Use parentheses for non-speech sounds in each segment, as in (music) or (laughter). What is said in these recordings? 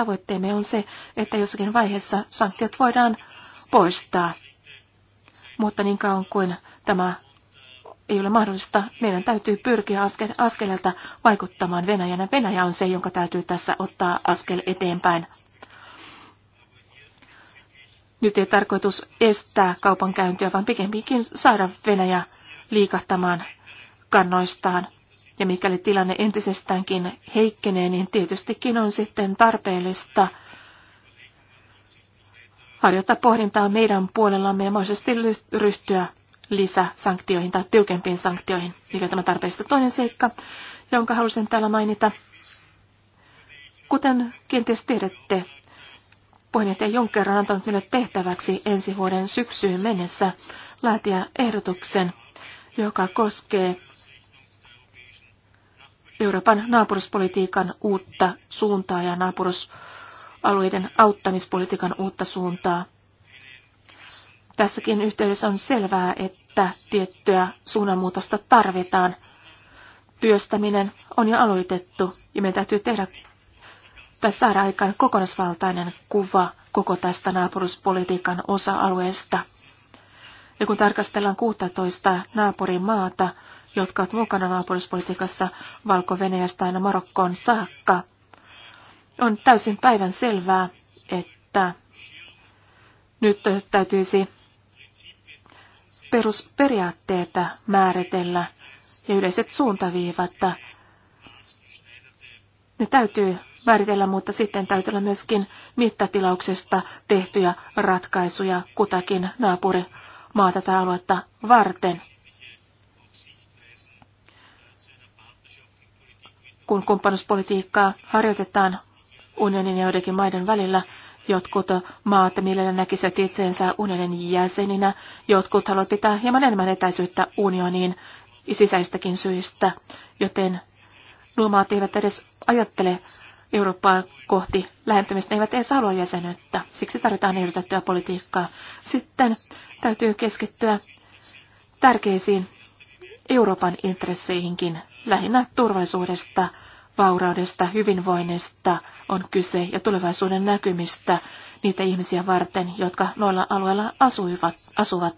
Tavoitteemme on se, että jossakin vaiheessa sanktiot voidaan poistaa. Mutta niin kauan kuin tämä ei ole mahdollista, meidän täytyy pyrkiä askel, askeleelta vaikuttamaan Venäjänä. Venäjä on se, jonka täytyy tässä ottaa askel eteenpäin. Nyt ei tarkoitus estää kaupankäyntiä, vaan pikemminkin saada Venäjä liikahtamaan kannoistaan. Ja mikäli tilanne entisestäänkin heikkenee, niin tietystikin on sitten tarpeellista harjoittaa pohdintaa meidän puolellamme ja mahdollisesti ryhtyä lisäsanktioihin tai tiukempiin sanktioihin, mikä tämä tarpeellista toinen seikka, jonka halusin täällä mainita. Kuten kenties tiedätte, puheenjohtaja Juncker on antanut minulle tehtäväksi ensi vuoden syksyyn mennessä laatia ehdotuksen, joka koskee Euroopan naapuruspolitiikan uutta suuntaa ja naapurusalueiden auttamispolitiikan uutta suuntaa. Tässäkin yhteydessä on selvää, että tiettyä suunnanmuutosta tarvitaan. Työstäminen on jo aloitettu ja meidän täytyy tehdä tai saada aikaan kokonaisvaltainen kuva koko tästä naapuruspolitiikan osa-alueesta. Ja kun tarkastellaan 16 naapurimaata, jotka ovat mukana naapuruspolitiikassa Valko-Venäjästä aina Marokkoon saakka. On täysin päivän selvää, että nyt täytyisi perusperiaatteita määritellä ja yleiset suuntaviivat. Ne täytyy määritellä, mutta sitten täytyy olla myöskin mittatilauksesta tehtyjä ratkaisuja kutakin naapurimaata tai aluetta varten. kun kumppanuuspolitiikkaa harjoitetaan unionin ja joidenkin maiden välillä, jotkut maat mielellä näkisivät itseensä unionin jäseninä, jotkut haluavat pitää hieman enemmän etäisyyttä unioniin sisäistäkin syistä, joten nuo maat eivät edes ajattele Eurooppaan kohti lähentymistä, ne eivät edes halua jäsenyyttä. Siksi tarvitaan ehdotettua politiikkaa. Sitten täytyy keskittyä tärkeisiin Euroopan intresseihinkin lähinnä turvallisuudesta, vauraudesta, hyvinvoinnista on kyse ja tulevaisuuden näkymistä niitä ihmisiä varten, jotka noilla alueilla asuivat, asuvat.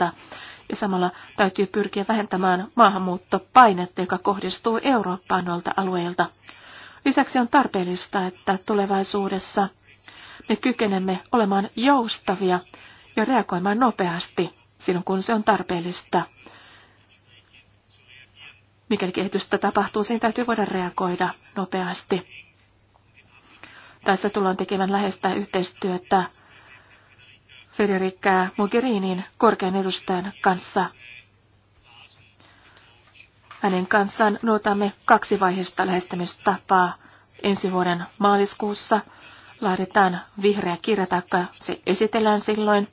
Ja samalla täytyy pyrkiä vähentämään maahanmuuttopainetta, joka kohdistuu Eurooppaan noilta alueilta. Lisäksi on tarpeellista, että tulevaisuudessa me kykenemme olemaan joustavia ja reagoimaan nopeasti silloin, kun se on tarpeellista Mikäli kehitystä tapahtuu, siihen täytyy voida reagoida nopeasti. Tässä tullaan tekemään läheistä yhteistyötä Federica Mogherinin korkean edustajan kanssa. Hänen kanssaan noutamme kaksi vaiheista lähestymistapaa. Ensi vuoden maaliskuussa laaditaan vihreä kirja, taikka se esitellään silloin.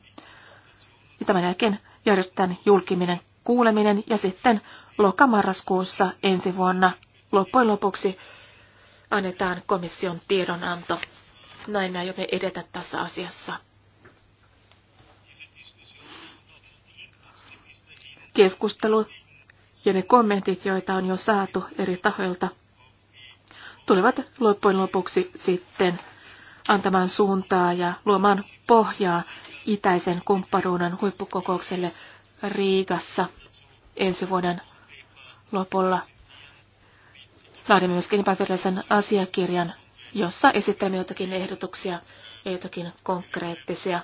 Ja tämän jälkeen järjestetään julkiminen kuuleminen ja sitten lokamarraskuussa ensi vuonna loppujen lopuksi annetaan komission tiedonanto. Näin me aiomme edetä tässä asiassa. Keskustelu ja ne kommentit, joita on jo saatu eri tahoilta, tulevat loppujen lopuksi sitten antamaan suuntaa ja luomaan pohjaa itäisen kumppanuuden huippukokoukselle Riigassa ensi vuoden lopulla. Laadimme myöskin epävirallisen asiakirjan, jossa esittämme jotakin ehdotuksia ja jotakin konkreettisia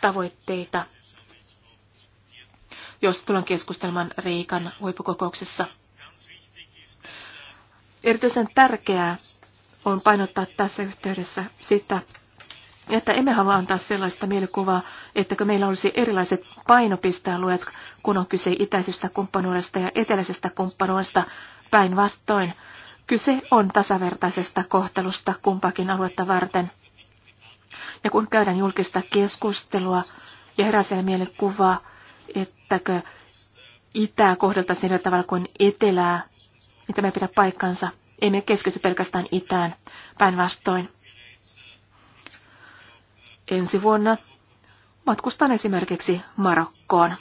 tavoitteita, jos tullaan keskustelemaan Riikan huippukokouksessa. Erityisen tärkeää on painottaa tässä yhteydessä sitä, että emme halua antaa sellaista mielikuvaa, että meillä olisi erilaiset painopistealueet, kun on kyse itäisestä kumppanuudesta ja eteläisestä kumppanuudesta päinvastoin. Kyse on tasavertaisesta kohtelusta kumpakin aluetta varten. Ja kun käydään julkista keskustelua ja herää siellä mielikuva, ettäkö itää kohdeltaan sillä tavalla kuin etelää, mitä niin me pidä paikkansa. Emme keskity pelkästään itään, päinvastoin ensi vuonna matkustan esimerkiksi Marokkoon.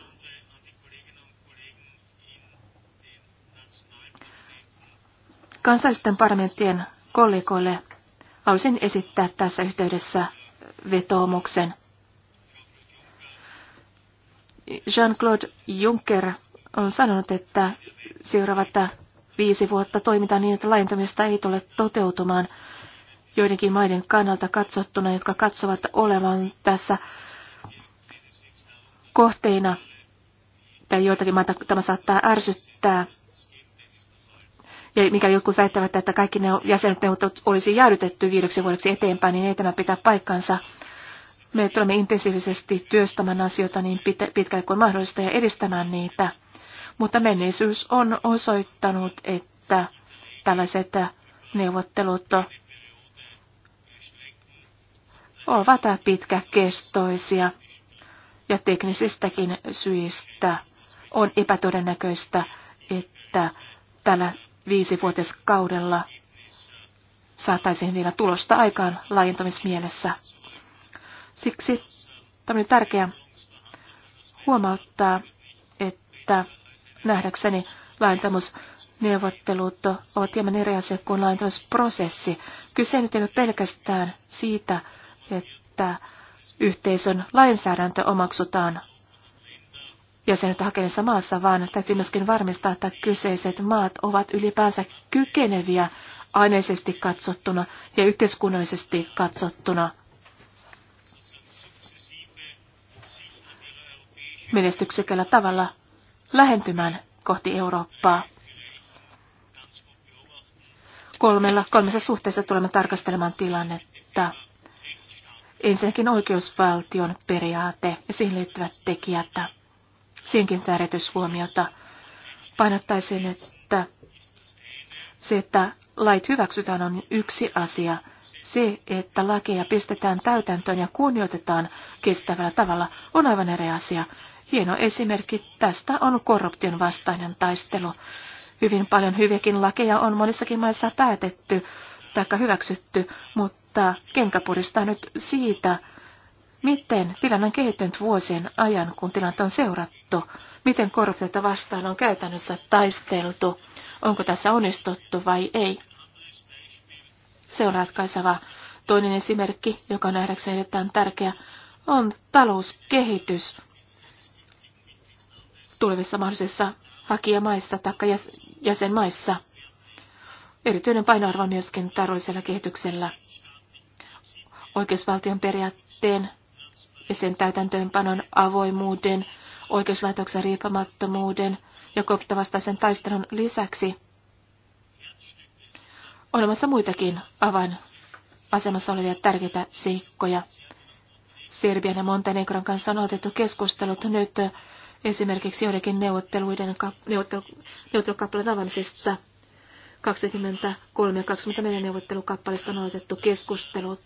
Kansallisten parlamenttien kollegoille haluaisin esittää tässä yhteydessä vetoomuksen. Jean-Claude Juncker on sanonut, että seuraavat viisi vuotta toimitaan niin, että laajentamista ei tule toteutumaan joidenkin maiden kannalta katsottuna, jotka katsovat olevan tässä kohteina, tai joitakin maita tämä saattaa ärsyttää. Ja mikäli jotkut väittävät, että kaikki ne jäsenyysneuvottelut olisi jäädytetty viideksi vuodeksi eteenpäin, niin ei tämä pitää paikkansa. Me tulemme intensiivisesti työstämään asioita niin pitkälle kuin mahdollista ja edistämään niitä. Mutta menneisyys on osoittanut, että tällaiset neuvottelut ovat pitkäkestoisia ja teknisistäkin syistä on epätodennäköistä, että tällä viisivuotiskaudella saataisiin vielä tulosta aikaan laajentamismielessä. Siksi tämä on tärkeää huomauttaa, että nähdäkseni laajentamusneuvottelut ovat hieman eri asia kuin laajentamisprosessi. Kyse nyt ei ole pelkästään siitä, että yhteisön lainsäädäntö omaksutaan jäsenyyttä hakenessa maassa, vaan täytyy myöskin varmistaa, että kyseiset maat ovat ylipäänsä kykeneviä aineisesti katsottuna ja yhteiskunnallisesti katsottuna menestyksekällä tavalla lähentymään kohti Eurooppaa. Kolmella, kolmessa suhteessa tulemme tarkastelemaan tilannetta. Ensinnäkin oikeusvaltion periaate ja siihen liittyvät tekijät. Siinkin tärkeys huomiota. Painottaisin, että se, että lait hyväksytään, on yksi asia. Se, että lakeja pistetään täytäntöön ja kunnioitetaan kestävällä tavalla, on aivan eri asia. Hieno esimerkki tästä on korruption vastainen taistelu. Hyvin paljon hyviäkin lakeja on monissakin maissa päätetty tai hyväksytty, mutta ottaa kenkäpurista nyt siitä, miten tilanne on kehittynyt vuosien ajan, kun tilanne on seurattu, miten korruptiota vastaan on käytännössä taisteltu, onko tässä onnistuttu vai ei. Se on ratkaiseva. Toinen esimerkki, joka on nähdäkseni erittäin tärkeä, on talouskehitys tulevissa mahdollisissa hakijamaissa tai jäsenmaissa. Erityinen painoarvo myöskin taloudellisella kehityksellä oikeusvaltion periaatteen ja sen täytäntöönpanon avoimuuden, oikeuslaitoksen riippumattomuuden ja korruptiovastaisen taistelun lisäksi on olemassa muitakin avainasemassa olevia tärkeitä seikkoja. Serbian ja Montenegron kanssa on otettu keskustelut nyt esimerkiksi joidenkin neuvotteluiden neuvottelukappaleen avaamisesta. 23 ja 24 neuvottelukappaleista on otettu keskustelut.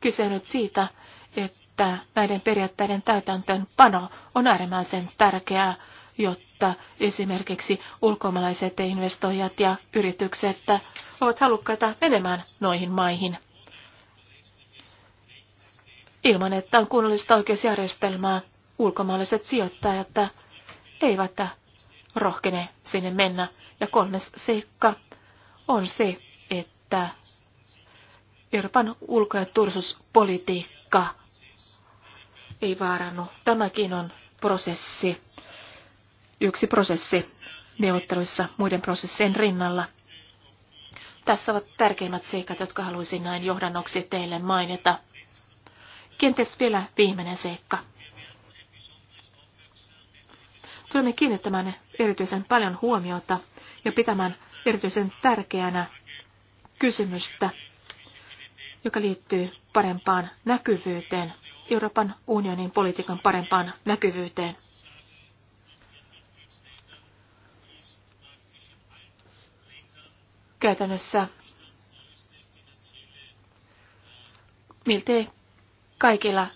Kyse nyt siitä, että näiden periaatteiden täytäntöönpano on äärimmäisen tärkeää, jotta esimerkiksi ulkomaalaiset investoijat ja yritykset ovat halukkaita menemään noihin maihin ilman, että on kunnollista oikeusjärjestelmää. Ulkomaalaiset sijoittajat eivät rohkene sinne mennä. Ja kolmas seikka on se, että Euroopan ulko- ja turvallisuuspolitiikka ei vaarannut. Tämäkin on prosessi, yksi prosessi neuvotteluissa muiden prosessien rinnalla. Tässä ovat tärkeimmät seikat, jotka haluaisin näin johdannoksi teille mainita. Kenties vielä viimeinen seikka. Tulemme kiinnittämään erityisen paljon huomiota ja pitämään erityisen tärkeänä kysymystä, joka liittyy parempaan näkyvyyteen, Euroopan unionin politiikan parempaan näkyvyyteen. Käytännössä miltei kaikilla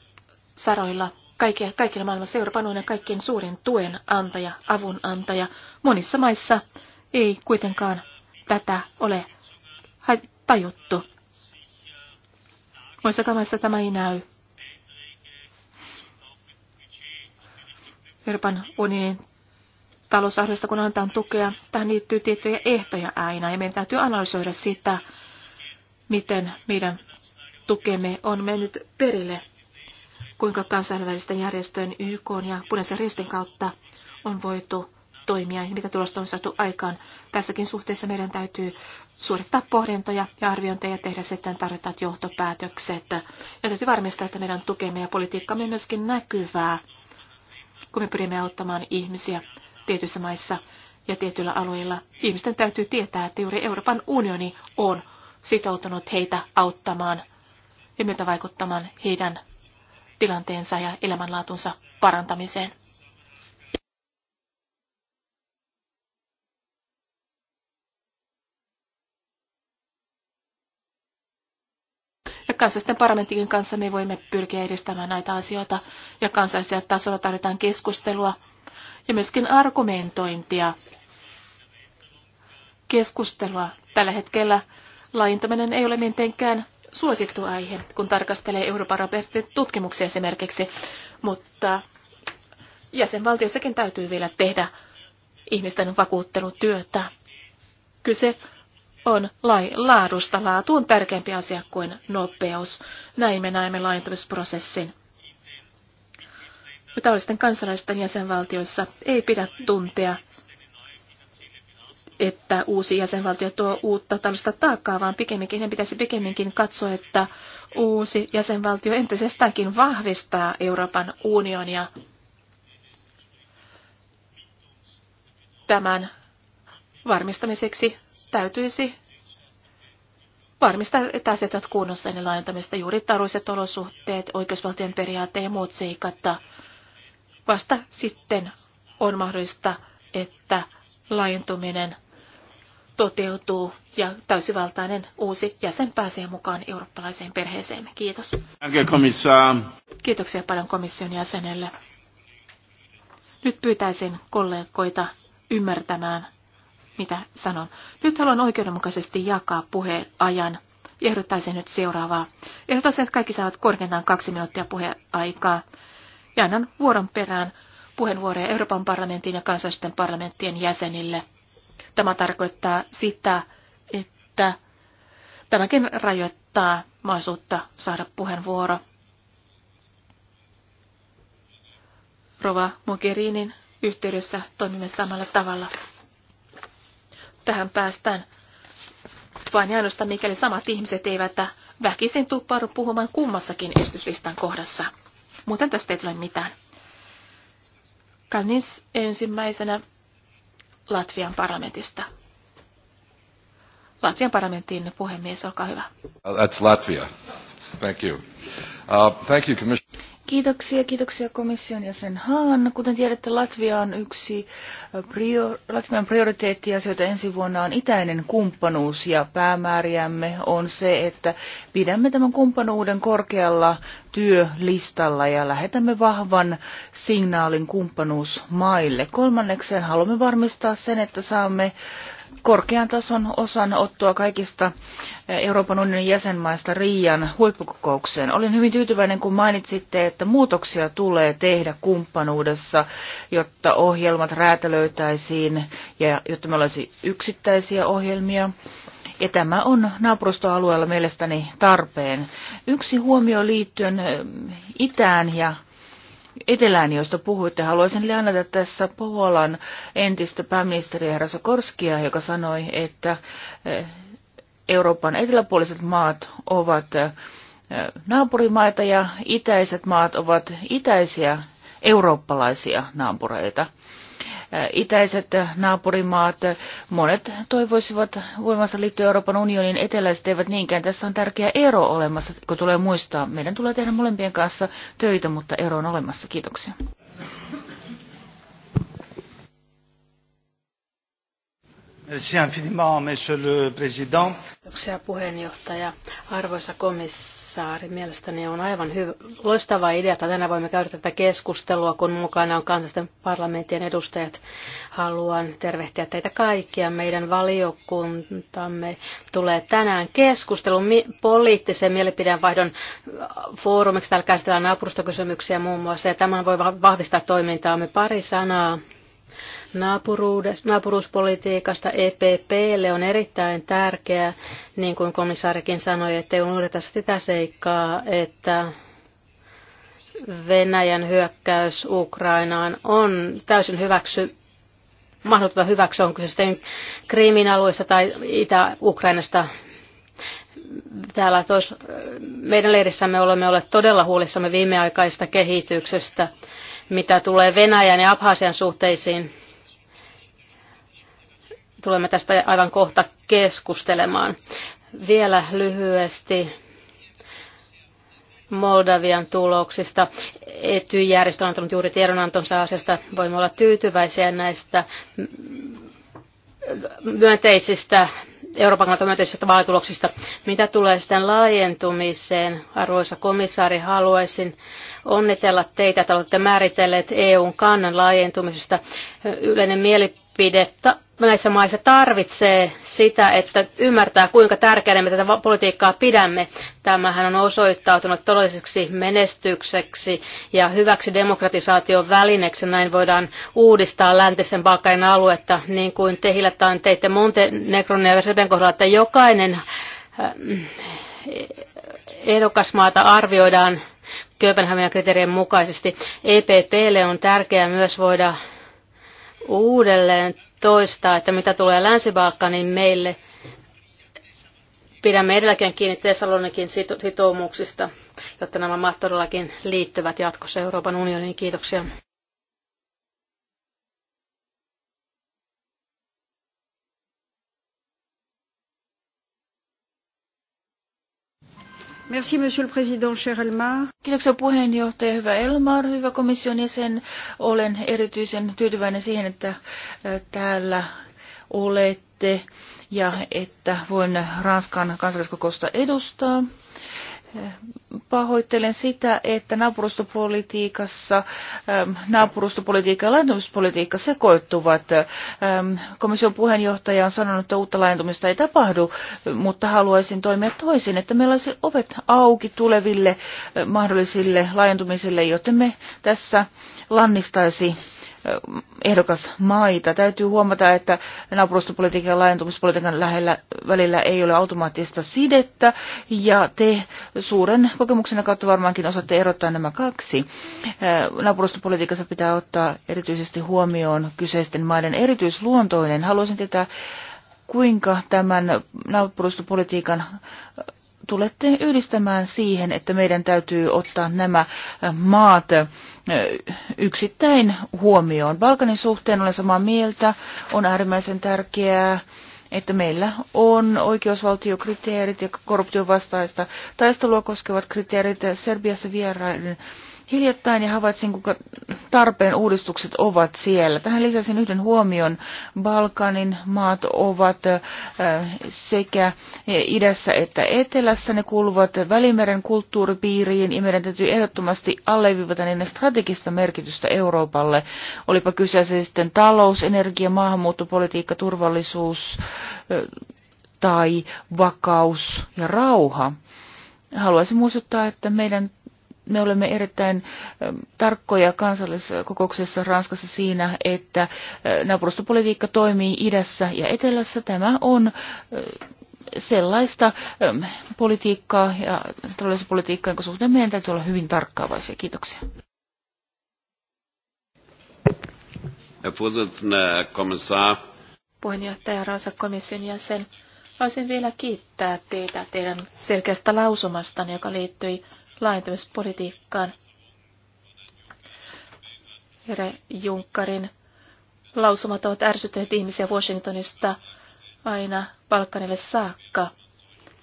saroilla, kaikilla, kaikilla maailmassa Euroopan unionin kaikkien suurin tuen antaja, avun antaja. Monissa maissa ei kuitenkaan tätä ole tajuttu. Muissakaan maissa tämä ei näy. Euroopan unionin talousahdosta, kun annetaan tukea, tähän liittyy tiettyjä ehtoja aina, ja meidän täytyy analysoida sitä, miten meidän tukemme on mennyt perille, kuinka kansainvälisten järjestöjen YK ja punaisen ristin kautta on voitu toimia ja mitä tulosta on saatu aikaan. Tässäkin suhteessa meidän täytyy suorittaa pohdintoja ja arviointeja ja tehdä sitten tarvittavat johtopäätökset. Ja täytyy varmistaa, että meidän tukemme ja politiikkamme on myöskin näkyvää, kun me pyrimme auttamaan ihmisiä tietyissä maissa ja tietyillä alueilla. Ihmisten täytyy tietää, että juuri Euroopan unioni on sitoutunut heitä auttamaan ja myötä vaikuttamaan heidän tilanteensa ja elämänlaatunsa parantamiseen. kansallisten parlamentin kanssa me voimme pyrkiä edistämään näitä asioita ja kansallisella tasolla tarvitaan keskustelua ja myöskin argumentointia. Keskustelua tällä hetkellä laajentaminen ei ole mitenkään suosittu aihe, kun tarkastelee Euroopan Robertin tutkimuksia esimerkiksi, mutta jäsenvaltiossakin täytyy vielä tehdä ihmisten vakuuttelutyötä. Kyse on lai, laadusta. Laatu on tärkeämpi asia kuin nopeus. Näin me näemme laajentumisprosessin. Tavallisten kansalaisten jäsenvaltioissa ei pidä tuntea, että uusi jäsenvaltio tuo uutta tällaista taakkaa, vaan pikemminkin ne pitäisi pikemminkin katsoa, että uusi jäsenvaltio entisestäänkin vahvistaa Euroopan unionia tämän varmistamiseksi täytyisi varmistaa, että asiat ovat kunnossa ennen laajentamista. Juuri taruiset olosuhteet, oikeusvaltion periaate ja muut seikat. Vasta sitten on mahdollista, että laajentuminen toteutuu ja täysivaltainen uusi jäsen pääsee mukaan eurooppalaiseen perheeseen. Kiitos. Kiitoksia paljon komission jäsenelle. Nyt pyytäisin kollegoita ymmärtämään mitä sanon. Nyt haluan oikeudenmukaisesti jakaa puheen ajan. Ehdottaisin nyt seuraavaa. Ehdottaisin, että kaikki saavat korkeintaan kaksi minuuttia puheaikaa. Ja annan vuoron perään puheenvuoroja Euroopan parlamentin ja kansallisten parlamenttien jäsenille. Tämä tarkoittaa sitä, että tämäkin rajoittaa mahdollisuutta saada puheenvuoro. Rova Mogherinin yhteydessä toimimme samalla tavalla. Tähän päästään vain ainoastaan, mikäli samat ihmiset eivät väkisin tuppaudu puhumaan kummassakin esityslistan kohdassa. Muuten tästä ei tule mitään. Kalnis ensimmäisenä Latvian parlamentista. Latvian parlamentin puhemies, olkaa hyvä. That's Latvia. Thank you. Uh, thank you, Commissioner. Kiitoksia, kiitoksia komission jäsen Haan. Kuten tiedätte, Latvia on yksi prior, Latvian prioriteettiasioita ensi vuonna on itäinen kumppanuus ja päämääriämme on se, että pidämme tämän kumppanuuden korkealla työlistalla ja lähetämme vahvan signaalin kumppanuusmaille. Kolmanneksi haluamme varmistaa sen, että saamme korkean tason osanottoa kaikista Euroopan unionin jäsenmaista Riian huippukokoukseen. Olin hyvin tyytyväinen, kun mainitsitte, että muutoksia tulee tehdä kumppanuudessa, jotta ohjelmat räätälöitäisiin ja jotta me olisi yksittäisiä ohjelmia. Ja tämä on naapurustoalueella mielestäni tarpeen. Yksi huomio liittyen eh, itään ja etelään, josta puhuitte. Haluaisin lianata tässä Puolan entistä pääministeriä herra joka sanoi, että eh, Euroopan eteläpuoliset maat ovat eh, naapurimaita ja itäiset maat ovat itäisiä eurooppalaisia naapureita itäiset naapurimaat, monet toivoisivat voimassa liittyä Euroopan unionin eteläiset eivät niinkään. Tässä on tärkeä ero olemassa, kun tulee muistaa. Meidän tulee tehdä molempien kanssa töitä, mutta ero on olemassa. Kiitoksia. arvoisa infiniment, puheenjohtaja. Arvoisa komissaari, mielestäni on aivan hyvä, loistava idea, että tänään voimme käydä tätä keskustelua, kun mukana on kansallisten parlamenttien edustajat. Haluan tervehtiä teitä kaikkia. Meidän valiokuntamme tulee tänään keskustelun poliittisen mielipideenvaihdon foorumiksi. Täällä käsitellään naapurustokysymyksiä muun muassa, ja tämän voi vahvistaa toimintaamme. Pari sanaa naapuruuspolitiikasta EPPlle on erittäin tärkeää, niin kuin komissaarikin sanoi, ettei unohdeta sitä seikkaa, että Venäjän hyökkäys Ukrainaan on täysin hyväksy, mahdotonta hyväksyä, on kyse sitten Krimin alueesta tai Itä-Ukrainasta. Täällä tois, meidän leirissämme olemme olleet todella huolissamme viimeaikaisesta kehityksestä, mitä tulee Venäjän ja Abhasian suhteisiin tulemme tästä aivan kohta keskustelemaan. Vielä lyhyesti Moldavian tuloksista. Etyjärjestö on antanut juuri tiedonantonsa asiasta. Voimme olla tyytyväisiä näistä myönteisistä Euroopan kannalta myönteisistä vaalituloksista. Mitä tulee sitten laajentumiseen, arvoisa komissaari, haluaisin onnitella teitä, että olette määritelleet EUn kannan laajentumisesta. Yleinen mielipide mielipidettä näissä maissa tarvitsee sitä, että ymmärtää, kuinka tärkeänä me tätä politiikkaa pidämme. Tämähän on osoittautunut todelliseksi menestykseksi ja hyväksi demokratisaation välineeksi. Näin voidaan uudistaa läntisen Balkanin aluetta, niin kuin te hiljattain teitte Montenegron ja Serbian kohdalla, että jokainen äh, ehdokasmaata arvioidaan Kööpenhaminan kriteerien mukaisesti. EPPlle on tärkeää myös voida uudelleen toistaa, että mitä tulee länsi niin meille pidämme edelläkin kiinni Tesalonikin sitoumuksista, jotta nämä maat todellakin liittyvät jatkossa Euroopan unioniin. Kiitoksia. Monsieur le Kiitoksia puheenjohtaja, hyvä Elmar, hyvä komission jäsen. Olen erityisen tyytyväinen siihen, että täällä olette ja että voin Ranskan kansalliskokousta edustaa pahoittelen sitä, että naapurustopolitiikassa, ähm, naapurustopolitiikka ja laajentumispolitiikka sekoittuvat. Ähm, komission puheenjohtaja on sanonut, että uutta laajentumista ei tapahdu, mutta haluaisin toimia toisin, että meillä olisi ovet auki tuleville äh, mahdollisille laajentumisille, joten me tässä lannistaisi ehdokasmaita. Täytyy huomata, että naapurustopolitiikan ja laajentumispolitiikan lähellä, välillä ei ole automaattista sidettä, ja te suuren kokemuksena kautta varmaankin osaatte erottaa nämä kaksi. Äh, naapurustopolitiikassa pitää ottaa erityisesti huomioon kyseisten maiden erityisluontoinen. Haluaisin tietää, kuinka tämän naapurustopolitiikan tulette yhdistämään siihen, että meidän täytyy ottaa nämä äh, maat äh, yksittäin huomioon. Balkanin suhteen olen samaa mieltä, on äärimmäisen tärkeää että meillä on oikeusvaltiokriteerit ja korruption vastaista taistelua koskevat kriteerit. Serbiassa vieraiden hiljattain ja havaitsin, kuinka tarpeen uudistukset ovat siellä. Tähän lisäsin yhden huomion. Balkanin maat ovat sekä idässä että etelässä. Ne kuuluvat Välimeren kulttuuripiiriin ja meidän täytyy ehdottomasti alleviivata niiden strategista merkitystä Euroopalle. Olipa kyseessä siis sitten talous, energia, maahanmuuttopolitiikka, turvallisuus tai vakaus ja rauha. Haluaisin muistuttaa, että meidän me olemme erittäin tarkkoja kansalliskokouksessa Ranskassa siinä, että naapurustopolitiikka toimii idässä ja etelässä. Tämä on sellaista politiikkaa ja taloudellista politiikkaa, jonka suhteen meidän täytyy olla hyvin tarkkaavaisia. Kiitoksia. Puheenjohtaja Ransa komission jäsen, haluaisin vielä kiittää teitä teidän selkeästä lausumastanne, joka liittyi laajentamispolitiikkaan. Jere Junkkarin lausumat ovat ärsyttäneet ihmisiä Washingtonista aina Balkanille saakka.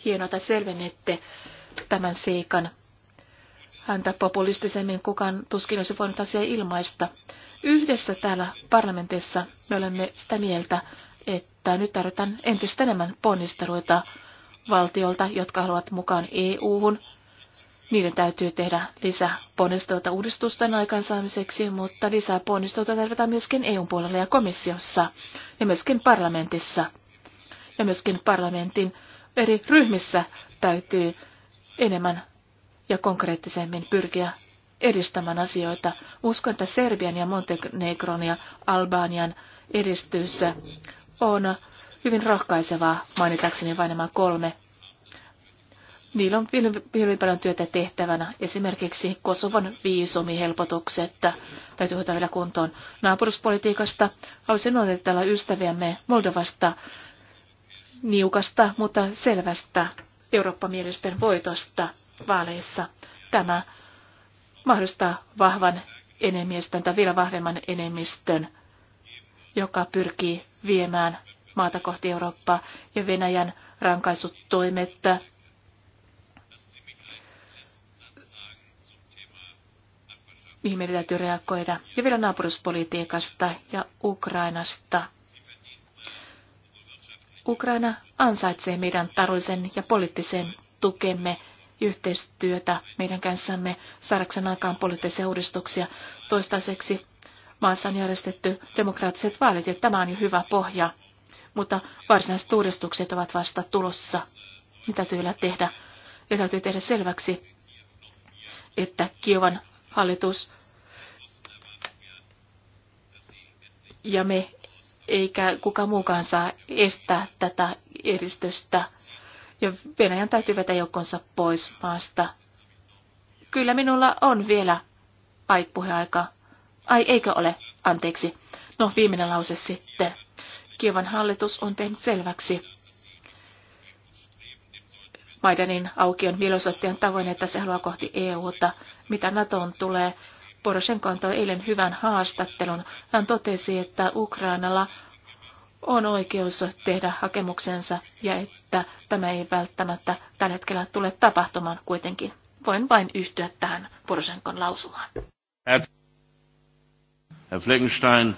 Hienoa, että selvennette tämän seikan. Häntä populistisemmin kukaan tuskin olisi voinut asiaa ilmaista. Yhdessä täällä parlamentissa me olemme sitä mieltä, että nyt tarvitaan entistä enemmän ponnisteluita valtiolta, jotka haluavat mukaan EU-hun niiden täytyy tehdä lisää ponnistelta uudistusten aikaansaamiseksi, mutta lisää ponnistelta tarvitaan myöskin EUn puolella ja komissiossa ja myöskin parlamentissa. Ja myöskin parlamentin eri ryhmissä täytyy enemmän ja konkreettisemmin pyrkiä edistämään asioita. Uskon, että Serbian ja Montenegron ja Albanian edistys on hyvin rohkaisevaa, mainitakseni vain nämä kolme Niillä on hyvin paljon työtä tehtävänä. Esimerkiksi Kosovon viisumihelpotukset täytyy hoitaa vielä kuntoon. Naapuruspolitiikasta haluaisin onnitella ystäviämme Moldovasta niukasta, mutta selvästä eurooppamielisten voitosta vaaleissa. Tämä mahdollistaa vahvan enemmistön tai vielä vahvemman enemmistön, joka pyrkii viemään maata kohti Eurooppaa ja Venäjän rankaisut toimetta mihin meidän täytyy reagoida. Ja vielä naapuruspolitiikasta ja Ukrainasta. Ukraina ansaitsee meidän tarvisen ja poliittisen tukemme yhteistyötä meidän kanssamme saadakseen aikaan poliittisia uudistuksia. Toistaiseksi maassa on järjestetty demokraattiset vaalit ja tämä on jo hyvä pohja, mutta varsinaiset uudistukset ovat vasta tulossa. Mitä täytyy tehdä? Ja täytyy tehdä selväksi, että Kiovan hallitus. Ja me eikä kuka muukaan saa estää tätä edistystä. Ja Venäjän täytyy vetää joukkonsa pois maasta. Kyllä minulla on vielä ai puheaika. Ai eikö ole? Anteeksi. No viimeinen lause sitten. Kievan hallitus on tehnyt selväksi, Maidanin aukion mielenosoittajan tavoin, että se haluaa kohti EUta. Mitä NATOon tulee, Poroshenko antoi eilen hyvän haastattelun. Hän totesi, että Ukrainalla on oikeus tehdä hakemuksensa ja että tämä ei välttämättä tällä hetkellä tule tapahtumaan kuitenkin. Voin vain yhtyä tähän Poroshenkon lausumaan. Herr Fleckenstein,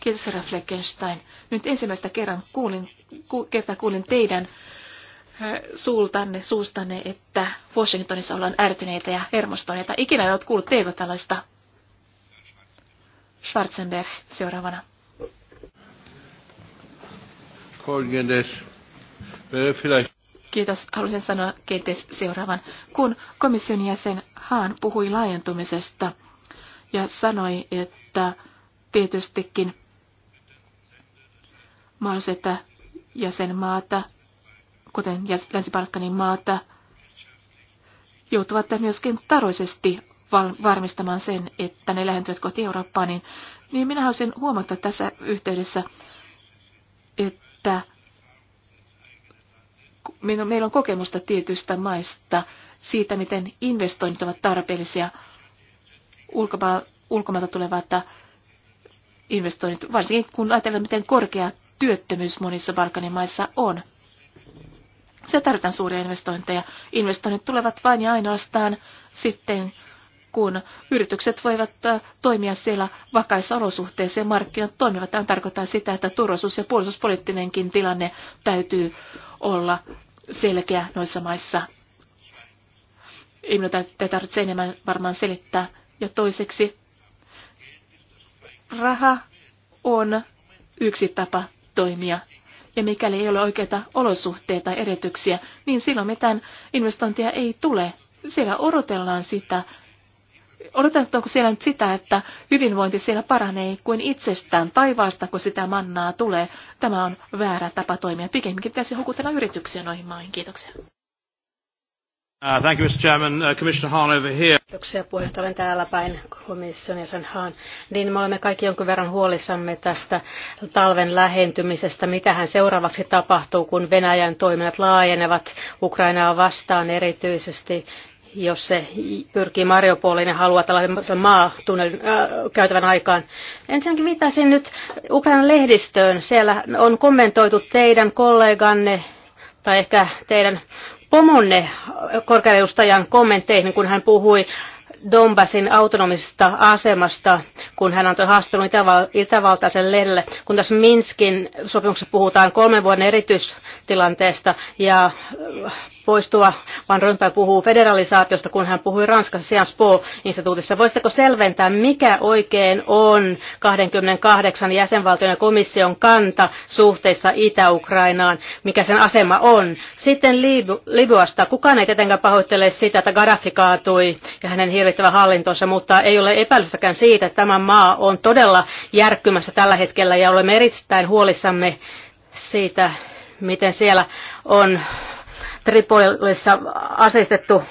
Kiitos, herra Fleckenstein. Nyt ensimmäistä kerran kuulin, ku, kertaa kuulin teidän suultanne, suustanne, että Washingtonissa ollaan ärtyneitä ja hermostuneita. Ikinä en ole kuullut teiltä tällaista. Schwarzenberg seuraavana. Kiitos. Haluaisin sanoa kenties seuraavan. Kun komission jäsen Haan puhui laajentumisesta ja sanoi, että tietystikin mahdolliset jäsenmaata kuten Länsi-Balkanin maata, joutuvat myöskin taroisesti varmistamaan sen, että ne lähentyvät kohti Eurooppaa, niin, niin minä haluaisin huomata tässä yhteydessä, että meillä on kokemusta tietystä maista siitä, miten investoinnit ovat tarpeellisia ulkomailta tulevat investoinnit, varsinkin kun ajatellaan, miten korkea työttömyys monissa Balkanin maissa on. Se tarvitaan suuria investointeja. Investoinnit tulevat vain ja ainoastaan sitten, kun yritykset voivat toimia siellä vakaissa olosuhteissa ja markkinat toimivat. Tämä tarkoittaa sitä, että turvallisuus- ja puolustuspoliittinenkin tilanne täytyy olla selkeä noissa maissa. Ei minun tarvitse enemmän varmaan selittää. Ja toiseksi, raha on yksi tapa toimia ja mikäli ei ole oikeita olosuhteita ja edellytyksiä, niin silloin mitään investointia ei tule. Siellä odotellaan sitä, odotetaanko siellä nyt sitä, että hyvinvointi siellä paranee kuin itsestään taivaasta, kun sitä mannaa tulee. Tämä on väärä tapa toimia. Pikemminkin pitäisi houkutella yrityksiä noihin maihin. Kiitoksia. Uh, thank you, Mr. Chairman. Uh, Commissioner Hahn over here. Kiitoksia puheenjohtaja. Olen täällä päin komission jäsen Hahn. Niin me olemme kaikki jonkun verran huolissamme tästä talven lähentymisestä. Mitähän seuraavaksi tapahtuu, kun Venäjän toiminnat laajenevat Ukrainaa vastaan erityisesti jos se pyrkii Mariupoliin ja haluaa tällaisen maatunnelin äh, käytävän aikaan. Ensinnäkin viittaisin nyt Ukrainan lehdistöön. Siellä on kommentoitu teidän kolleganne tai ehkä teidän pomonne korkeanedustajan kommentteihin, kun hän puhui Donbassin autonomisesta asemasta, kun hän antoi haastattelun Itäval- Itävaltaisen lehdelle, kun tässä Minskin sopimuksessa puhutaan kolmen vuoden erityistilanteesta ja poistua, vaan Römpä puhuu federalisaatiosta, kun hän puhui Ranskassa Sian Po-instituutissa. Voisitteko selventää, mikä oikein on 28 jäsenvaltion ja komission kanta suhteessa Itä-Ukrainaan, mikä sen asema on? Sitten Libyasta. Kukaan ei tietenkään pahoittele sitä, että Gaddafi kaatui ja hänen hirvittävä hallintonsa, mutta ei ole epäilystäkään siitä, että tämä maa on todella järkkymässä tällä hetkellä ja olemme erittäin huolissamme siitä, miten siellä on Tripolissa aseistettu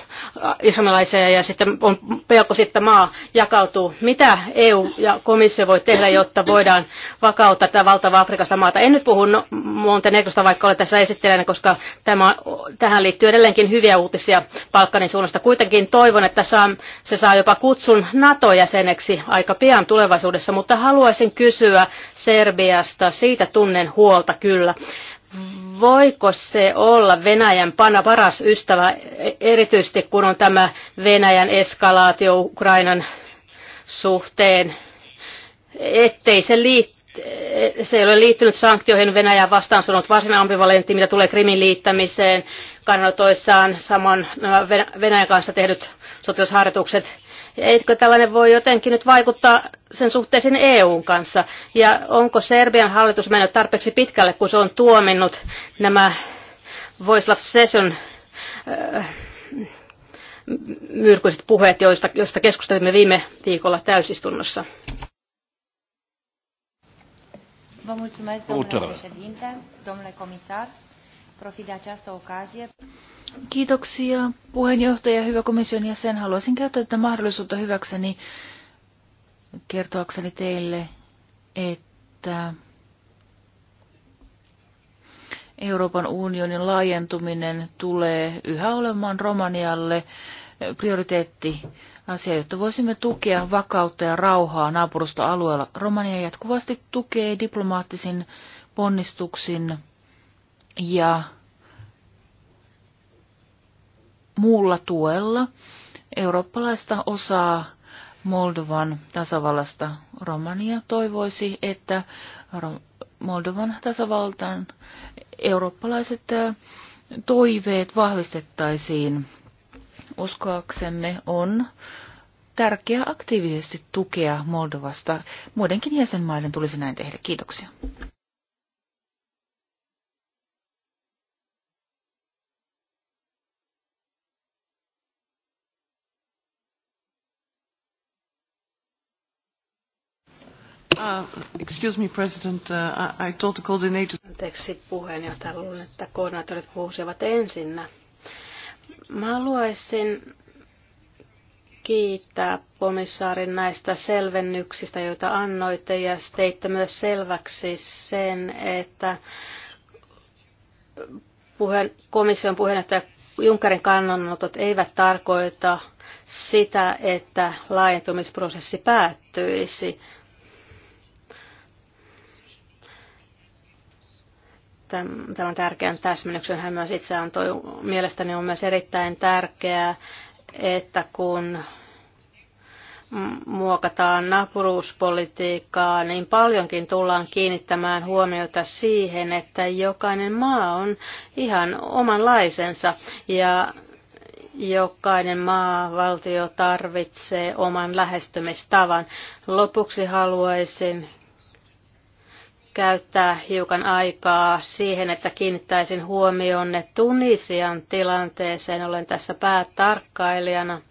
islamilaisia ja sitten on pelko sitten maa jakautuu. Mitä EU ja komissio voi tehdä, jotta voidaan vakauttaa tätä valtavaa Afrikasta maata? En nyt puhu no, Montenegrosta, vaikka olen tässä esittelijänä, koska tämä, tähän liittyy edelleenkin hyviä uutisia Balkanin suunnasta. Kuitenkin toivon, että saa, se saa jopa kutsun NATO-jäseneksi aika pian tulevaisuudessa, mutta haluaisin kysyä Serbiasta. Siitä tunnen huolta kyllä voiko se olla Venäjän pana paras ystävä, erityisesti kun on tämä Venäjän eskalaatio Ukrainan suhteen, ettei se liittyy se ei ole liittynyt sanktioihin Venäjän vastaan, se on ollut varsin ambivalentti, mitä tulee Krimin liittämiseen, kannanotoissaan saman Venäjän kanssa tehdyt sotilasharjoitukset Eikö tällainen voi jotenkin nyt vaikuttaa sen suhteeseen EUn kanssa? Ja onko Serbian hallitus mennyt tarpeeksi pitkälle, kun se on tuominnut nämä Voislav Session äh, myrkyiset puheet, joista, joista keskustelimme viime viikolla täysistunnossa? Vă mulțumesc, domnule președinte, domnule comisar. Profit de această ocazie. Kiitoksia puheenjohtaja, hyvä komission jäsen. Haluaisin käyttää tätä mahdollisuutta hyväkseni kertoakseni teille, että Euroopan unionin laajentuminen tulee yhä olemaan Romanialle prioriteetti asia, jotta voisimme tukea vakautta ja rauhaa naapurustoalueella. Romania jatkuvasti tukee diplomaattisin ponnistuksin ja muulla tuella eurooppalaista osaa Moldovan tasavallasta. Romania toivoisi, että Moldovan tasavaltaan eurooppalaiset toiveet vahvistettaisiin. Uskoaksemme on tärkeää aktiivisesti tukea Moldovasta. Muidenkin jäsenmaiden tulisi näin tehdä. Kiitoksia. Uh, excuse me, President. Uh, I told the coordinators... Anteeksi puheenjohtaja, luulen, että koordinaattorit puhuisivat ensinnä. Mä haluaisin kiittää komissaarin näistä selvennyksistä, joita annoitte, ja teitte myös selväksi sen, että puheen, komission puheenjohtaja Junckerin kannanotot eivät tarkoita sitä, että laajentumisprosessi päättyisi, tämän tärkeän täsmennyksen hän myös itse antoi. Mielestäni on myös erittäin tärkeää, että kun muokataan naapuruuspolitiikkaa, niin paljonkin tullaan kiinnittämään huomiota siihen, että jokainen maa on ihan omanlaisensa ja jokainen maa, valtio tarvitsee oman lähestymistavan. Lopuksi haluaisin käyttää hiukan aikaa siihen, että kiinnittäisin huomionne Tunisian tilanteeseen. Olen tässä päätarkkailijana.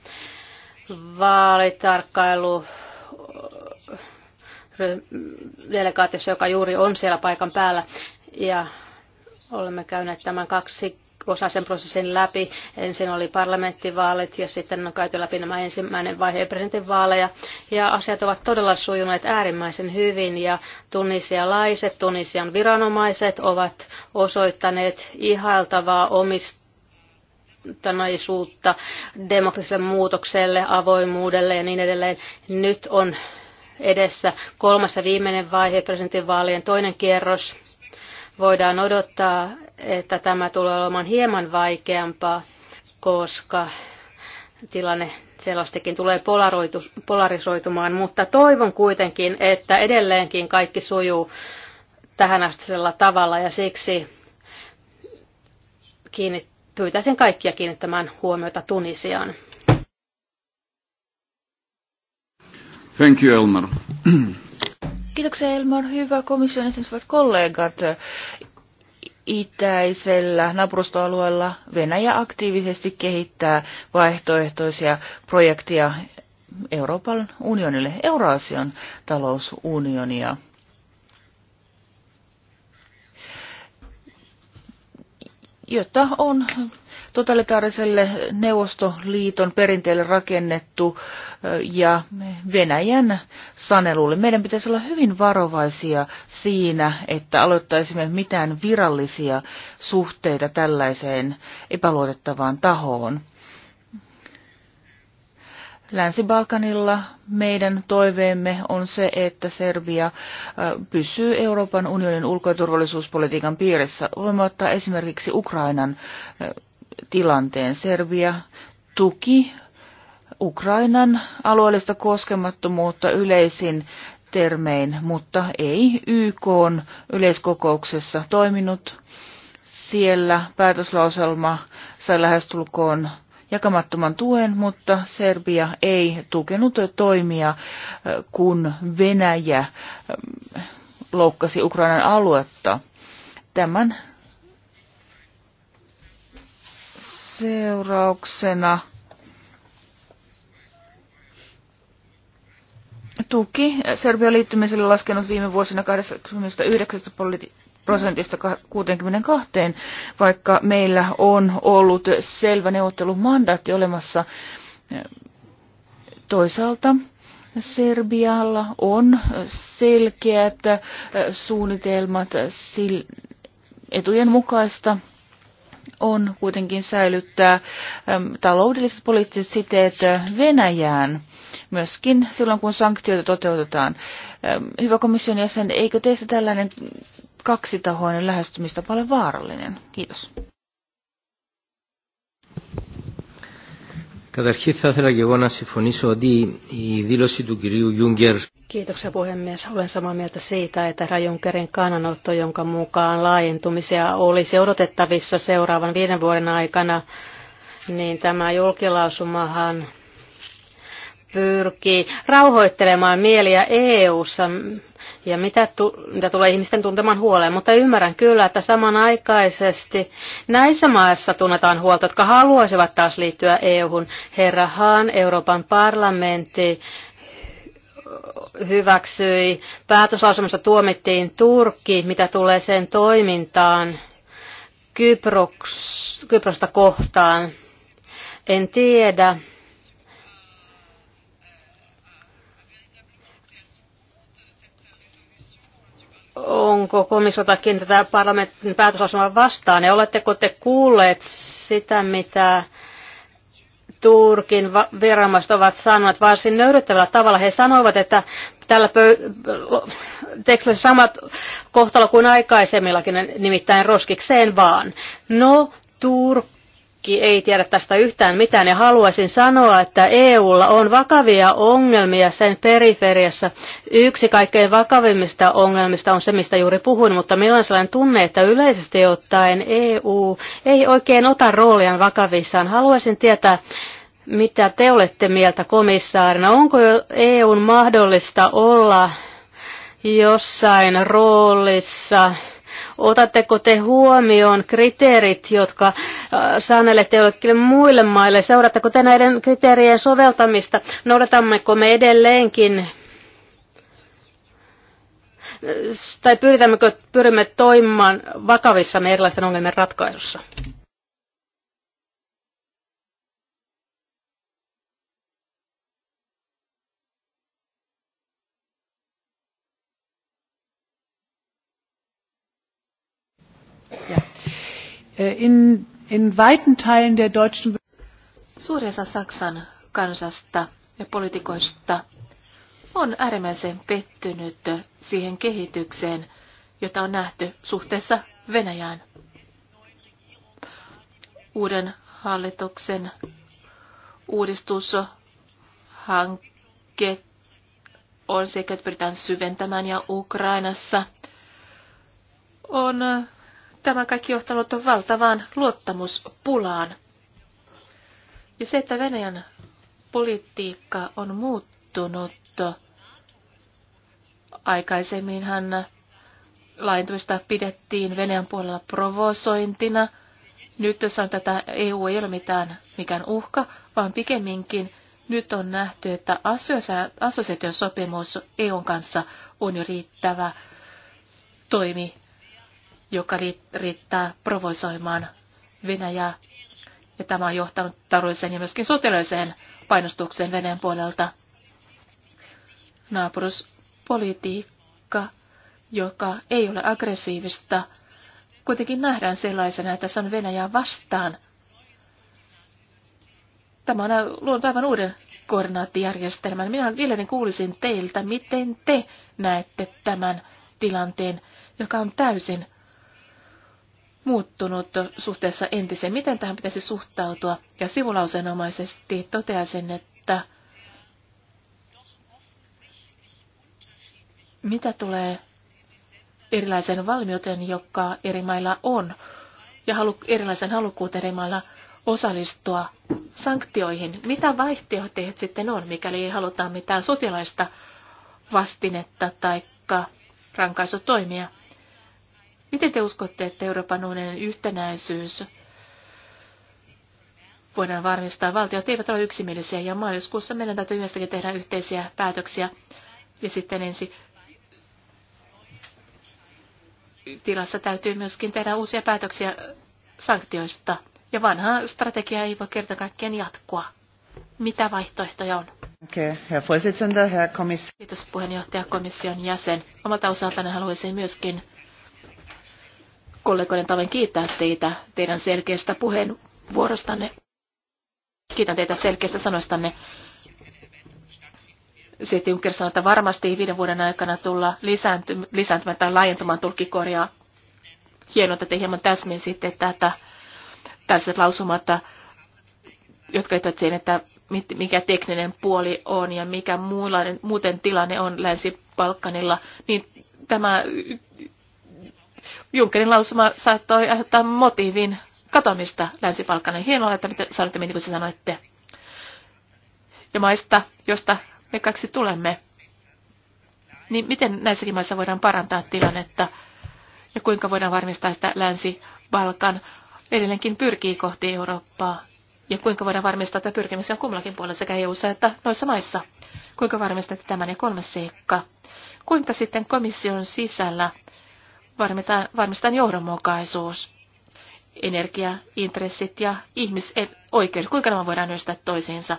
Vaalitarkkailu delegaatiossa, joka juuri on siellä paikan päällä. Ja olemme käyneet tämän kaksi osa sen prosessin läpi. Ensin oli parlamenttivaalit ja sitten on käyty läpi nämä ensimmäinen vaihe presidentinvaaleja. Ja asiat ovat todella sujuneet äärimmäisen hyvin ja tunisialaiset, tunisian viranomaiset ovat osoittaneet ihailtavaa omista tanaisuutta demokratiselle muutokselle, avoimuudelle ja niin edelleen. Nyt on edessä kolmas ja viimeinen vaihe presidentinvaalien toinen kierros. Voidaan odottaa, että tämä tulee olemaan hieman vaikeampaa, koska tilanne selostikin tulee polarisoitumaan, mutta toivon kuitenkin, että edelleenkin kaikki sujuu tähän tähänastisella tavalla ja siksi kiinnit, pyytäisin kaikkia kiinnittämään huomiota Tunisiaan. Thank you, Elmar. Kiitoksia Elmar. Hyvä komission esimerkiksi kollegat itäisellä naapurustoalueella Venäjä aktiivisesti kehittää vaihtoehtoisia projekteja Euroopan unionille, Euroasian talousunionia. jotta on totalitaariselle Neuvostoliiton perinteelle rakennettu ja Venäjän sanelulle. Meidän pitäisi olla hyvin varovaisia siinä, että aloittaisimme mitään virallisia suhteita tällaiseen epäluotettavaan tahoon. Länsi-Balkanilla meidän toiveemme on se, että Serbia pysyy Euroopan unionin ulko- ja turvallisuuspolitiikan piirissä. Voimme ottaa esimerkiksi Ukrainan tilanteen. Serbia tuki Ukrainan alueellista koskemattomuutta yleisin termein, mutta ei YK yleiskokouksessa toiminut. Siellä päätöslauselma sai lähestulkoon jakamattoman tuen, mutta Serbia ei tukenut toimia, kun Venäjä loukkasi Ukrainan aluetta. Tämän seurauksena tuki Serbian liittymiselle laskenut viime vuosina 29 prosentista 62, vaikka meillä on ollut selvä neuvottelumandaatti olemassa toisaalta. Serbialla on selkeät suunnitelmat etujen mukaista on kuitenkin säilyttää taloudelliset poliittiset siteet Venäjään, myöskin silloin kun sanktioita toteutetaan. Hyvä komission jäsen, eikö teistä tällainen kaksitahoinen lähestymistapa ole vaarallinen? Kiitos. Καταρχήν θα ήθελα και εγώ να συμφωνήσω ότι η δήλωση του κυρίου Juncker... Kiitoksia puhemies. Olen samaa mieltä siitä, että Rajunkerin kannanotto, jonka mukaan laajentumisia olisi odotettavissa seuraavan viiden vuoden aikana, niin tämä julkilausumahan pyrkii rauhoittelemaan mieliä EU-ssa ja mitä, tu- mitä tulee ihmisten tuntemaan huoleen. Mutta ymmärrän kyllä, että samanaikaisesti näissä maissa tunnetaan huolta, jotka haluaisivat taas liittyä EU-hun. Herra Haan, Euroopan parlamentti hyväksyi. Päätöslausumassa tuomittiin Turkki, mitä tulee sen toimintaan Kyproks, Kyprosta kohtaan. En tiedä, onko komissiotakin tätä parlamentin päätöslausumaa vastaan ja oletteko te kuulleet sitä, mitä Turkin viranomaiset ovat sanoneet varsin nöyryttävällä tavalla. He sanoivat, että tällä pö- tekstillä samat kohtalo kuin aikaisemmillakin, nimittäin roskikseen vaan. No, Turk kaikki ei tiedä tästä yhtään mitään ja haluaisin sanoa, että EUlla on vakavia ongelmia sen periferiassa. Yksi kaikkein vakavimmista ongelmista on se, mistä juuri puhuin, mutta meillä on sellainen tunne, että yleisesti ottaen EU ei oikein ota rooliaan vakavissaan. Haluaisin tietää, mitä te olette mieltä komissaarina. Onko EUn mahdollista olla jossain roolissa Otatteko te huomioon kriteerit, jotka äh, säännellette jollekin muille maille? Seuratteko te näiden kriteerien soveltamista? Noudatammeko me edelleenkin äh, tai pyritämmekö, pyrimme toimimaan vakavissamme erilaisten ongelmien ratkaisussa? Äh, in, in weiten Teilen der deutschen Suurin osa Saksan kansasta ja poliitikoista on äärimmäisen pettynyt siihen kehitykseen, jota on nähty suhteessa Venäjään. Uuden hallituksen uudistushanke on sekä, että pyritään syventämään ja Ukrainassa on Tämä kaikki johtanut on valtavaan luottamuspulaan. Ja se, että Venäjän politiikka on muuttunut, aikaisemminhan laajentumista pidettiin Venäjän puolella provosointina. Nyt on tätä EU ei ole mitään mikään uhka, vaan pikemminkin nyt on nähty, että assosiaation sopimus EUn kanssa on jo riittävä toimi joka riittää provosoimaan Venäjää. Ja tämä on johtanut taloudelliseen ja myöskin sotilaiseen painostukseen Venäjän puolelta. Naapuruspolitiikka, joka ei ole aggressiivista, kuitenkin nähdään sellaisena, että se on Venäjää vastaan. Tämä on luonut aivan uuden koordinaattijärjestelmän. Minä mielelläni kuulisin teiltä, miten te näette tämän tilanteen, joka on täysin muuttunut suhteessa entiseen. Miten tähän pitäisi suhtautua? Ja sivulauseenomaisesti toteaisin, että mitä tulee erilaisen valmiuteen, joka eri mailla on, ja halu, erilaisen halukkuuteen eri mailla osallistua sanktioihin. Mitä vaihtoehtoja sitten on, mikäli ei haluta mitään sotilaista vastinetta tai rankaisutoimia? Miten te uskotte, että Euroopan unionin yhtenäisyys voidaan varmistaa? Valtiot eivät ole yksimielisiä ja maaliskuussa meidän täytyy yhdestäkin tehdä yhteisiä päätöksiä. Ja sitten ensi tilassa täytyy myöskin tehdä uusia päätöksiä sanktioista. Ja vanha strategia ei voi kerta kaikkien jatkua. Mitä vaihtoehtoja on? Okay, Herr Herr Kiitos puheenjohtaja komission jäsen. Omalta osaltani haluaisin myöskin kollegoiden tavoin kiittää teitä teidän selkeästä puheenvuorostanne. Kiitän teitä selkeästä sanoistanne. Sitten Juncker sanoi, että varmasti viiden vuoden aikana tulla lisääntymään tai laajentumaan tulkikorjaa. Hienoa, että te hieman täsmensitte tätä tällaiset lausumat, jotka liittyvät siihen, että mikä tekninen puoli on ja mikä muuten tilanne on Länsi-Balkanilla, niin tämä Junckerin lausuma saattoi aiheuttaa motiivin katomista länsi -Balkanen. Hienoa, että mitä sanotte niin kuin sanoitte. Ja maista, josta me kaksi tulemme. Niin miten näissäkin maissa voidaan parantaa tilannetta ja kuinka voidaan varmistaa sitä Länsi-Balkan edelleenkin pyrkii kohti Eurooppaa ja kuinka voidaan varmistaa, että pyrkimys on kummallakin puolella sekä eu että noissa maissa. Kuinka varmistatte tämän ja kolmas seikka? Kuinka sitten komission sisällä varmistetaan, varmistetaan johdonmukaisuus, energia, intressit ja ihmisoikeudet. Kuinka nämä voidaan yhdistää toisiinsa?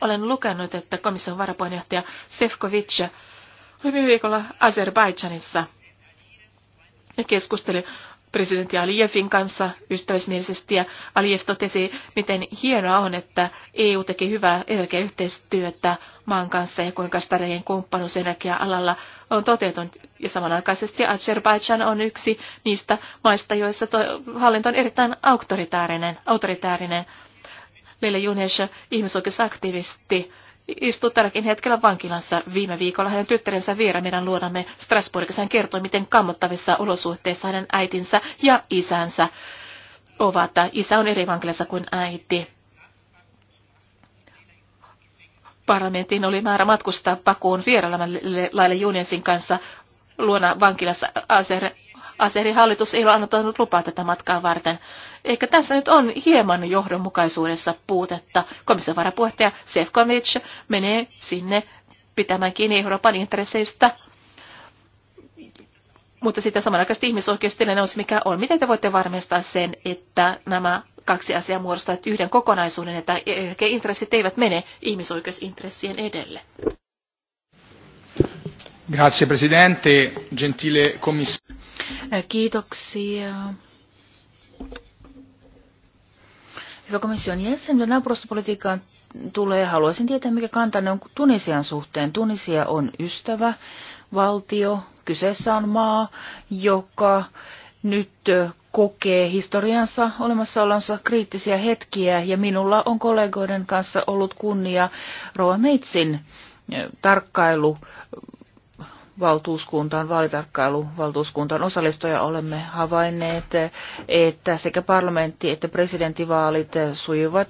Olen lukenut, että komission varapuheenjohtaja Sefcovic oli viime viikolla Azerbaidžanissa ja keskusteli presidentti Alijevin kanssa ystävällismielisesti ja Alijev totesi, miten hienoa on, että EU teki hyvää energiayhteistyötä maan kanssa ja kuinka Stareen kumppanuus energia-alalla on toteutunut. Ja samanaikaisesti Azerbaijan on yksi niistä maista, joissa hallinto on erittäin autoritaarinen. autoritaarinen. Leila Junes, ihmisoikeusaktivisti, istuu tälläkin hetkellä vankilassa. Viime viikolla hänen tyttärensä Viera meidän luonamme Strasbourgissa hän kertoi, miten kammottavissa olosuhteissa hänen äitinsä ja isänsä ovat. Isä on eri vankilassa kuin äiti. Parlamentin oli määrä matkustaa pakuun vierailemalle Laille Juniensin kanssa luona vankilassa Aser Aserin hallitus ei ole antanut lupaa tätä matkaa varten. Eikä tässä nyt on hieman johdonmukaisuudessa puutetta. Komission varapuheenjohtaja Sefkovic menee sinne pitämään kiinni Euroopan intresseistä. Mutta sitten samanaikaisesti ihmisoikeustilanne on se, mikä on. Miten te voitte varmistaa sen, että nämä kaksi asiaa muodostavat yhden kokonaisuuden, että e intressit eivät mene ihmisoikeusintressien edelle? Grazie Presidente, gentile komissio. Kiitoksia. Hyvä komission jäsen, naapuruspolitiikkaan tulee, haluaisin tietää, mikä kantanne on Tunisian suhteen. Tunisia on ystävä, valtio, kyseessä on maa, joka nyt kokee historiansa olemassaolonsa kriittisiä hetkiä ja minulla on kollegoiden kanssa ollut kunnia Roa Meitsin tarkkailu valtuuskuntaan, vaalitarkkailuvaltuuskuntaan osallistuja olemme havainneet, että sekä parlamentti että presidentinvaalit sujuvat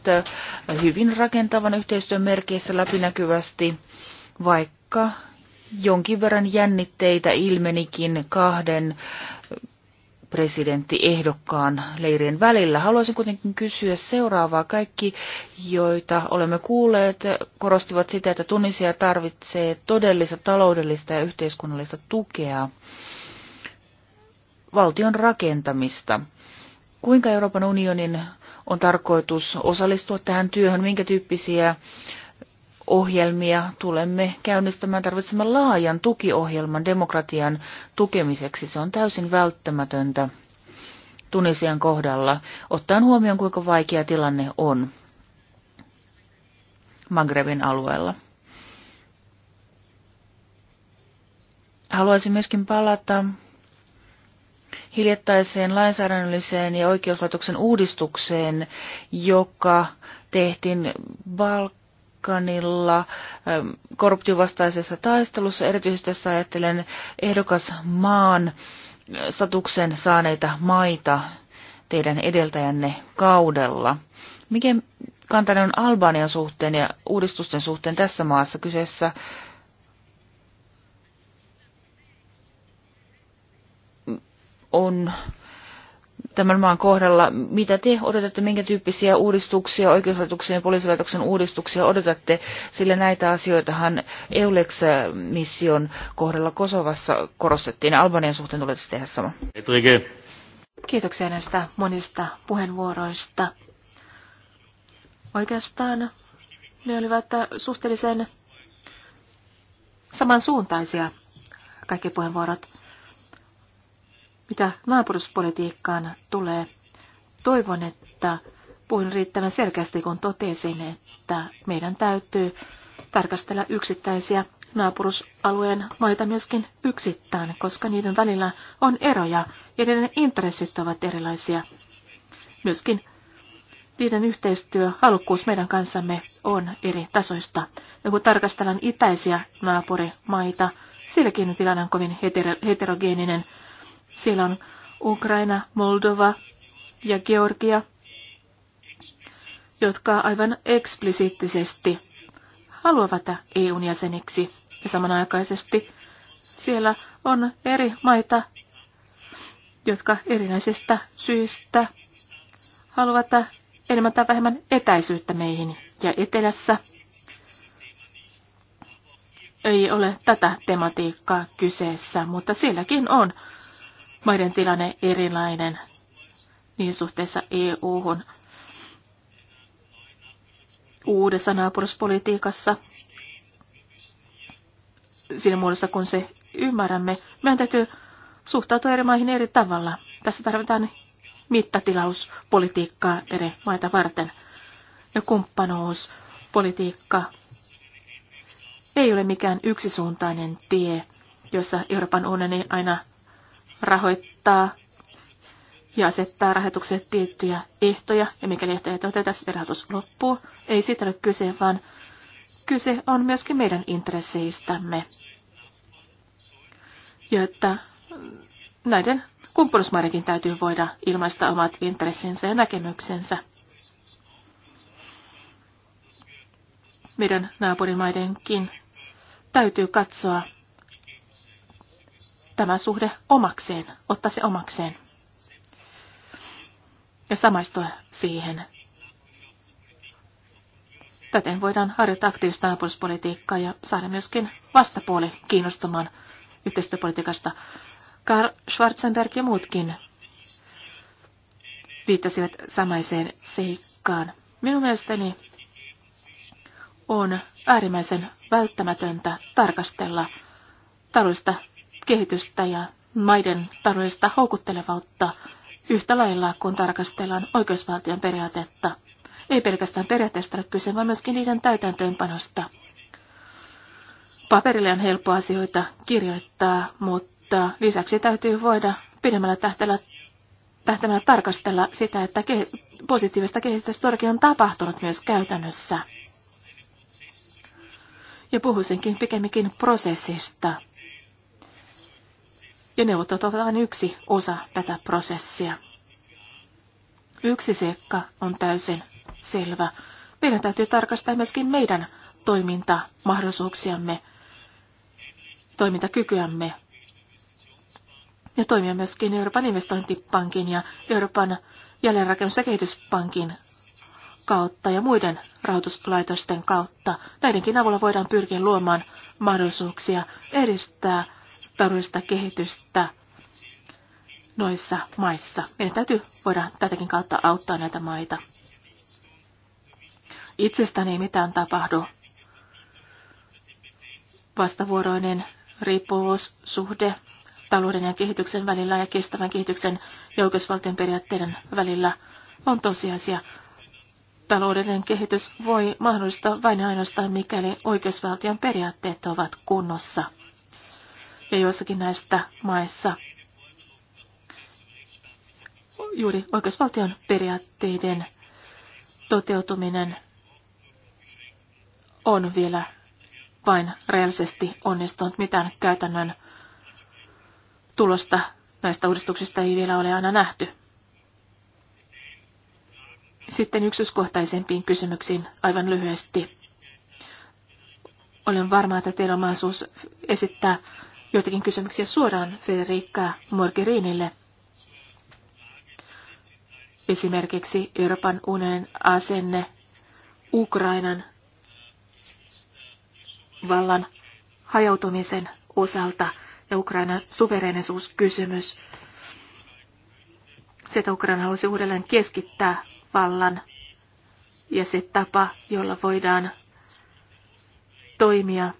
hyvin rakentavan yhteistyön merkeissä läpinäkyvästi, vaikka jonkin verran jännitteitä ilmenikin kahden presidenttiehdokkaan leirien välillä. Haluaisin kuitenkin kysyä seuraavaa. Kaikki, joita olemme kuulleet, korostivat sitä, että Tunisia tarvitsee todellista taloudellista ja yhteiskunnallista tukea valtion rakentamista. Kuinka Euroopan unionin on tarkoitus osallistua tähän työhön? Minkä tyyppisiä ohjelmia tulemme käynnistämään. tarvitsemaan laajan tukiohjelman demokratian tukemiseksi. Se on täysin välttämätöntä Tunisian kohdalla, ottaen huomioon kuinka vaikea tilanne on Magrebin alueella. Haluaisin myöskin palata hiljattaiseen lainsäädännölliseen ja oikeuslaitoksen uudistukseen, joka tehtiin Balkan Balkanilla ähm, korruptiovastaisessa taistelussa. Erityisesti tässä ajattelen ehdokas maan äh, statuksen saaneita maita teidän edeltäjänne kaudella. Mikä kantanne on Albanian suhteen ja uudistusten suhteen tässä maassa kyseessä? On tämän maan kohdalla. Mitä te odotatte, minkä tyyppisiä uudistuksia, oikeuslaitoksen ja poliisilaitoksen uudistuksia odotatte, sillä näitä asioitahan EULEX-mission kohdalla Kosovassa korostettiin. Albanian suhteen tulee tehdä sama. Kiitoksia näistä monista puheenvuoroista. Oikeastaan ne olivat suhteellisen samansuuntaisia kaikki puheenvuorot. Mitä naapuruspolitiikkaan tulee, toivon, että puhun riittävän selkeästi, kun totesin, että meidän täytyy tarkastella yksittäisiä naapurusalueen maita myöskin yksittäin, koska niiden välillä on eroja ja niiden intressit ovat erilaisia. Myöskin niiden yhteistyö, halukkuus meidän kanssamme on eri tasoista. Ja kun tarkastellaan itäisiä naapurimaita, sielläkin tilanne on kovin heterogeeninen. Siellä on Ukraina, Moldova ja Georgia, jotka aivan eksplisiittisesti haluavat EUn jäseniksi. Ja samanaikaisesti siellä on eri maita, jotka erinäisistä syistä haluavat enemmän tai vähemmän etäisyyttä meihin. Ja etelässä ei ole tätä tematiikkaa kyseessä, mutta silläkin on maiden tilanne erilainen niin suhteessa EU-hun. Uudessa naapuruspolitiikassa, siinä muodossa kun se ymmärrämme, meidän täytyy suhtautua eri maihin eri tavalla. Tässä tarvitaan mittatilauspolitiikkaa eri maita varten. Ja kumppanuuspolitiikka ei ole mikään yksisuuntainen tie, jossa Euroopan unioni aina rahoittaa ja asettaa rahoitukselle tiettyjä ehtoja, ja mikäli ehtoja ei toteuta, sitten rahoitus loppuu. Ei siitä ole kyse, vaan kyse on myöskin meidän intresseistämme. Ja että näiden kumppanusmaidenkin täytyy voida ilmaista omat intressinsä ja näkemyksensä. Meidän naapurimaidenkin täytyy katsoa tämä suhde omakseen, ottaa se omakseen ja samaistua siihen. Täten voidaan harjoittaa aktiivista naapuruspolitiikkaa ja saada myöskin vastapuoli kiinnostumaan yhteistyöpolitiikasta. Karl Schwarzenberg ja muutkin viittasivat samaiseen seikkaan. Minun mielestäni on äärimmäisen välttämätöntä tarkastella taloudellista kehitystä ja maiden taloudellista houkuttelevautta yhtä lailla, kun tarkastellaan oikeusvaltion periaatetta. Ei pelkästään periaatteesta ole kyse, vaan myöskin niiden täytäntöönpanosta. Paperille on helppo asioita kirjoittaa, mutta lisäksi täytyy voida pidemmällä tähtäimellä, tähtäimellä tarkastella sitä, että ke- positiivista kehitystä todellakin on tapahtunut myös käytännössä. Ja puhuisinkin pikemminkin prosessista ja neuvottelut ovat vain yksi osa tätä prosessia. Yksi seikka on täysin selvä. Meidän täytyy tarkastaa myöskin meidän toimintamahdollisuuksiamme, toimintakykyämme ja toimia myöskin Euroopan investointipankin ja Euroopan jälleenrakennus- ja kehityspankin kautta ja muiden rahoituslaitosten kautta. Näidenkin avulla voidaan pyrkiä luomaan mahdollisuuksia edistää taloudellista kehitystä noissa maissa. Meidän täytyy voida tätäkin kautta auttaa näitä maita. Itsestäni ei mitään tapahdu. Vastavuoroinen riippuvuussuhde talouden ja kehityksen välillä ja kestävän kehityksen ja oikeusvaltion periaatteiden välillä on tosiasia. Taloudellinen kehitys voi mahdollistaa vain ainoastaan, mikäli oikeusvaltion periaatteet ovat kunnossa ja joissakin näistä maissa juuri oikeusvaltion periaatteiden toteutuminen on vielä vain reaalisesti onnistunut. Mitään käytännön tulosta näistä uudistuksista ei vielä ole aina nähty. Sitten yksityiskohtaisempiin kysymyksiin aivan lyhyesti. Olen varma, että teillä on mahdollisuus esittää joitakin kysymyksiä suoraan Federica Morgerinille. Esimerkiksi Euroopan unionin asenne Ukrainan vallan hajautumisen osalta ja Ukrainan suverenisuuskysymys. Se, että Ukraina halusi uudelleen keskittää vallan ja se tapa, jolla voidaan toimia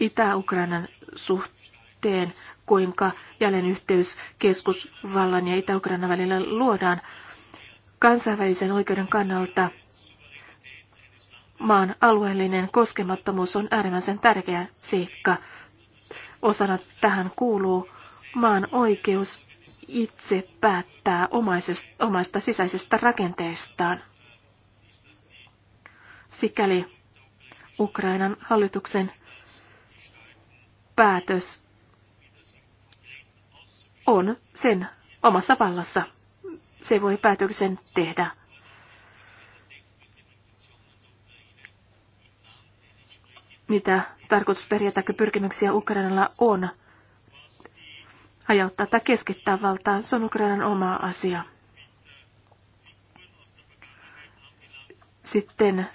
Itä-Ukrainan suhteen, kuinka jälleenyhteys vallan ja Itä-Ukrainan välillä luodaan kansainvälisen oikeuden kannalta. Maan alueellinen koskemattomuus on äärimmäisen tärkeä seikka. Osana tähän kuuluu maan oikeus itse päättää omaisesta, omasta sisäisestä rakenteestaan. Sikäli Ukrainan hallituksen päätös on sen omassa vallassa. Se voi päätöksen tehdä. Mitä tarkoitusperiä tai pyrkimyksiä Ukrainalla on hajauttaa tai keskittää valtaa, se on Ukrainan oma asia. Sitten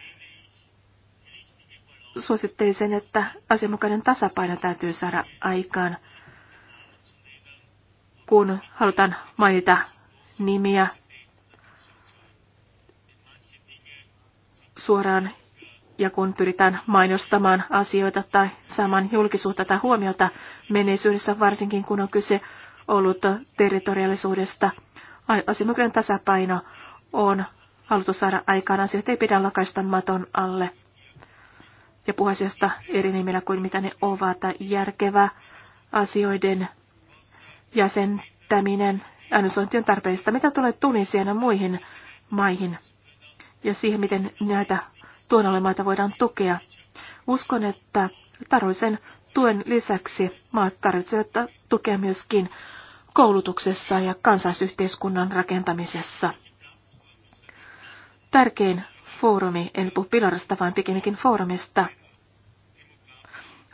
sen, että asianmukainen tasapaino täytyy saada aikaan, kun halutaan mainita nimiä suoraan ja kun pyritään mainostamaan asioita tai saamaan julkisuutta tai huomiota menneisyydessä, varsinkin kun on kyse ollut territoriallisuudesta, Asianmukainen tasapaino on haluttu saada aikaan. Asioita ei pidä lakaista maton alle ja puhua asiasta eri nimillä kuin mitä ne ovat. Järkevä asioiden jäsentäminen, äänesointi on tarpeellista. Mitä tulee Tunisian ja muihin maihin ja siihen, miten näitä tuonolemaita voidaan tukea? Uskon, että tarvitsen tuen lisäksi maat tarvitsevat tukea myöskin koulutuksessa ja kansaisyhteiskunnan rakentamisessa. Tärkein foorumi, en puhu pilarista, vaan pikemminkin foorumista,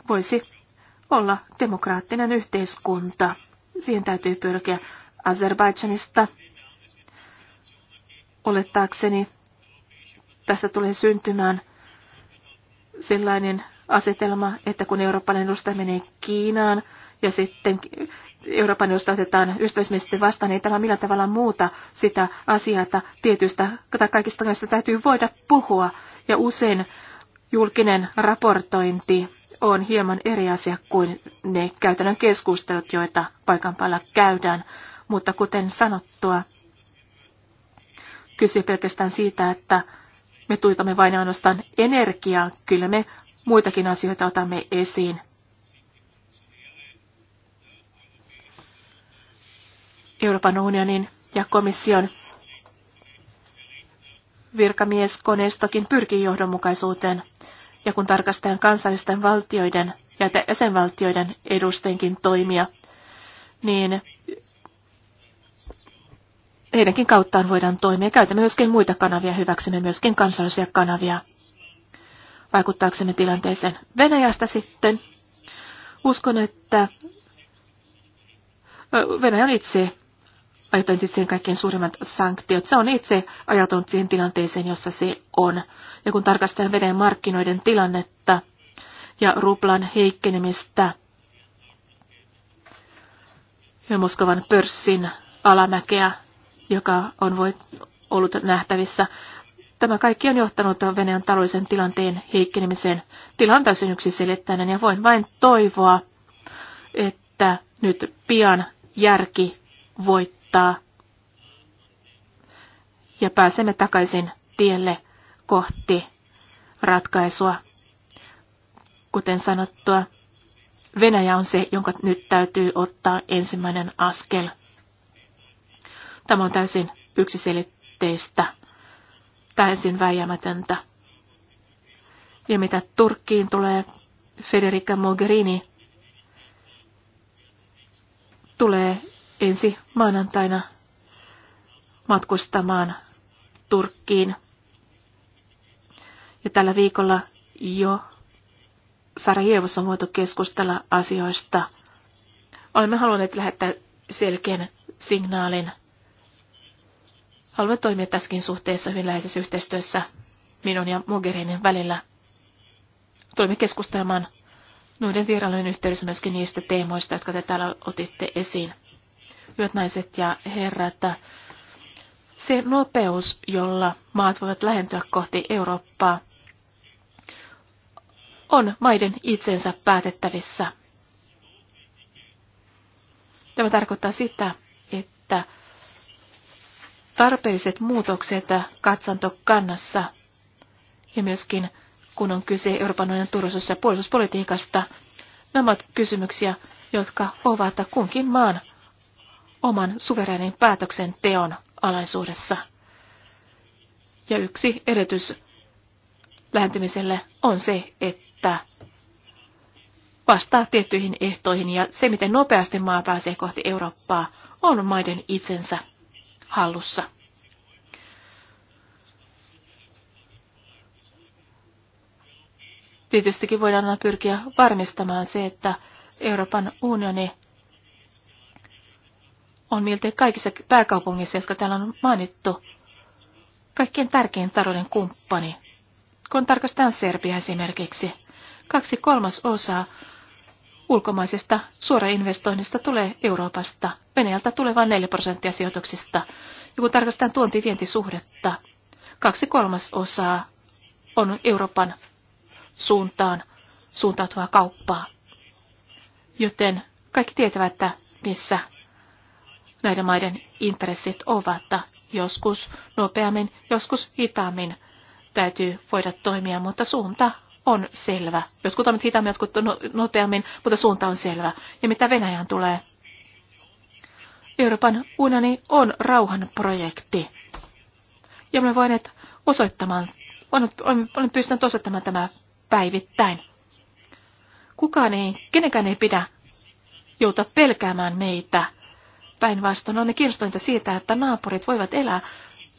voisi olla demokraattinen yhteiskunta. Siihen täytyy pyrkiä Azerbaidžanista. Olettaakseni tässä tulee syntymään sellainen asetelma, että kun eurooppalainen edustaja menee Kiinaan, ja sitten Euroopan neuvosto otetaan ystävällisesti vastaan, niin tämä millä tavalla muuta sitä asiaa, että tietystä tai kaikista kanssa täytyy voida puhua. Ja usein julkinen raportointi on hieman eri asia kuin ne käytännön keskustelut, joita paikan päällä käydään. Mutta kuten sanottua, kyse pelkästään siitä, että me tuitamme vain ainoastaan energiaa. Kyllä me muitakin asioita otamme esiin. Euroopan unionin ja komission virkamieskoneistokin pyrkii johdonmukaisuuteen. Ja kun tarkastellaan kansallisten valtioiden ja jäsenvaltioiden edustenkin toimia, niin heidänkin kauttaan voidaan toimia. Käytämme myöskin muita kanavia hyväksemme, myöskin kansallisia kanavia vaikuttaaksemme tilanteeseen. Venäjästä sitten uskon, että Venäjä on itse ajatellut sen kaikkein suurimmat sanktiot. Se on itse ajatunut siihen tilanteeseen, jossa se on. Ja kun tarkastellaan veden markkinoiden tilannetta ja ruplan heikkenemistä ja Moskovan pörssin alamäkeä, joka on voit, ollut nähtävissä, Tämä kaikki on johtanut Venäjän taloudellisen tilanteen heikkenemiseen. Tila on täysin ja voin vain toivoa, että nyt pian järki voittaa auttaa ja pääsemme takaisin tielle kohti ratkaisua. Kuten sanottua, Venäjä on se, jonka nyt täytyy ottaa ensimmäinen askel. Tämä on täysin yksiselitteistä, täysin väijämätöntä. Ja mitä Turkkiin tulee, Federica Mogherini tulee ensi maanantaina matkustamaan Turkkiin. Ja tällä viikolla jo Sarajevossa on voitu keskustella asioista. Olemme halunneet lähettää selkeän signaalin. Haluamme toimia tässäkin suhteessa hyvin läheisessä yhteistyössä minun ja Mogherinin välillä. Tulemme keskustelemaan noiden vierailujen yhteydessä myöskin niistä teemoista, jotka te täällä otitte esiin hyvät naiset ja että se nopeus, jolla maat voivat lähentyä kohti Eurooppaa, on maiden itsensä päätettävissä. Tämä tarkoittaa sitä, että tarpeelliset muutokset katsantokannassa ja myöskin kun on kyse Euroopan unionin turvallisuus- ja puolustuspolitiikasta, nämä ovat kysymyksiä, jotka ovat kunkin maan oman suvereenin teon alaisuudessa. Ja yksi edetys lähentymiselle on se, että vastaa tiettyihin ehtoihin ja se, miten nopeasti maa pääsee kohti Eurooppaa, on maiden itsensä hallussa. Tietystikin voidaan pyrkiä varmistamaan se, että Euroopan unioni on miltei kaikissa pääkaupungeissa, jotka täällä on mainittu, kaikkien tärkein talouden kumppani. Kun tarkastetaan Serbia esimerkiksi, kaksi kolmas osaa ulkomaisesta suorainvestoinnista tulee Euroopasta, Venäjältä tulee vain 4 prosenttia sijoituksista. Ja kun tarkastetaan tuontivientisuhdetta, kaksi kolmas osaa on Euroopan suuntaan suuntautuvaa kauppaa. Joten kaikki tietävät, että missä näiden maiden intressit ovat. Joskus nopeammin, joskus hitaammin täytyy voida toimia, mutta suunta on selvä. Jotkut ovat hitaammin, jotkut no-, nopeammin, mutta suunta on selvä. Ja mitä Venäjään tulee? Euroopan unioni on rauhanprojekti. Ja me voineet osoittamaan, olen pystynyt osoittamaan tämä päivittäin. Kukaan ei, kenenkään ei pidä joutua pelkäämään meitä – Päinvastoin on ne kiinnostuneita siitä, että naapurit voivat elää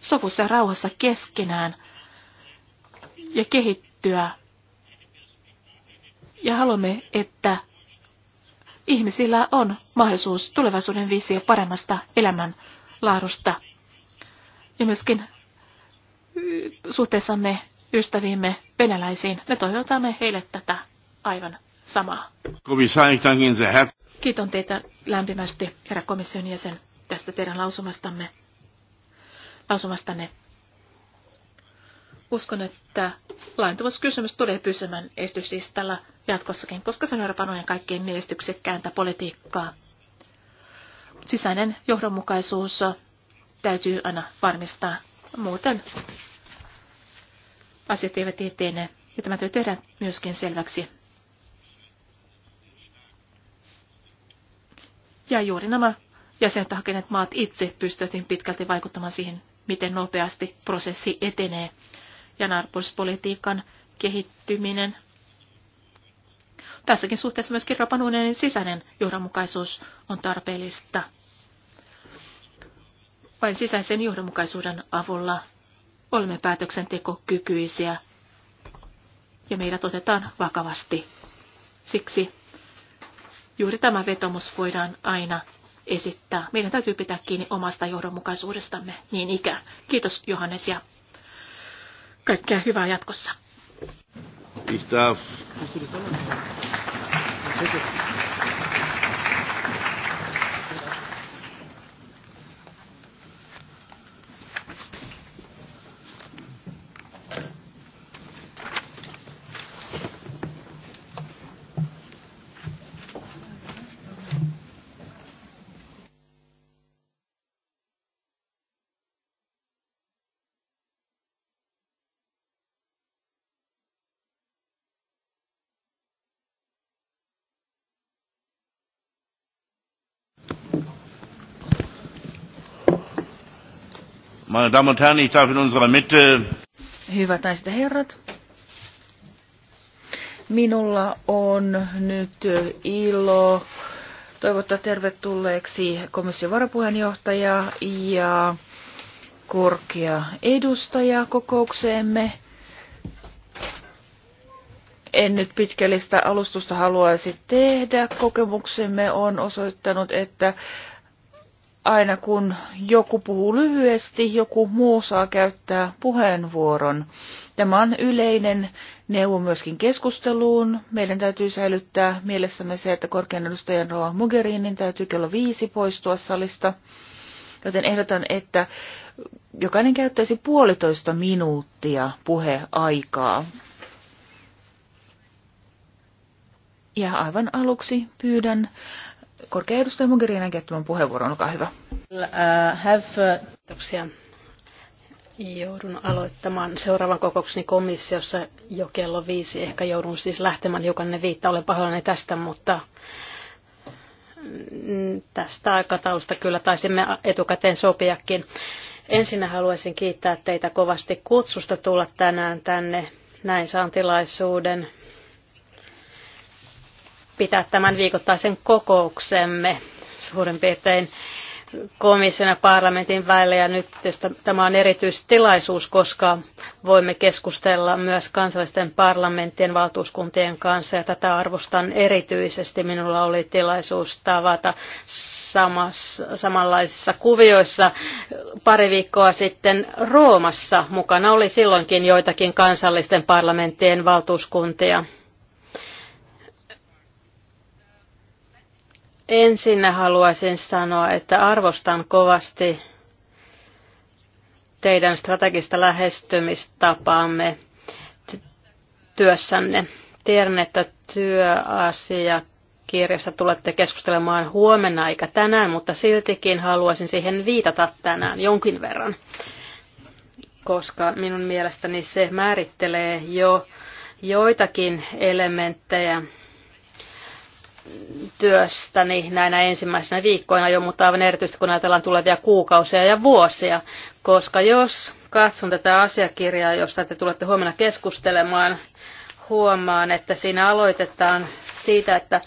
sovussa ja rauhassa keskenään ja kehittyä. Ja haluamme, että ihmisillä on mahdollisuus tulevaisuuden visio paremmasta elämänlaadusta. Ja myöskin mm, suhteessamme ystäviimme venäläisiin, me toivotamme heille tätä aivan samaa. Kiitän teitä lämpimästi, herra komission jäsen, tästä teidän lausumastamme. lausumastanne. Uskon, että laajentumiskysymys tulee pysymään estyslistalla jatkossakin, koska se on Euroopan kaikkein menestyksekkääntä politiikkaa. Sisäinen johdonmukaisuus täytyy aina varmistaa. Muuten asiat eivät etene. Ja tämä työ myöskin selväksi Ja juuri nämä jäsenet hakeneet maat itse pystyttiin pitkälti vaikuttamaan siihen, miten nopeasti prosessi etenee. Ja naapuruspolitiikan kehittyminen. Tässäkin suhteessa myöskin Euroopan unionin sisäinen johdonmukaisuus on tarpeellista. Vain sisäisen johdonmukaisuuden avulla olemme päätöksentekokykyisiä ja meidät otetaan vakavasti. Siksi Juuri tämä vetomus voidaan aina esittää. Meidän täytyy pitää kiinni omasta johdonmukaisuudestamme niin ikään. Kiitos Johannes ja kaikkea hyvää jatkossa. Kiitos. Meine Damen und Herren, ich darf in unserer Mitte... Hyvät naiset ja herrat, minulla on nyt ilo toivottaa tervetulleeksi komission varapuheenjohtaja ja korkea edustaja kokoukseemme. En nyt pitkällistä alustusta haluaisi tehdä. Kokemuksemme on osoittanut, että aina kun joku puhuu lyhyesti, joku muu saa käyttää puheenvuoron. Tämä on yleinen neuvo myöskin keskusteluun. Meidän täytyy säilyttää mielessämme se, että korkean edustajan Roa Mugerinin täytyy kello viisi poistua salista. Joten ehdotan, että jokainen käyttäisi puolitoista minuuttia puheaikaa. Ja aivan aluksi pyydän korkea edustaja Mogherinen käyttämään puheenvuoron, olkaa hyvä. Uh, uh, kiitoksia. Joudun aloittamaan seuraavan kokoukseni komissiossa jo kello viisi. Ehkä joudun siis lähtemään hiukan ne viittaa. Olen pahoillani tästä, mutta mm, tästä aikataulusta kyllä taisimme etukäteen sopiakin. Ensinnä haluaisin kiittää teitä kovasti kutsusta tulla tänään tänne. Näin saan tilaisuuden pitää tämän viikoittaisen kokouksemme suurin piirtein komission ja parlamentin välillä. Ja nyt tämä on erityistilaisuus, koska voimme keskustella myös kansallisten parlamenttien valtuuskuntien kanssa. Ja tätä arvostan erityisesti. Minulla oli tilaisuus tavata samassa, samanlaisissa kuvioissa pari viikkoa sitten Roomassa. Mukana oli silloinkin joitakin kansallisten parlamenttien valtuuskuntia Ensinnä haluaisin sanoa, että arvostan kovasti teidän strategista lähestymistapaamme työssänne. Tiedän, että työasiakirjassa tulette keskustelemaan huomenna eikä tänään, mutta siltikin haluaisin siihen viitata tänään jonkin verran, koska minun mielestäni se määrittelee jo joitakin elementtejä työstäni näinä ensimmäisenä viikkoina jo, mutta aivan erityisesti kun ajatellaan tulevia kuukausia ja vuosia, koska jos katson tätä asiakirjaa, josta te tulette huomenna keskustelemaan, huomaan, että siinä aloitetaan siitä, että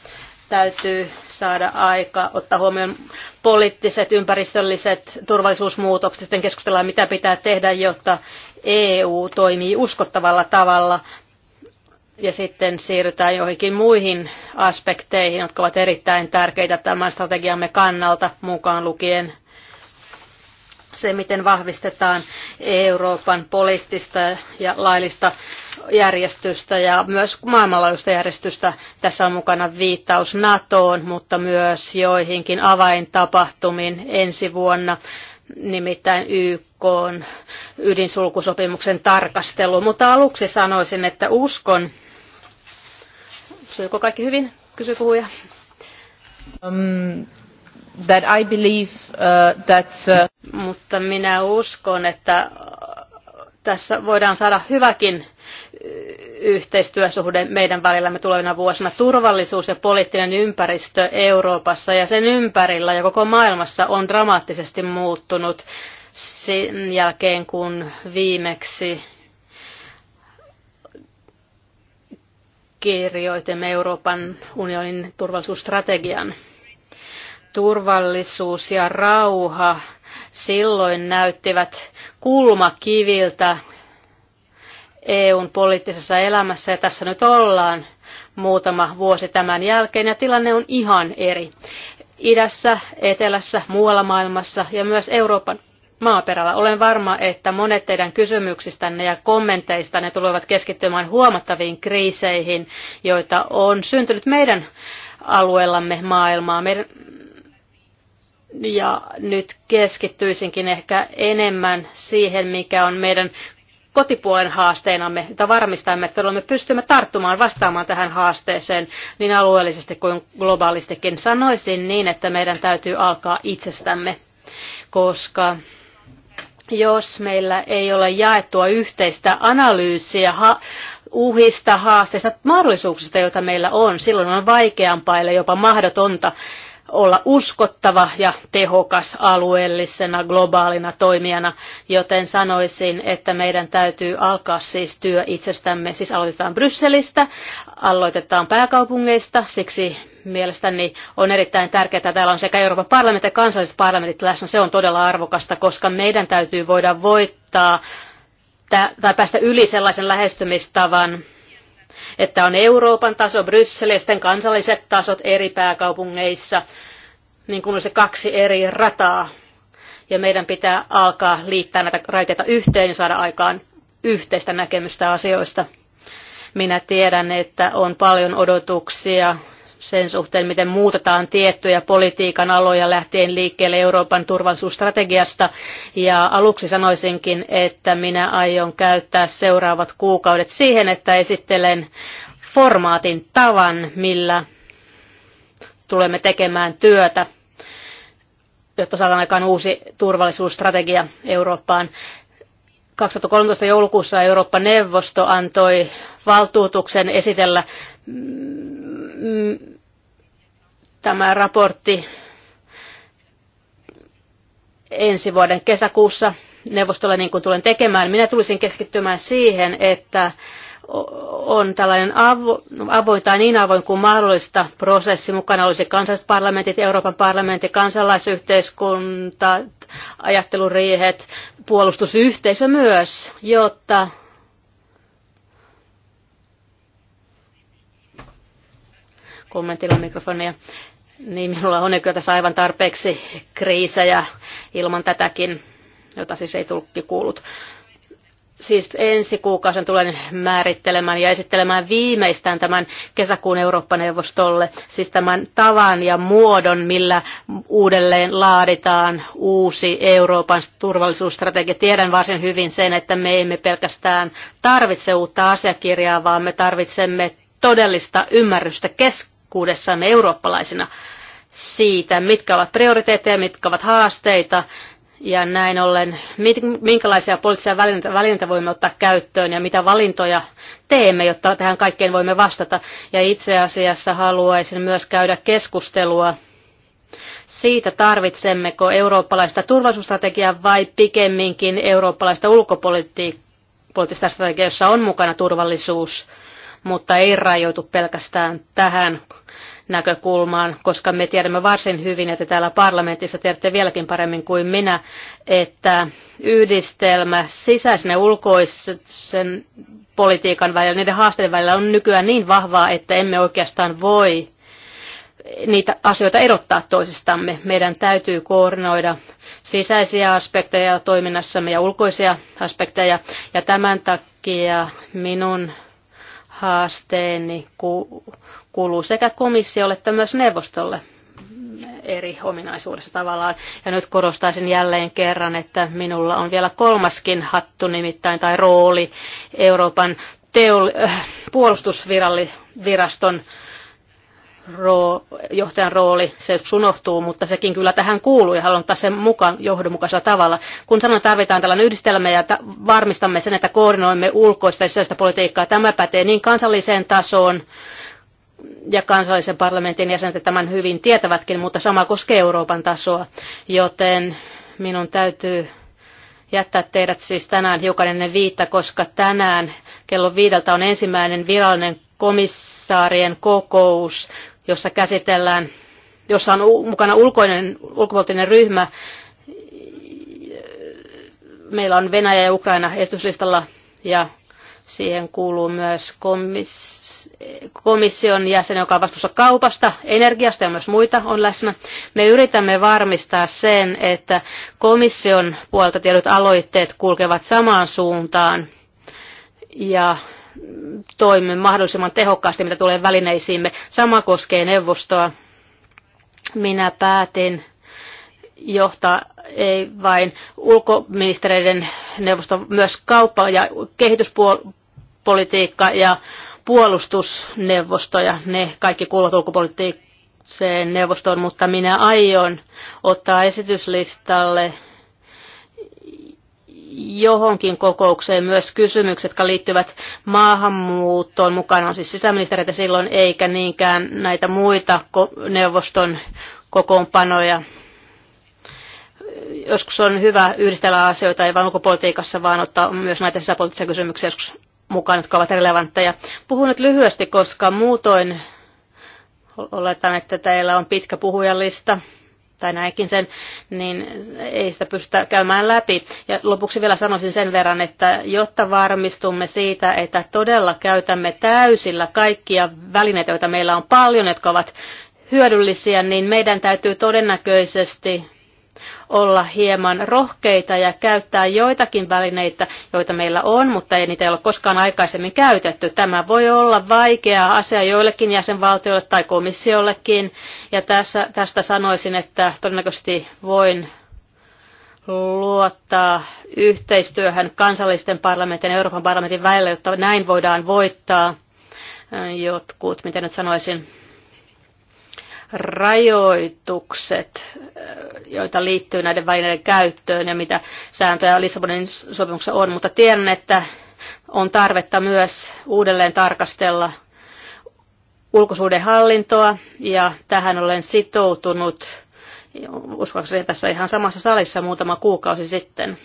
täytyy saada aika ottaa huomioon poliittiset, ympäristölliset turvallisuusmuutokset, sitten keskustellaan, mitä pitää tehdä, jotta EU toimii uskottavalla tavalla ja sitten siirrytään joihinkin muihin aspekteihin, jotka ovat erittäin tärkeitä tämän strategiamme kannalta, mukaan lukien se, miten vahvistetaan Euroopan poliittista ja laillista järjestystä ja myös maailmanlaajuista järjestystä. Tässä on mukana viittaus NATOon, mutta myös joihinkin avaintapahtumiin ensi vuonna, nimittäin YK ydinsulkusopimuksen tarkastelu. Mutta aluksi sanoisin, että uskon, Sujuuko kaikki hyvin? Kysy puhuja. Um, that I believe, uh, that, uh... Mutta minä uskon, että uh, tässä voidaan saada hyväkin uh, yhteistyösuhde meidän välillämme tulevina vuosina. Turvallisuus ja poliittinen ympäristö Euroopassa ja sen ympärillä ja koko maailmassa on dramaattisesti muuttunut sen jälkeen, kun viimeksi kirjoitimme Euroopan unionin turvallisuusstrategian. Turvallisuus ja rauha silloin näyttivät kulmakiviltä EUn poliittisessa elämässä ja tässä nyt ollaan muutama vuosi tämän jälkeen ja tilanne on ihan eri. Idässä, etelässä, muualla maailmassa ja myös Euroopan maaperällä. Olen varma, että monet teidän kysymyksistänne ja kommenteistanne tulevat keskittymään huomattaviin kriiseihin, joita on syntynyt meidän alueellamme maailmaa. Meidän, ja nyt keskittyisinkin ehkä enemmän siihen, mikä on meidän kotipuolen haasteenamme, että varmistamme, että me pystymme tarttumaan vastaamaan tähän haasteeseen niin alueellisesti kuin globaalistikin. Sanoisin niin, että meidän täytyy alkaa itsestämme, koska jos meillä ei ole jaettua yhteistä analyysiä ha- uhista, haasteista, mahdollisuuksista, joita meillä on. Silloin on vaikeampaa, eli jopa mahdotonta olla uskottava ja tehokas alueellisena globaalina toimijana, joten sanoisin, että meidän täytyy alkaa siis työ itsestämme. Siis aloitetaan Brysselistä, aloitetaan pääkaupungeista, siksi mielestäni on erittäin tärkeää, että täällä on sekä Euroopan parlamentti että kansalliset parlamentit läsnä. Se on todella arvokasta, koska meidän täytyy voida voittaa tai päästä yli sellaisen lähestymistavan, että on Euroopan taso, Bryssel ja sitten kansalliset tasot eri pääkaupungeissa, niin kuin on se kaksi eri rataa. Ja meidän pitää alkaa liittää näitä raiteita yhteen ja saada aikaan yhteistä näkemystä asioista. Minä tiedän, että on paljon odotuksia sen suhteen, miten muutetaan tiettyjä politiikan aloja lähtien liikkeelle Euroopan turvallisuusstrategiasta. Ja aluksi sanoisinkin, että minä aion käyttää seuraavat kuukaudet siihen, että esittelen formaatin tavan, millä tulemme tekemään työtä, jotta saadaan aikaan uusi turvallisuusstrategia Eurooppaan. 2013 joulukuussa Eurooppa-neuvosto antoi valtuutuksen esitellä mm, Tämä raportti ensi vuoden kesäkuussa neuvostolle, niin kuin tulen tekemään. Minä tulisin keskittymään siihen, että on tällainen avo, avoin tai niin avoin kuin mahdollista prosessi. Mukana olisi kansalliset parlamentit, Euroopan parlamentti, kansalaisyhteiskunta, ajatteluriihet, puolustusyhteisö myös, jotta kommentilla mikrofonia, niin, minulla on kyllä tässä aivan tarpeeksi kriisejä ilman tätäkin, jota siis ei tulkki kuullut. Siis ensi kuukausen tulen määrittelemään ja esittelemään viimeistään tämän kesäkuun Eurooppa-neuvostolle, siis tämän tavan ja muodon, millä uudelleen laaditaan uusi Euroopan turvallisuusstrategia. Tiedän varsin hyvin sen, että me emme pelkästään tarvitse uutta asiakirjaa, vaan me tarvitsemme todellista ymmärrystä keskuudessamme eurooppalaisina siitä, mitkä ovat prioriteetteja, mitkä ovat haasteita ja näin ollen, minkälaisia poliittisia välineitä voimme ottaa käyttöön ja mitä valintoja teemme, jotta tähän kaikkeen voimme vastata. Ja itse asiassa haluaisin myös käydä keskustelua siitä, tarvitsemmeko eurooppalaista turvallisuusstrategiaa vai pikemminkin eurooppalaista ulkopoliittista strategiaa, jossa on mukana turvallisuus, mutta ei rajoitu pelkästään tähän näkökulmaan, koska me tiedämme varsin hyvin, että täällä parlamentissa tiedätte vieläkin paremmin kuin minä, että yhdistelmä sisäisen ja ulkoisen politiikan välillä, niiden haasteiden välillä on nykyään niin vahvaa, että emme oikeastaan voi niitä asioita erottaa toisistamme. Meidän täytyy koordinoida sisäisiä aspekteja toiminnassamme ja ulkoisia aspekteja. Ja tämän takia minun haasteeni kuuluu sekä komissiolle että myös neuvostolle eri ominaisuudessa tavallaan. Ja nyt korostaisin jälleen kerran, että minulla on vielä kolmaskin hattu nimittäin tai rooli Euroopan teoli- äh, puolustusviraston roo, johtajan rooli, se unohtuu, mutta sekin kyllä tähän kuuluu ja haluan ottaa sen mukaan johdonmukaisella tavalla. Kun sanon, että tarvitaan tällainen yhdistelmä ja ta- varmistamme sen, että koordinoimme ulkoista ja sisäistä politiikkaa, tämä pätee niin kansalliseen tasoon, ja kansallisen parlamentin jäsenet tämän hyvin tietävätkin, mutta sama koskee Euroopan tasoa, joten minun täytyy jättää teidät siis tänään hiukan ennen viittä, koska tänään kello viideltä on ensimmäinen virallinen komissaarien kokous, jossa käsitellään, jossa on mukana ulkoinen, ulkopuolinen ryhmä. Meillä on Venäjä ja Ukraina esityslistalla ja Siihen kuuluu myös komission jäsen, joka on vastuussa kaupasta, energiasta ja myös muita on läsnä. Me yritämme varmistaa sen, että komission puolta tiedyt aloitteet kulkevat samaan suuntaan ja toimimme mahdollisimman tehokkaasti, mitä tulee välineisiimme. Sama koskee neuvostoa. Minä päätin johtaa ei vain ulkoministereiden neuvosto, myös kauppa- ja kehityspolitiikka ja puolustusneuvosto ja ne kaikki kuuluvat ulkopoliittiseen neuvostoon, mutta minä aion ottaa esityslistalle johonkin kokoukseen myös kysymykset, jotka liittyvät maahanmuuttoon. Mukana on siis sisäministeriötä silloin, eikä niinkään näitä muita neuvoston kokoonpanoja joskus on hyvä yhdistellä asioita ei vain ulkopolitiikassa, vaan ottaa myös näitä sisäpoliittisia kysymyksiä joskus mukaan, jotka ovat relevantteja. Puhun nyt lyhyesti, koska muutoin oletan, että teillä on pitkä puhujalista tai näinkin sen, niin ei sitä pystytä käymään läpi. Ja lopuksi vielä sanoisin sen verran, että jotta varmistumme siitä, että todella käytämme täysillä kaikkia välineitä, joita meillä on paljon, jotka ovat hyödyllisiä, niin meidän täytyy todennäköisesti olla hieman rohkeita ja käyttää joitakin välineitä, joita meillä on, mutta ei niitä ei ole koskaan aikaisemmin käytetty. Tämä voi olla vaikea asia joillekin jäsenvaltioille tai komissiollekin, ja tässä, tästä sanoisin, että todennäköisesti voin luottaa yhteistyöhön kansallisten parlamentin ja Euroopan parlamentin välillä, jotta näin voidaan voittaa jotkut, miten nyt sanoisin, rajoitukset, joita liittyy näiden välineiden käyttöön ja mitä sääntöjä Lissabonin sopimuksessa on, mutta tiedän, että on tarvetta myös uudelleen tarkastella ulkosuhdehallintoa ja tähän olen sitoutunut uskoakseni tässä ihan samassa salissa muutama kuukausi sitten.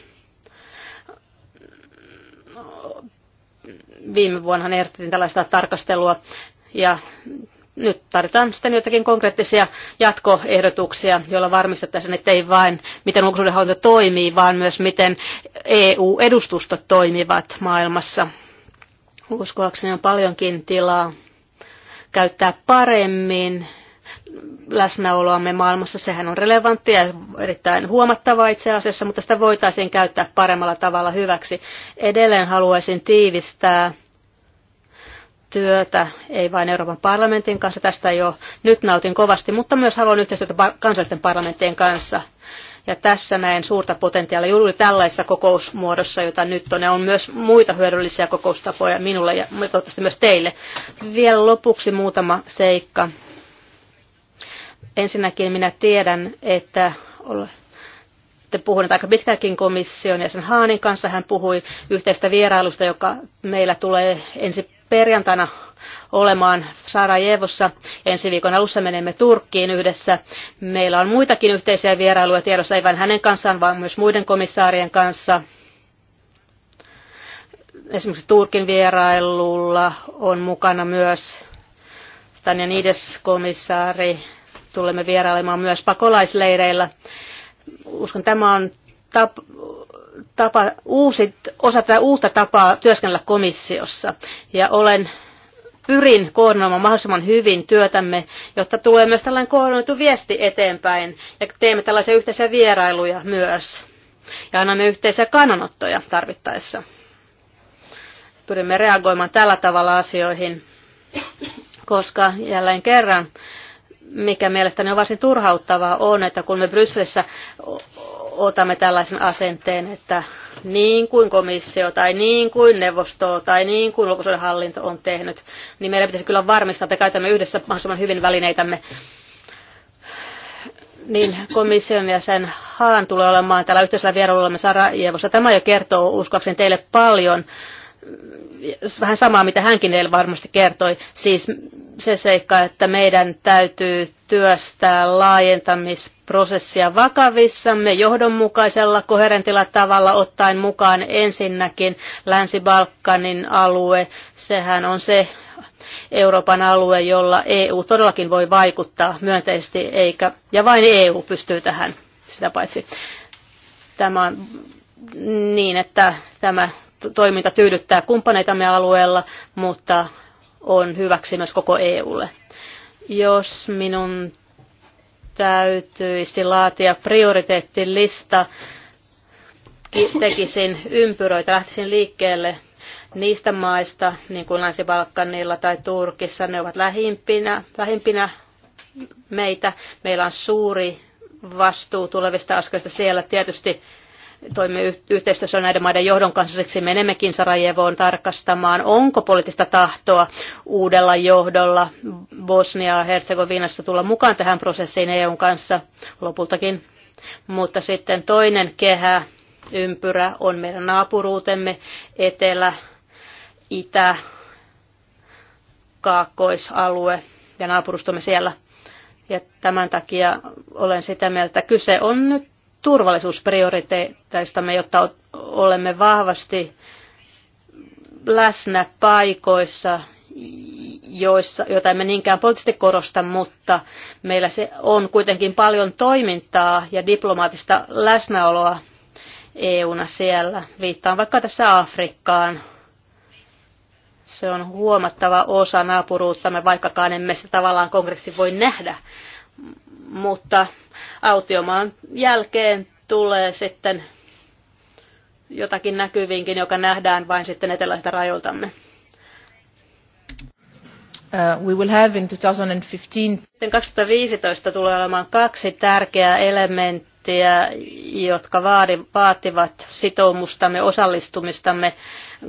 Viime vuonna ehdotettiin tällaista tarkastelua ja nyt tarvitaan sitten jotakin konkreettisia jatkoehdotuksia, joilla varmistettaisiin, että ei vain miten ulkosuhdehallinto toimii, vaan myös miten EU-edustustot toimivat maailmassa. Uskoakseni on paljonkin tilaa käyttää paremmin läsnäoloamme maailmassa. Sehän on relevanttia ja erittäin huomattavaa itse asiassa, mutta sitä voitaisiin käyttää paremmalla tavalla hyväksi. Edelleen haluaisin tiivistää työtä, ei vain Euroopan parlamentin kanssa, tästä jo nyt nautin kovasti, mutta myös haluan yhteistyötä kansallisten parlamenttien kanssa. Ja tässä näen suurta potentiaalia juuri tällaisessa kokousmuodossa, jota nyt on. Ja on myös muita hyödyllisiä kokoustapoja minulle ja toivottavasti myös teille. Vielä lopuksi muutama seikka. Ensinnäkin minä tiedän, että olette puhuneet aika pitkäänkin komission ja sen Haanin kanssa. Hän puhui yhteistä vierailusta, joka meillä tulee ensi perjantaina olemaan Sarajevossa. Ensi viikon alussa menemme Turkkiin yhdessä. Meillä on muitakin yhteisiä vierailuja tiedossa, ei vain hänen kanssaan, vaan myös muiden komissaarien kanssa. Esimerkiksi Turkin vierailulla on mukana myös Tanja Nides komissaari. Tulemme vierailemaan myös pakolaisleireillä. Uskon, tämä on tap- tapa, uusi, osa tätä uutta tapaa työskennellä komissiossa. Ja olen pyrin koordinoimaan mahdollisimman hyvin työtämme, jotta tulee myös tällainen koordinoitu viesti eteenpäin ja teemme tällaisia yhteisiä vierailuja myös ja annamme yhteisiä kannanottoja tarvittaessa. Pyrimme reagoimaan tällä tavalla asioihin, koska jälleen kerran, mikä mielestäni on varsin turhauttavaa, on, että kun me Brysselissä otamme tällaisen asenteen, että niin kuin komissio tai niin kuin neuvosto tai niin kuin ulkoisuuden hallinto on tehnyt, niin meidän pitäisi kyllä varmistaa, että käytämme yhdessä mahdollisimman hyvin välineitämme. Niin komission ja sen Haan tulee olemaan tällä yhteisellä vierailulla me Sarajevossa. Tämä jo kertoo uskoakseni teille paljon vähän samaa, mitä hänkin eilen varmasti kertoi, siis se seikka, että meidän täytyy työstää laajentamisprosessia vakavissamme johdonmukaisella, koherentilla tavalla ottaen mukaan ensinnäkin Länsi-Balkanin alue. Sehän on se Euroopan alue, jolla EU todellakin voi vaikuttaa myönteisesti, eikä, ja vain EU pystyy tähän sitä paitsi. Tämä on niin, että tämä toiminta tyydyttää kumppaneitamme alueella, mutta on hyväksi myös koko EUlle. Jos minun täytyisi laatia prioriteettilista, tekisin ympyröitä, lähtisin liikkeelle niistä maista, niin kuin Länsi-Balkanilla tai Turkissa, ne ovat lähimpinä, lähimpinä meitä. Meillä on suuri vastuu tulevista askelista siellä. Tietysti Toimme yhteistyössä näiden maiden johdon kanssa, siksi menemmekin Sarajevoon tarkastamaan, onko poliittista tahtoa uudella johdolla Bosnia-Herzegovinassa tulla mukaan tähän prosessiin EUn kanssa lopultakin. Mutta sitten toinen kehä, ympyrä, on meidän naapuruutemme etelä, itä, kaakkoisalue ja naapurustomme siellä. Ja tämän takia olen sitä mieltä, että kyse on nyt turvallisuusprioriteetteistamme, jotta olemme vahvasti läsnä paikoissa, joissa, joita emme niinkään poliittisesti korosta, mutta meillä se on kuitenkin paljon toimintaa ja diplomaattista läsnäoloa EUna siellä. Viittaan vaikka tässä Afrikkaan. Se on huomattava osa naapuruuttamme, vaikkakaan emme sitä tavallaan kongressi voi nähdä. Mutta autiomaan jälkeen tulee sitten jotakin näkyviinkin, joka nähdään vain sitten eteläistä rajoiltamme. Uh, we will have in 2015. Sitten 2015 tulee olemaan kaksi tärkeää elementtiä, jotka vaadi, vaativat sitoumustamme, osallistumistamme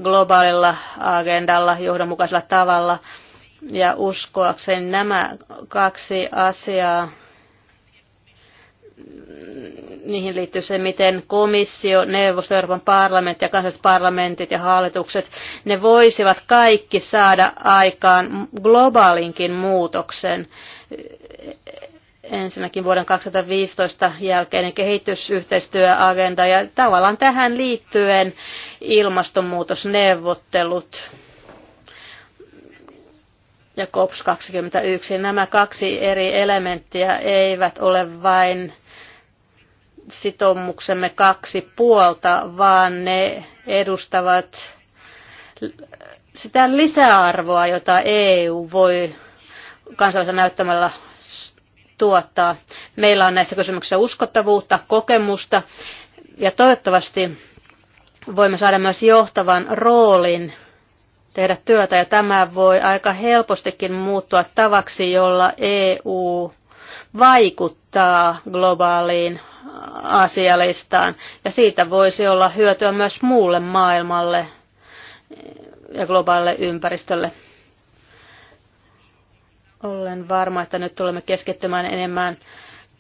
globaalilla agendalla johdonmukaisella tavalla. Ja uskoakseni nämä kaksi asiaa niihin liittyy se, miten komissio, neuvosto, Euroopan parlamentti ja kansalliset parlamentit ja hallitukset, ne voisivat kaikki saada aikaan globaalinkin muutoksen ensinnäkin vuoden 2015 jälkeinen kehitysyhteistyöagenda ja tavallaan tähän liittyen ilmastonmuutosneuvottelut ja COPS 21. Nämä kaksi eri elementtiä eivät ole vain sitoumuksemme kaksi puolta, vaan ne edustavat sitä lisäarvoa, jota EU voi kansallisella näyttämällä tuottaa. Meillä on näissä kysymyksissä uskottavuutta, kokemusta ja toivottavasti voimme saada myös johtavan roolin tehdä työtä ja tämä voi aika helpostikin muuttua tavaksi, jolla EU vaikuttaa globaaliin asialistaan. Ja siitä voisi olla hyötyä myös muulle maailmalle ja globaalille ympäristölle. Olen varma, että nyt tulemme keskittymään enemmän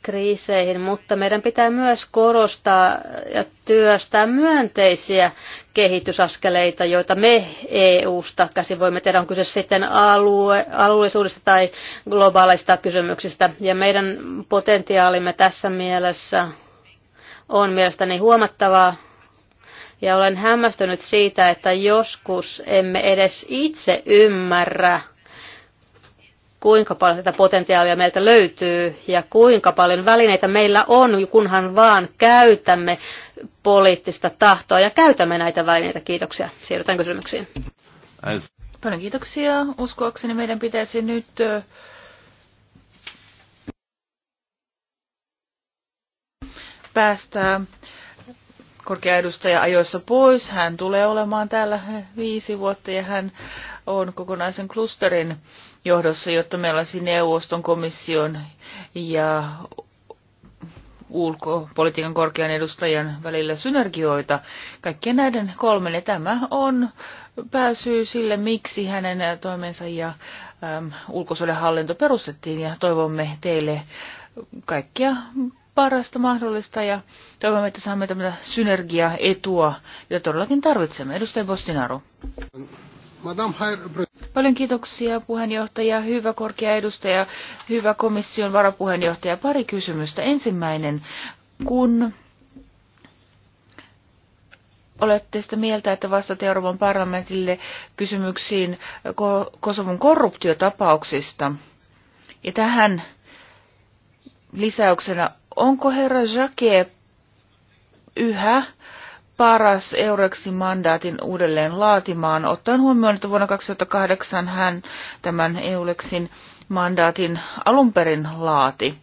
kriiseihin, mutta meidän pitää myös korostaa ja työstää myönteisiä kehitysaskeleita, joita me EU-sta käsin voimme tehdä, on kyse sitten alue, alueellisuudesta tai globaaleista kysymyksistä. Ja meidän potentiaalimme tässä mielessä on mielestäni huomattavaa. Ja olen hämmästynyt siitä, että joskus emme edes itse ymmärrä, kuinka paljon tätä potentiaalia meiltä löytyy ja kuinka paljon välineitä meillä on, kunhan vaan käytämme poliittista tahtoa ja käytämme näitä välineitä. Kiitoksia. Siirrytään kysymyksiin. Paljon kiitoksia. Uskoakseni meidän pitäisi nyt päästä korkea edustaja ajoissa pois. Hän tulee olemaan täällä viisi vuotta ja hän on kokonaisen klusterin johdossa, jotta meillä olisi neuvoston, komission ja ulkopolitiikan korkean edustajan välillä synergioita. Kaikkien näiden kolmen ja tämä on pääsy sille, miksi hänen toimensa ja ulkosuuden hallinto perustettiin ja toivomme teille kaikkia parasta mahdollista ja toivomme, että saamme tämmöistä etua, jota todellakin tarvitsemme. Edustaja Bostinaru. Paljon kiitoksia puheenjohtaja, hyvä korkea edustaja, hyvä komission varapuheenjohtaja. Pari kysymystä. Ensimmäinen, kun olette sitä mieltä, että vastaatte Euroopan parlamentille kysymyksiin Kosovon korruptiotapauksista. Ja tähän lisäyksenä Onko herra Jacquet yhä paras Eurexin mandaatin uudelleen laatimaan, ottaen huomioon, että vuonna 2008 hän tämän Eulexin mandaatin alun perin laati.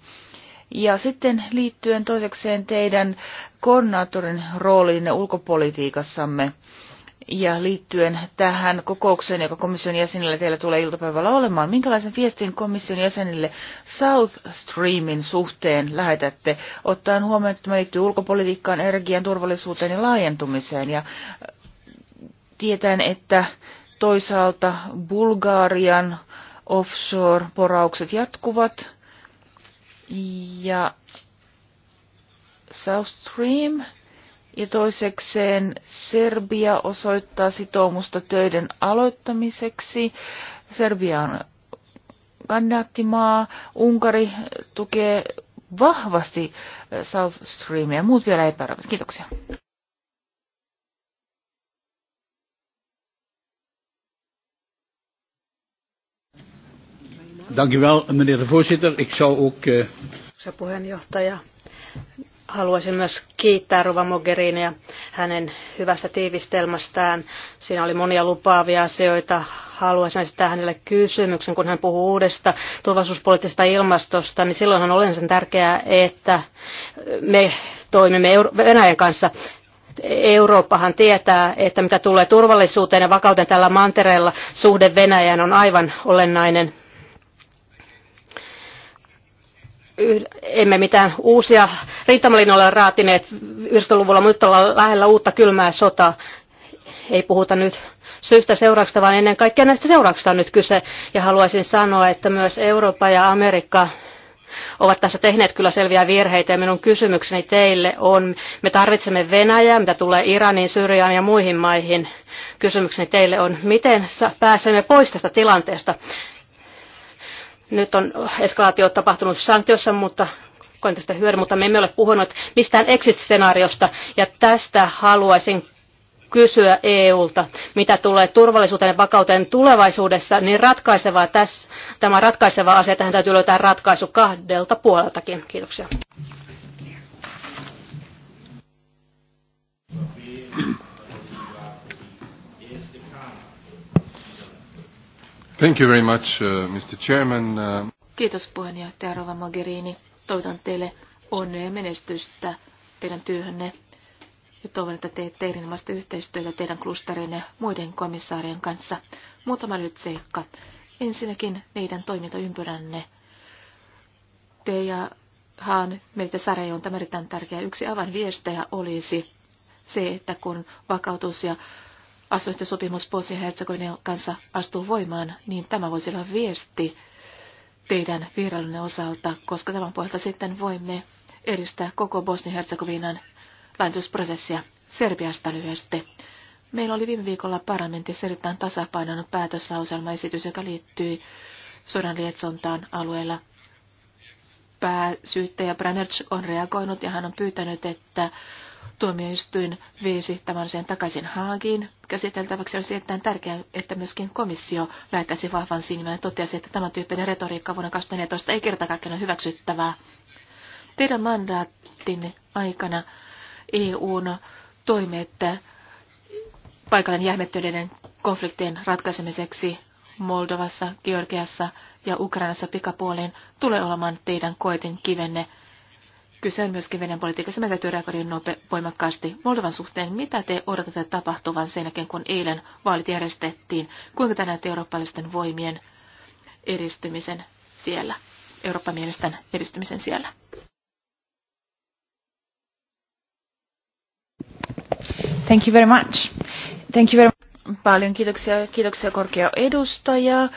Ja sitten liittyen toisekseen teidän koordinaattorin rooliinne ulkopolitiikassamme, ja liittyen tähän kokoukseen, joka komission jäsenille teillä tulee iltapäivällä olemaan, minkälaisen viestin komission jäsenille South Streamin suhteen lähetätte, ottaen huomioon, että tämä liittyy ulkopolitiikkaan, energian, turvallisuuteen ja laajentumiseen, ja äh, tietäen, että toisaalta Bulgarian offshore-poraukset jatkuvat, ja South Stream – ja toisekseen Serbia osoittaa sitoumusta töiden aloittamiseksi. Serbia on kandidaattimaa. Unkari tukee vahvasti South Streamia. Muut vielä epäröivät. Kiitoksia. Dankjewel, meneer de voorzitter. Ik zou ook... Uh... puheenjohtaja haluaisin myös kiittää Ruva Mogherinia hänen hyvästä tiivistelmästään. Siinä oli monia lupaavia asioita. Haluaisin esittää hänelle kysymyksen, kun hän puhuu uudesta turvallisuuspoliittisesta ilmastosta, niin silloinhan olen sen tärkeää, että me toimimme Venäjän kanssa Eurooppahan tietää, että mitä tulee turvallisuuteen ja vakauteen tällä mantereella, suhde Venäjään on aivan olennainen emme mitään uusia ole raatineet 90-luvulla, mutta ollaan lähellä uutta kylmää sotaa. Ei puhuta nyt syystä seurauksista, vaan ennen kaikkea näistä seurauksista on nyt kyse. Ja haluaisin sanoa, että myös Eurooppa ja Amerikka ovat tässä tehneet kyllä selviä virheitä ja minun kysymykseni teille on, me tarvitsemme Venäjää, mitä tulee Iraniin, Syyriaan ja muihin maihin. Kysymykseni teille on, miten pääsemme pois tästä tilanteesta nyt on eskalaatio tapahtunut sanktiossa, mutta koen tästä hyödyn, mutta me emme ole puhunut mistään exit-skenaariosta, ja tästä haluaisin kysyä EUlta, mitä tulee turvallisuuteen ja vakauteen tulevaisuudessa, niin ratkaisevaa tässä, tämä ratkaiseva asia, tähän täytyy löytää ratkaisu kahdelta puoleltakin. Kiitoksia. Thank you very much, uh, Mr. Chairman. Uh... Kiitos puheenjohtaja Rova Mogherini. Toivotan teille onnea ja menestystä teidän työhönne ja toivon, että teette erinomaista yhteistyötä teidän klusterinne muiden komissaarien kanssa. Muutama nyt seikka. Ensinnäkin meidän toimintaympyränne. Te ja Haan meiltä sarja on tämä erittäin tärkeä. Yksi avainviestejä olisi se, että kun vakautus- ja asiointisopimus Bosnia-Herzegovinan kanssa astuu voimaan, niin tämä voisi olla viesti teidän virallinen osalta, koska tämän pohjalta sitten voimme edistää koko Bosnia-Herzegovinan laintusprosessia Serbiasta lyhyesti. Meillä oli viime viikolla parlamentissa erittäin tasapainoinen päätöslauselmaesitys, joka liittyy sodan lietsontaan alueella. Pääsyyttäjä Branerch on reagoinut ja hän on pyytänyt, että tuomioistuin viisi tämän sen takaisin Haagiin käsiteltäväksi. Olisi erittäin tärkeää, että myöskin komissio lähettäisi vahvan signaalin ja totesi, että tämän tyyppinen retoriikka vuonna 2014 ei kertakaikkiaan ole hyväksyttävää. Teidän mandaattin aikana EUn toimet paikallinen jähmettyneiden konfliktien ratkaisemiseksi Moldovassa, Georgiassa ja Ukrainassa pikapuoleen tulee olemaan teidän koetin kivenne Kyse on myöskin Venäjän politiikassa. Me täytyy reagoida voimakkaasti Moldovan suhteen. Mitä te odotatte tapahtuvan sen jälkeen, kun eilen vaalit järjestettiin? Kuinka te näette eurooppalaisten voimien edistymisen siellä? eurooppa mielestä edistymisen siellä? Thank you very much. Thank you very Paljon kiitoksia, kiitoksia korkea edustaja.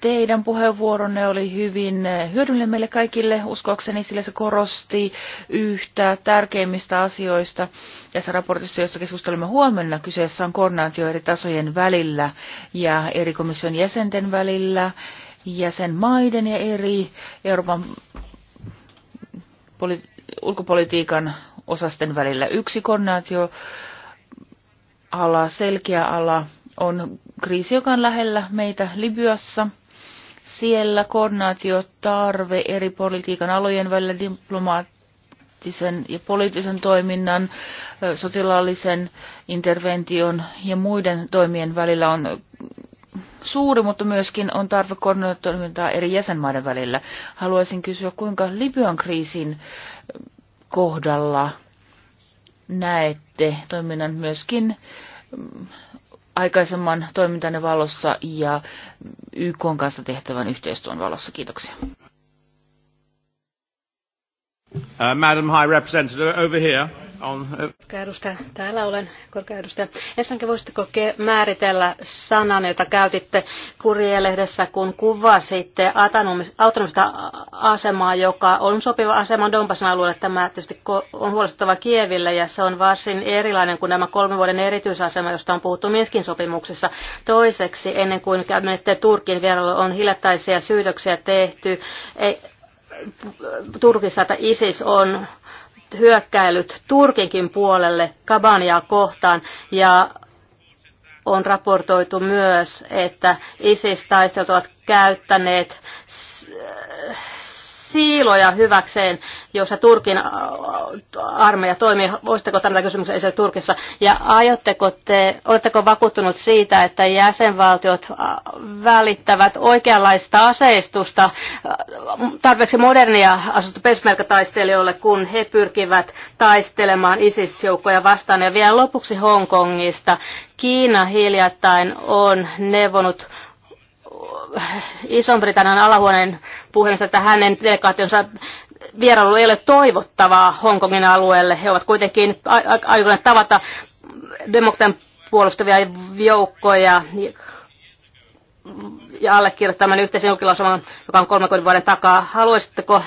Teidän puheenvuoronne oli hyvin hyödyllinen meille kaikille, uskoakseni, sillä se korosti yhtä tärkeimmistä asioista tässä raportissa, josta keskustelemme huomenna. Kyseessä on koordinaatio eri tasojen välillä ja eri komission jäsenten välillä, jäsenmaiden ja eri Euroopan ulkopolitiikan osasten välillä. Yksi koordinaatio ala, selkeä ala, on kriisi, joka on lähellä meitä Libyassa. Siellä koordinaatiotarve eri politiikan alojen välillä diplomaattisen ja poliittisen toiminnan, sotilaallisen intervention ja muiden toimien välillä on suuri, mutta myöskin on tarve koordinoida eri jäsenmaiden välillä. Haluaisin kysyä, kuinka Libyan kriisin kohdalla näet toiminnan myöskin mm, aikaisemman toimintanne valossa ja YK kanssa tehtävän yhteistyön valossa. Kiitoksia. Uh, Madam High Representative, over here on... Edustaja, täällä olen, korkea edustaja. Ensinnäkin voisitteko määritellä sanan, jota käytitte kurjelehdessä, kun kuvasitte autonomista asemaa, joka on sopiva asema Donbassin alueelle. Tämä tietysti on huolestuttava Kieville ja se on varsin erilainen kuin nämä kolmen vuoden erityisasema, josta on puhuttu Minskin sopimuksessa. Toiseksi, ennen kuin menette Turkin vielä, on hiljattaisia syytöksiä tehty. Ei, Turkissa, että ISIS on hyökkäilyt Turkinkin puolelle Kabaniaa kohtaan ja on raportoitu myös, että ISIS-taistelut ovat käyttäneet siiloja hyväkseen, jossa Turkin äh, armeija toimii. Voisitteko tämän kysymyksen esille Turkissa? Ja aiotteko te, oletteko vakuuttunut siitä, että jäsenvaltiot äh, välittävät oikeanlaista aseistusta äh, tarpeeksi modernia asusta pesmerkataistelijoille, kun he pyrkivät taistelemaan ISIS-joukkoja vastaan? Ja vielä lopuksi Hongkongista. Kiina hiljattain on neuvonut iso britannian alahuoneen puheessa, että hänen delegaationsa vierailu ei ole toivottavaa Hongkongin alueelle. He ovat kuitenkin aikoneet tavata demokratian puolustavia joukkoja ja allekirjoittamaan yhteisen julkilausuman, joka on 30 vuoden takaa. Haluaisitteko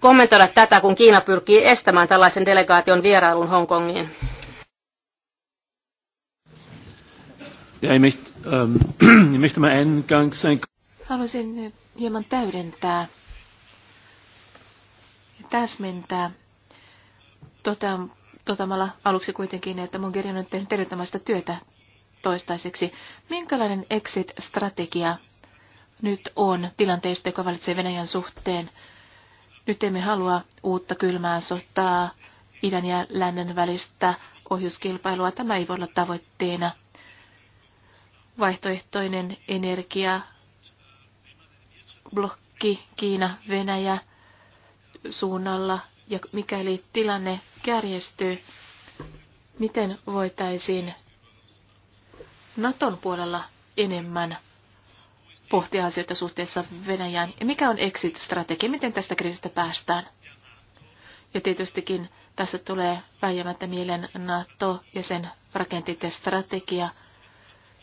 kommentoida tätä, kun Kiina pyrkii estämään tällaisen delegaation vierailun Hongkongiin? Ja ei mistä Ähm, (clears throat) Haluaisin hieman täydentää ja täsmentää toteam, aluksi kuitenkin, että kirjan on tehnyt erittäin työtä toistaiseksi. Minkälainen exit-strategia nyt on tilanteesta, joka valitsee Venäjän suhteen? Nyt emme halua uutta kylmää sotaa, idän ja lännen välistä ohjuskilpailua. Tämä ei voi olla tavoitteena – vaihtoehtoinen energia, blokki Kiina, Venäjä suunnalla ja mikäli tilanne kärjestyy, miten voitaisiin Naton puolella enemmän pohtia asioita suhteessa Venäjään ja mikä on exit-strategia, miten tästä kriisistä päästään. Ja tietystikin tässä tulee väijämättä mielen NATO ja sen rakenteet ja strategia –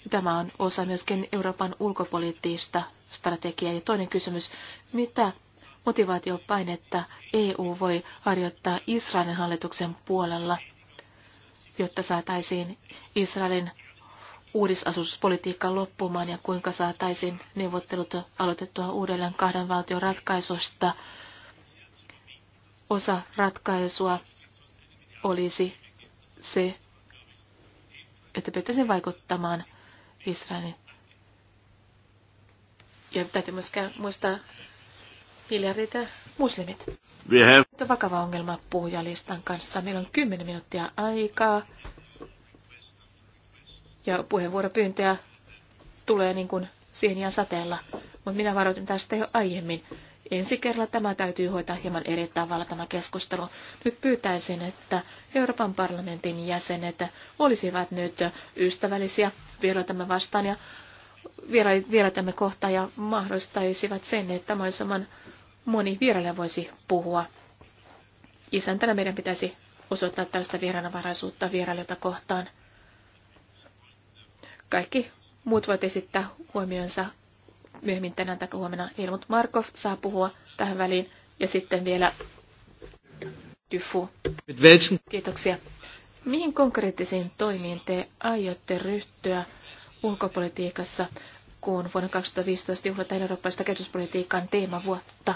Tämä on osa myöskin Euroopan ulkopoliittista strategiaa. Ja toinen kysymys, mitä motivaatiopainetta EU voi harjoittaa Israelin hallituksen puolella, jotta saataisiin Israelin uudisasutuspolitiikka loppumaan ja kuinka saataisiin neuvottelut aloitettua uudelleen kahden valtion ratkaisusta. Osa ratkaisua olisi se, että pitäisi vaikuttamaan Israelin. Ja täytyy myöskään muistaa miljardit ja muslimit. We have... vakava ongelma puhujalistan kanssa. Meillä on 10 minuuttia aikaa. Ja puheenvuoropyyntöjä tulee niin kuin sieniä sateella. Mutta minä varoitin tästä jo aiemmin ensi kerralla tämä täytyy hoitaa hieman eri tavalla tämä keskustelu. Nyt pyytäisin, että Euroopan parlamentin jäsenet olisivat nyt ystävällisiä vieraitamme vastaan ja vieraitamme kohtaan ja mahdollistaisivat sen, että mahdollisimman moni vierailija voisi puhua. Isäntänä meidän pitäisi osoittaa tällaista vieraanavaraisuutta vierailijoita kohtaan. Kaikki muut voivat esittää huomionsa myöhemmin tänään tai huomenna Helmut Markov saa puhua tähän väliin ja sitten vielä Dyfu. Kiitoksia. Mihin konkreettisiin toimiin te aiotte ryhtyä ulkopolitiikassa, kun vuonna 2015 juhlataan eurooppalaista kehityspolitiikan teemavuotta?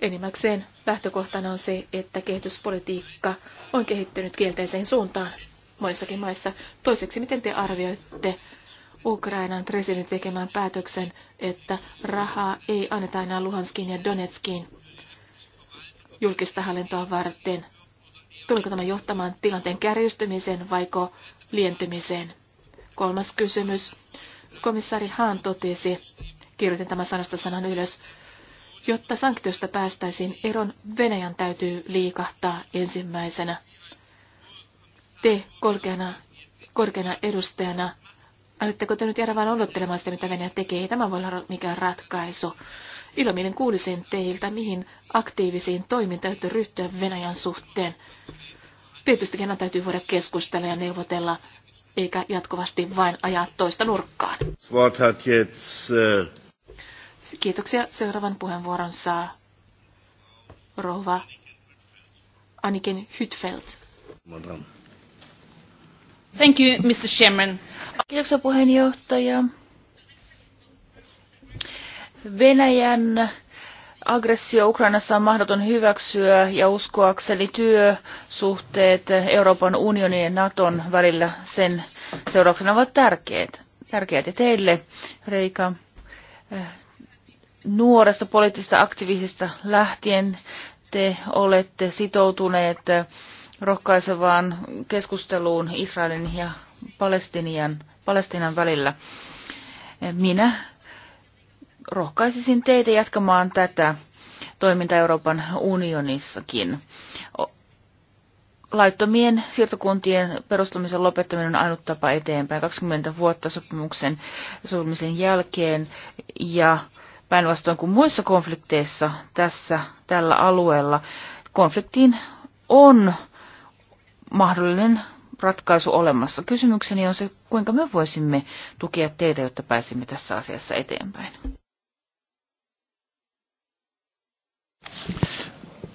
Enimmäkseen lähtökohtana on se, että kehityspolitiikka on kehittynyt kielteiseen suuntaan monissakin maissa. Toiseksi, miten te arvioitte Ukrainan presidentin tekemään päätöksen, että rahaa ei anneta enää Luhanskiin ja Donetskiin julkista hallintoa varten. Tuliko tämä johtamaan tilanteen kärjistymiseen vaiko lientymiseen? Kolmas kysymys. Komissaari Haan totesi, kirjoitin tämän sanasta sanan ylös, jotta sanktiosta päästäisiin eron, Venäjän täytyy liikahtaa ensimmäisenä. Te korkeana, korkeana edustajana Annetteko te nyt jäädä vain odottelemaan sitä, mitä Venäjä tekee? Ei tämä voi olla mikään ratkaisu. Ilomielen kuulisin teiltä, mihin aktiivisiin toimiin täytyy ryhtyä Venäjän suhteen. Tietysti kenellä täytyy voida keskustella ja neuvotella, eikä jatkuvasti vain ajaa toista nurkkaan. Äh, Kiitoksia. Seuraavan puheenvuoron saa rouva Anniken Hytfeldt. Madame. Thank you, Mr. Chairman. Kiitoksia puheenjohtaja. Venäjän aggressio Ukrainassa on mahdoton hyväksyä ja uskoakseni työsuhteet Euroopan unionin ja Naton välillä sen seurauksena ovat tärkeät. Tärkeät ja teille, Reika, eh, nuoresta poliittisesta aktivisista lähtien te olette sitoutuneet rohkaisevaan keskusteluun Israelin ja Palestinian, Palestinan välillä. Minä rohkaisisin teitä jatkamaan tätä toimintaa Euroopan unionissakin. Laittomien siirtokuntien perustamisen lopettaminen on ainut tapa eteenpäin 20 vuotta sopimuksen sopimisen jälkeen ja päinvastoin kuin muissa konflikteissa tässä tällä alueella konfliktiin on mahdollinen ratkaisu olemassa. Kysymykseni on se, kuinka me voisimme tukea teitä, jotta pääsimme tässä asiassa eteenpäin.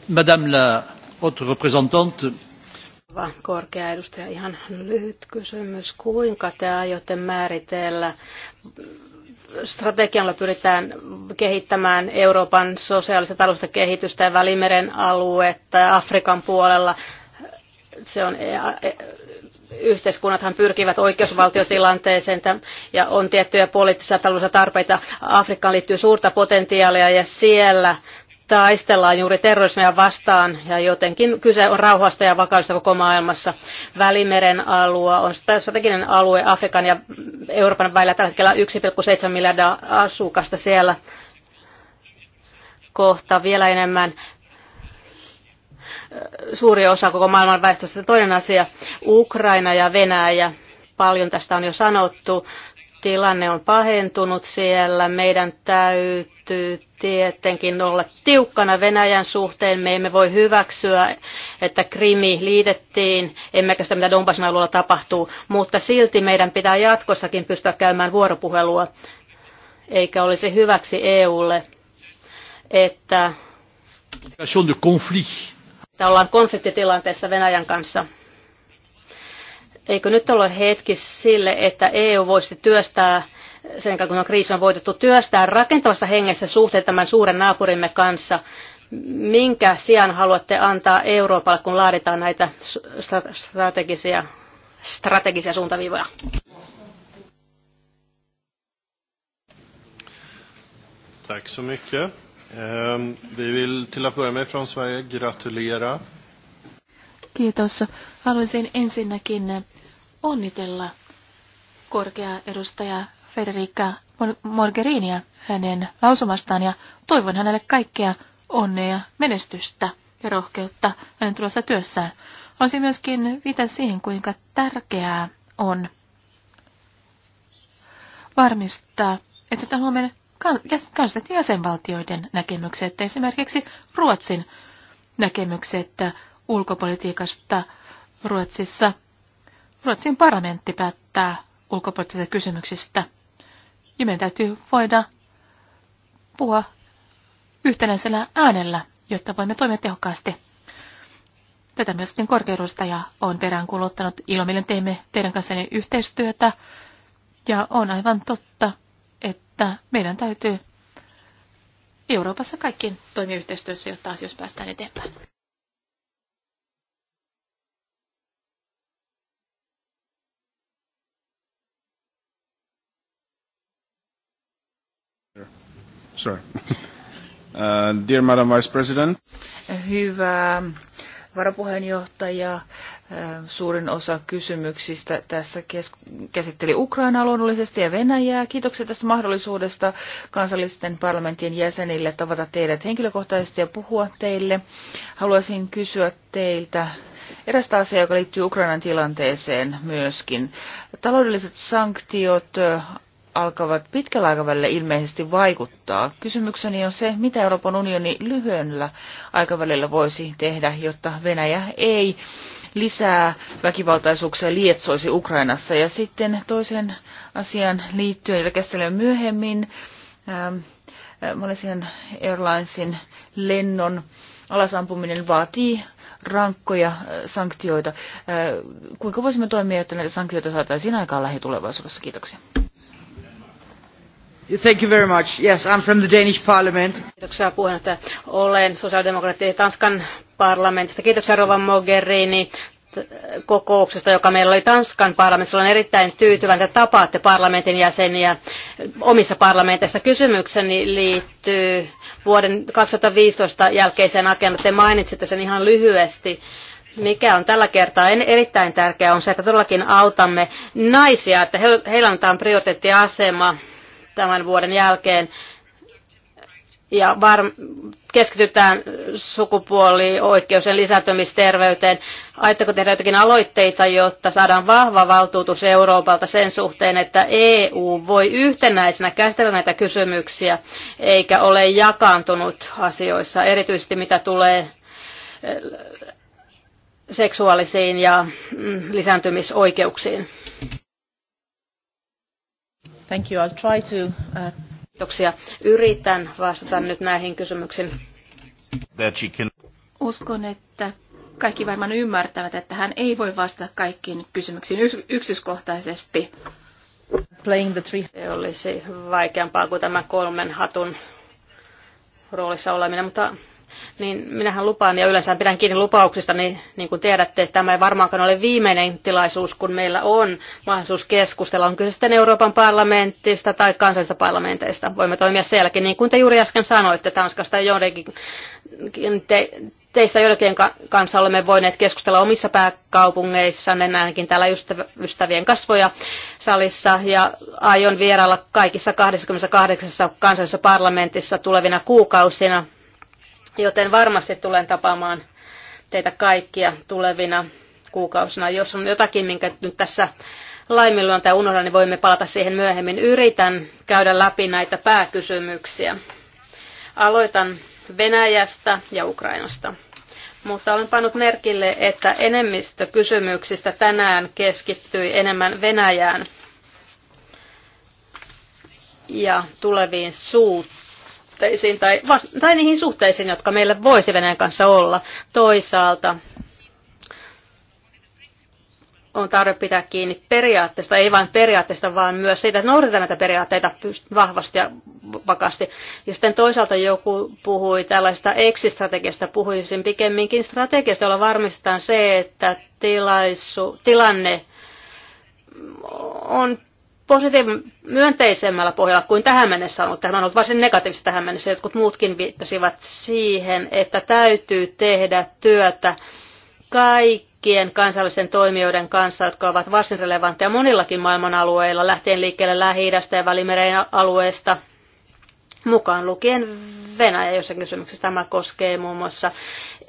Madame la haute représentante. Korkea edustaja, ihan lyhyt kysymys. Kuinka te aiotte määritellä strategialla pyritään kehittämään Euroopan sosiaalista taloudellista kehitystä ja Välimeren aluetta ja Afrikan puolella se on, e, e, yhteiskunnathan pyrkivät oikeusvaltiotilanteeseen ja on tiettyjä poliittisia taloudellisia tarpeita. Afrikkaan liittyy suurta potentiaalia ja siellä taistellaan juuri terrorismia vastaan ja jotenkin kyse on rauhasta ja vakaudesta koko maailmassa. Välimeren alue on strateginen alue Afrikan ja Euroopan välillä tällä hetkellä 1,7 miljardia asukasta siellä kohta vielä enemmän suuri osa koko maailman väestöstä. Toinen asia, Ukraina ja Venäjä. Paljon tästä on jo sanottu. Tilanne on pahentunut siellä. Meidän täytyy tietenkin olla tiukkana Venäjän suhteen. Me emme voi hyväksyä, että Krimi liitettiin, emmekä sitä mitä Donbassin alueella tapahtuu, mutta silti meidän pitää jatkossakin pystyä käymään vuoropuhelua, eikä olisi hyväksi EUlle, että että ollaan konfliktitilanteessa Venäjän kanssa. Eikö nyt ole hetki sille, että EU voisi työstää sen kun on kriisi on voitettu työstää rakentavassa hengessä suhteet tämän suuren naapurimme kanssa. Minkä sijaan haluatte antaa Euroopalle, kun laaditaan näitä strategisia, strategisia suuntaviivoja? Tack så mycket. Ehm, vi vill till att börja med från Sverige gratulera. Kiitos. Haluaisin ensinnäkin eh, onnitella korkea edustaja Federica Morgerinia hänen lausumastaan ja toivon hänelle kaikkea onnea, menestystä ja rohkeutta hänen tulossa työssään. Haluaisin myöskin viitata siihen, kuinka tärkeää on varmistaa, että tämän huomenna kansallisten jäsenvaltioiden näkemykset, esimerkiksi Ruotsin näkemykset ulkopolitiikasta Ruotsissa. Ruotsin parlamentti päättää ulkopoliittisista kysymyksistä. Ja meidän täytyy voida puhua yhtenäisellä äänellä, jotta voimme toimia tehokkaasti. Tätä myöskin korkeudustaja on peräänkuluttanut. Ilomielen teemme teidän kanssanne yhteistyötä. Ja on aivan totta, että meidän täytyy Euroopassa kaikkiin toimia yhteistyössä, jotta asioissa päästään eteenpäin. Sorry. (laughs) Uh, dear Madam Vice President. Hyvä varapuheenjohtaja. Äh, suurin osa kysymyksistä tässä käsitteli Ukrainaa luonnollisesti ja Venäjää. Kiitoksia tästä mahdollisuudesta kansallisten parlamenttien jäsenille tavata teidät henkilökohtaisesti ja puhua teille. Haluaisin kysyä teiltä erästä asiaa, joka liittyy Ukrainan tilanteeseen myöskin. Taloudelliset sanktiot alkavat pitkällä aikavälillä ilmeisesti vaikuttaa. Kysymykseni on se, mitä Euroopan unioni lyhyellä aikavälillä voisi tehdä, jotta Venäjä ei lisää väkivaltaisuuksia lietsoisi Ukrainassa. Ja sitten toisen asian liittyen, jota käsittelen myöhemmin, ähm, äh, Malaysian Airlinesin lennon alasampuminen vaatii rankkoja äh, sanktioita. Äh, kuinka voisimme toimia, että näitä sanktioita saataisiin aikaan lähitulevaisuudessa? Kiitoksia. Thank you very much. Yes, I'm from the Danish Parliament. Kiitoksia puheenjohtaja. Olen sosiaalidemokraatti Tanskan parlamentista. Kiitoksia Rova Mogherini kokouksesta, joka meillä oli Tanskan parlamentissa. Olen erittäin tyytyväinen, että tapaatte parlamentin jäseniä omissa parlamenteissa. Kysymykseni liittyy vuoden 2015 jälkeiseen agendaan. Te mainitsitte sen ihan lyhyesti. Mikä on tällä kertaa erittäin tärkeää on se, että todellakin autamme naisia, että heillä antaa prioriteettiasema tämän vuoden jälkeen ja var- keskitytään sukupuolioikeuden lisääntymisterveyteen. Aitteko tehdä jotakin aloitteita, jotta saadaan vahva valtuutus Euroopalta sen suhteen, että EU voi yhtenäisenä käsitellä näitä kysymyksiä, eikä ole jakaantunut asioissa, erityisesti mitä tulee eh, seksuaalisiin ja mm, lisääntymisoikeuksiin? Uh, Yritän vastata nyt näihin kysymyksiin. Uskon, että kaikki varmaan ymmärtävät, että hän ei voi vastata kaikkiin kysymyksiin yksityiskohtaisesti. Playing the three. Se olisi vaikeampaa kuin tämä kolmen hatun roolissa oleminen, mutta niin minähän lupaan ja yleensä pidän kiinni lupauksista, niin, niin kuin tiedätte, tämä ei varmaankaan ole viimeinen tilaisuus, kun meillä on mahdollisuus keskustella. On kyse sitten Euroopan parlamentista tai kansallisista parlamenteista. Voimme toimia sielläkin, niin kuin te juuri äsken sanoitte, Tanskasta joidenkin, te, teistä joidenkin kanssa olemme voineet keskustella omissa ne näinkin täällä ystävien kasvoja salissa, ja aion vierailla kaikissa 28 kansallisessa parlamentissa tulevina kuukausina Joten varmasti tulen tapaamaan teitä kaikkia tulevina kuukausina. Jos on jotakin, minkä nyt tässä laiminlyön tai unohdan, niin voimme palata siihen myöhemmin. Yritän käydä läpi näitä pääkysymyksiä. Aloitan Venäjästä ja Ukrainasta. Mutta olen pannut merkille, että enemmistö kysymyksistä tänään keskittyi enemmän Venäjään ja tuleviin suut suhteisiin tai, tai niihin suhteisiin, jotka meillä voisi Venäjän kanssa olla. Toisaalta on tarve pitää kiinni periaatteesta, ei vain periaatteesta, vaan myös siitä, että noudatetaan näitä periaatteita vahvasti ja vakaasti. Ja sitten toisaalta joku puhui tällaista exit-strategiasta, puhuisin pikemminkin strategiasta, jolla varmistetaan se, että tilaisu, tilanne on myönteisemmällä pohjalla kuin tähän mennessä on Tämä on ollut varsin negatiivista tähän mennessä. Jotkut muutkin viittasivat siihen, että täytyy tehdä työtä kaikkien kansallisten toimijoiden kanssa, jotka ovat varsin relevantteja monillakin maailman alueilla, lähtien liikkeelle lähi ja Välimeren alueesta, mukaan lukien Venäjä, jossa kysymyksessä tämä koskee muun muassa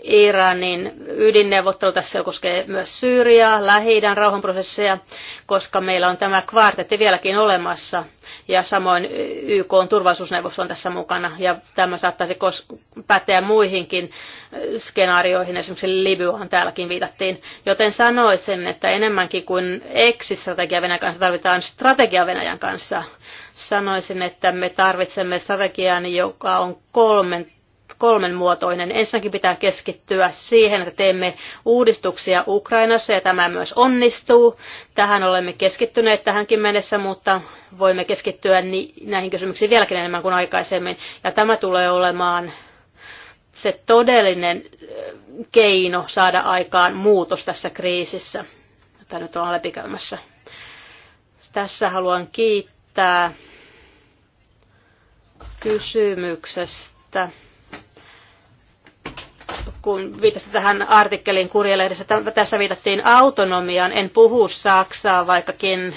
Iranin ydinneuvottelu, tässä koskee myös Syyriaa, Lähi-idän rauhanprosesseja, koska meillä on tämä kvartetti vieläkin olemassa ja samoin YK on turvallisuusneuvosto on tässä mukana ja tämä saattaisi kos- päteä muihinkin skenaarioihin, esimerkiksi Libyaan täälläkin viitattiin. Joten sanoisin, että enemmänkin kuin ex-strategia Venäjän kanssa tarvitaan strategia Venäjän kanssa. Sanoisin, että me tarvitsemme strategian, joka on kolmen kolmen muotoinen. Ensinnäkin pitää keskittyä siihen, että teemme uudistuksia Ukrainassa ja tämä myös onnistuu. Tähän olemme keskittyneet tähänkin mennessä, mutta voimme keskittyä näihin kysymyksiin vieläkin enemmän kuin aikaisemmin. Ja tämä tulee olemaan se todellinen keino saada aikaan muutos tässä kriisissä, jota nyt ollaan läpikäymässä. Tässä haluan kiittää kysymyksestä kun viitasit tähän artikkeliin kurjelehdessä, tässä viitattiin autonomiaan. En puhu Saksaa, vaikkakin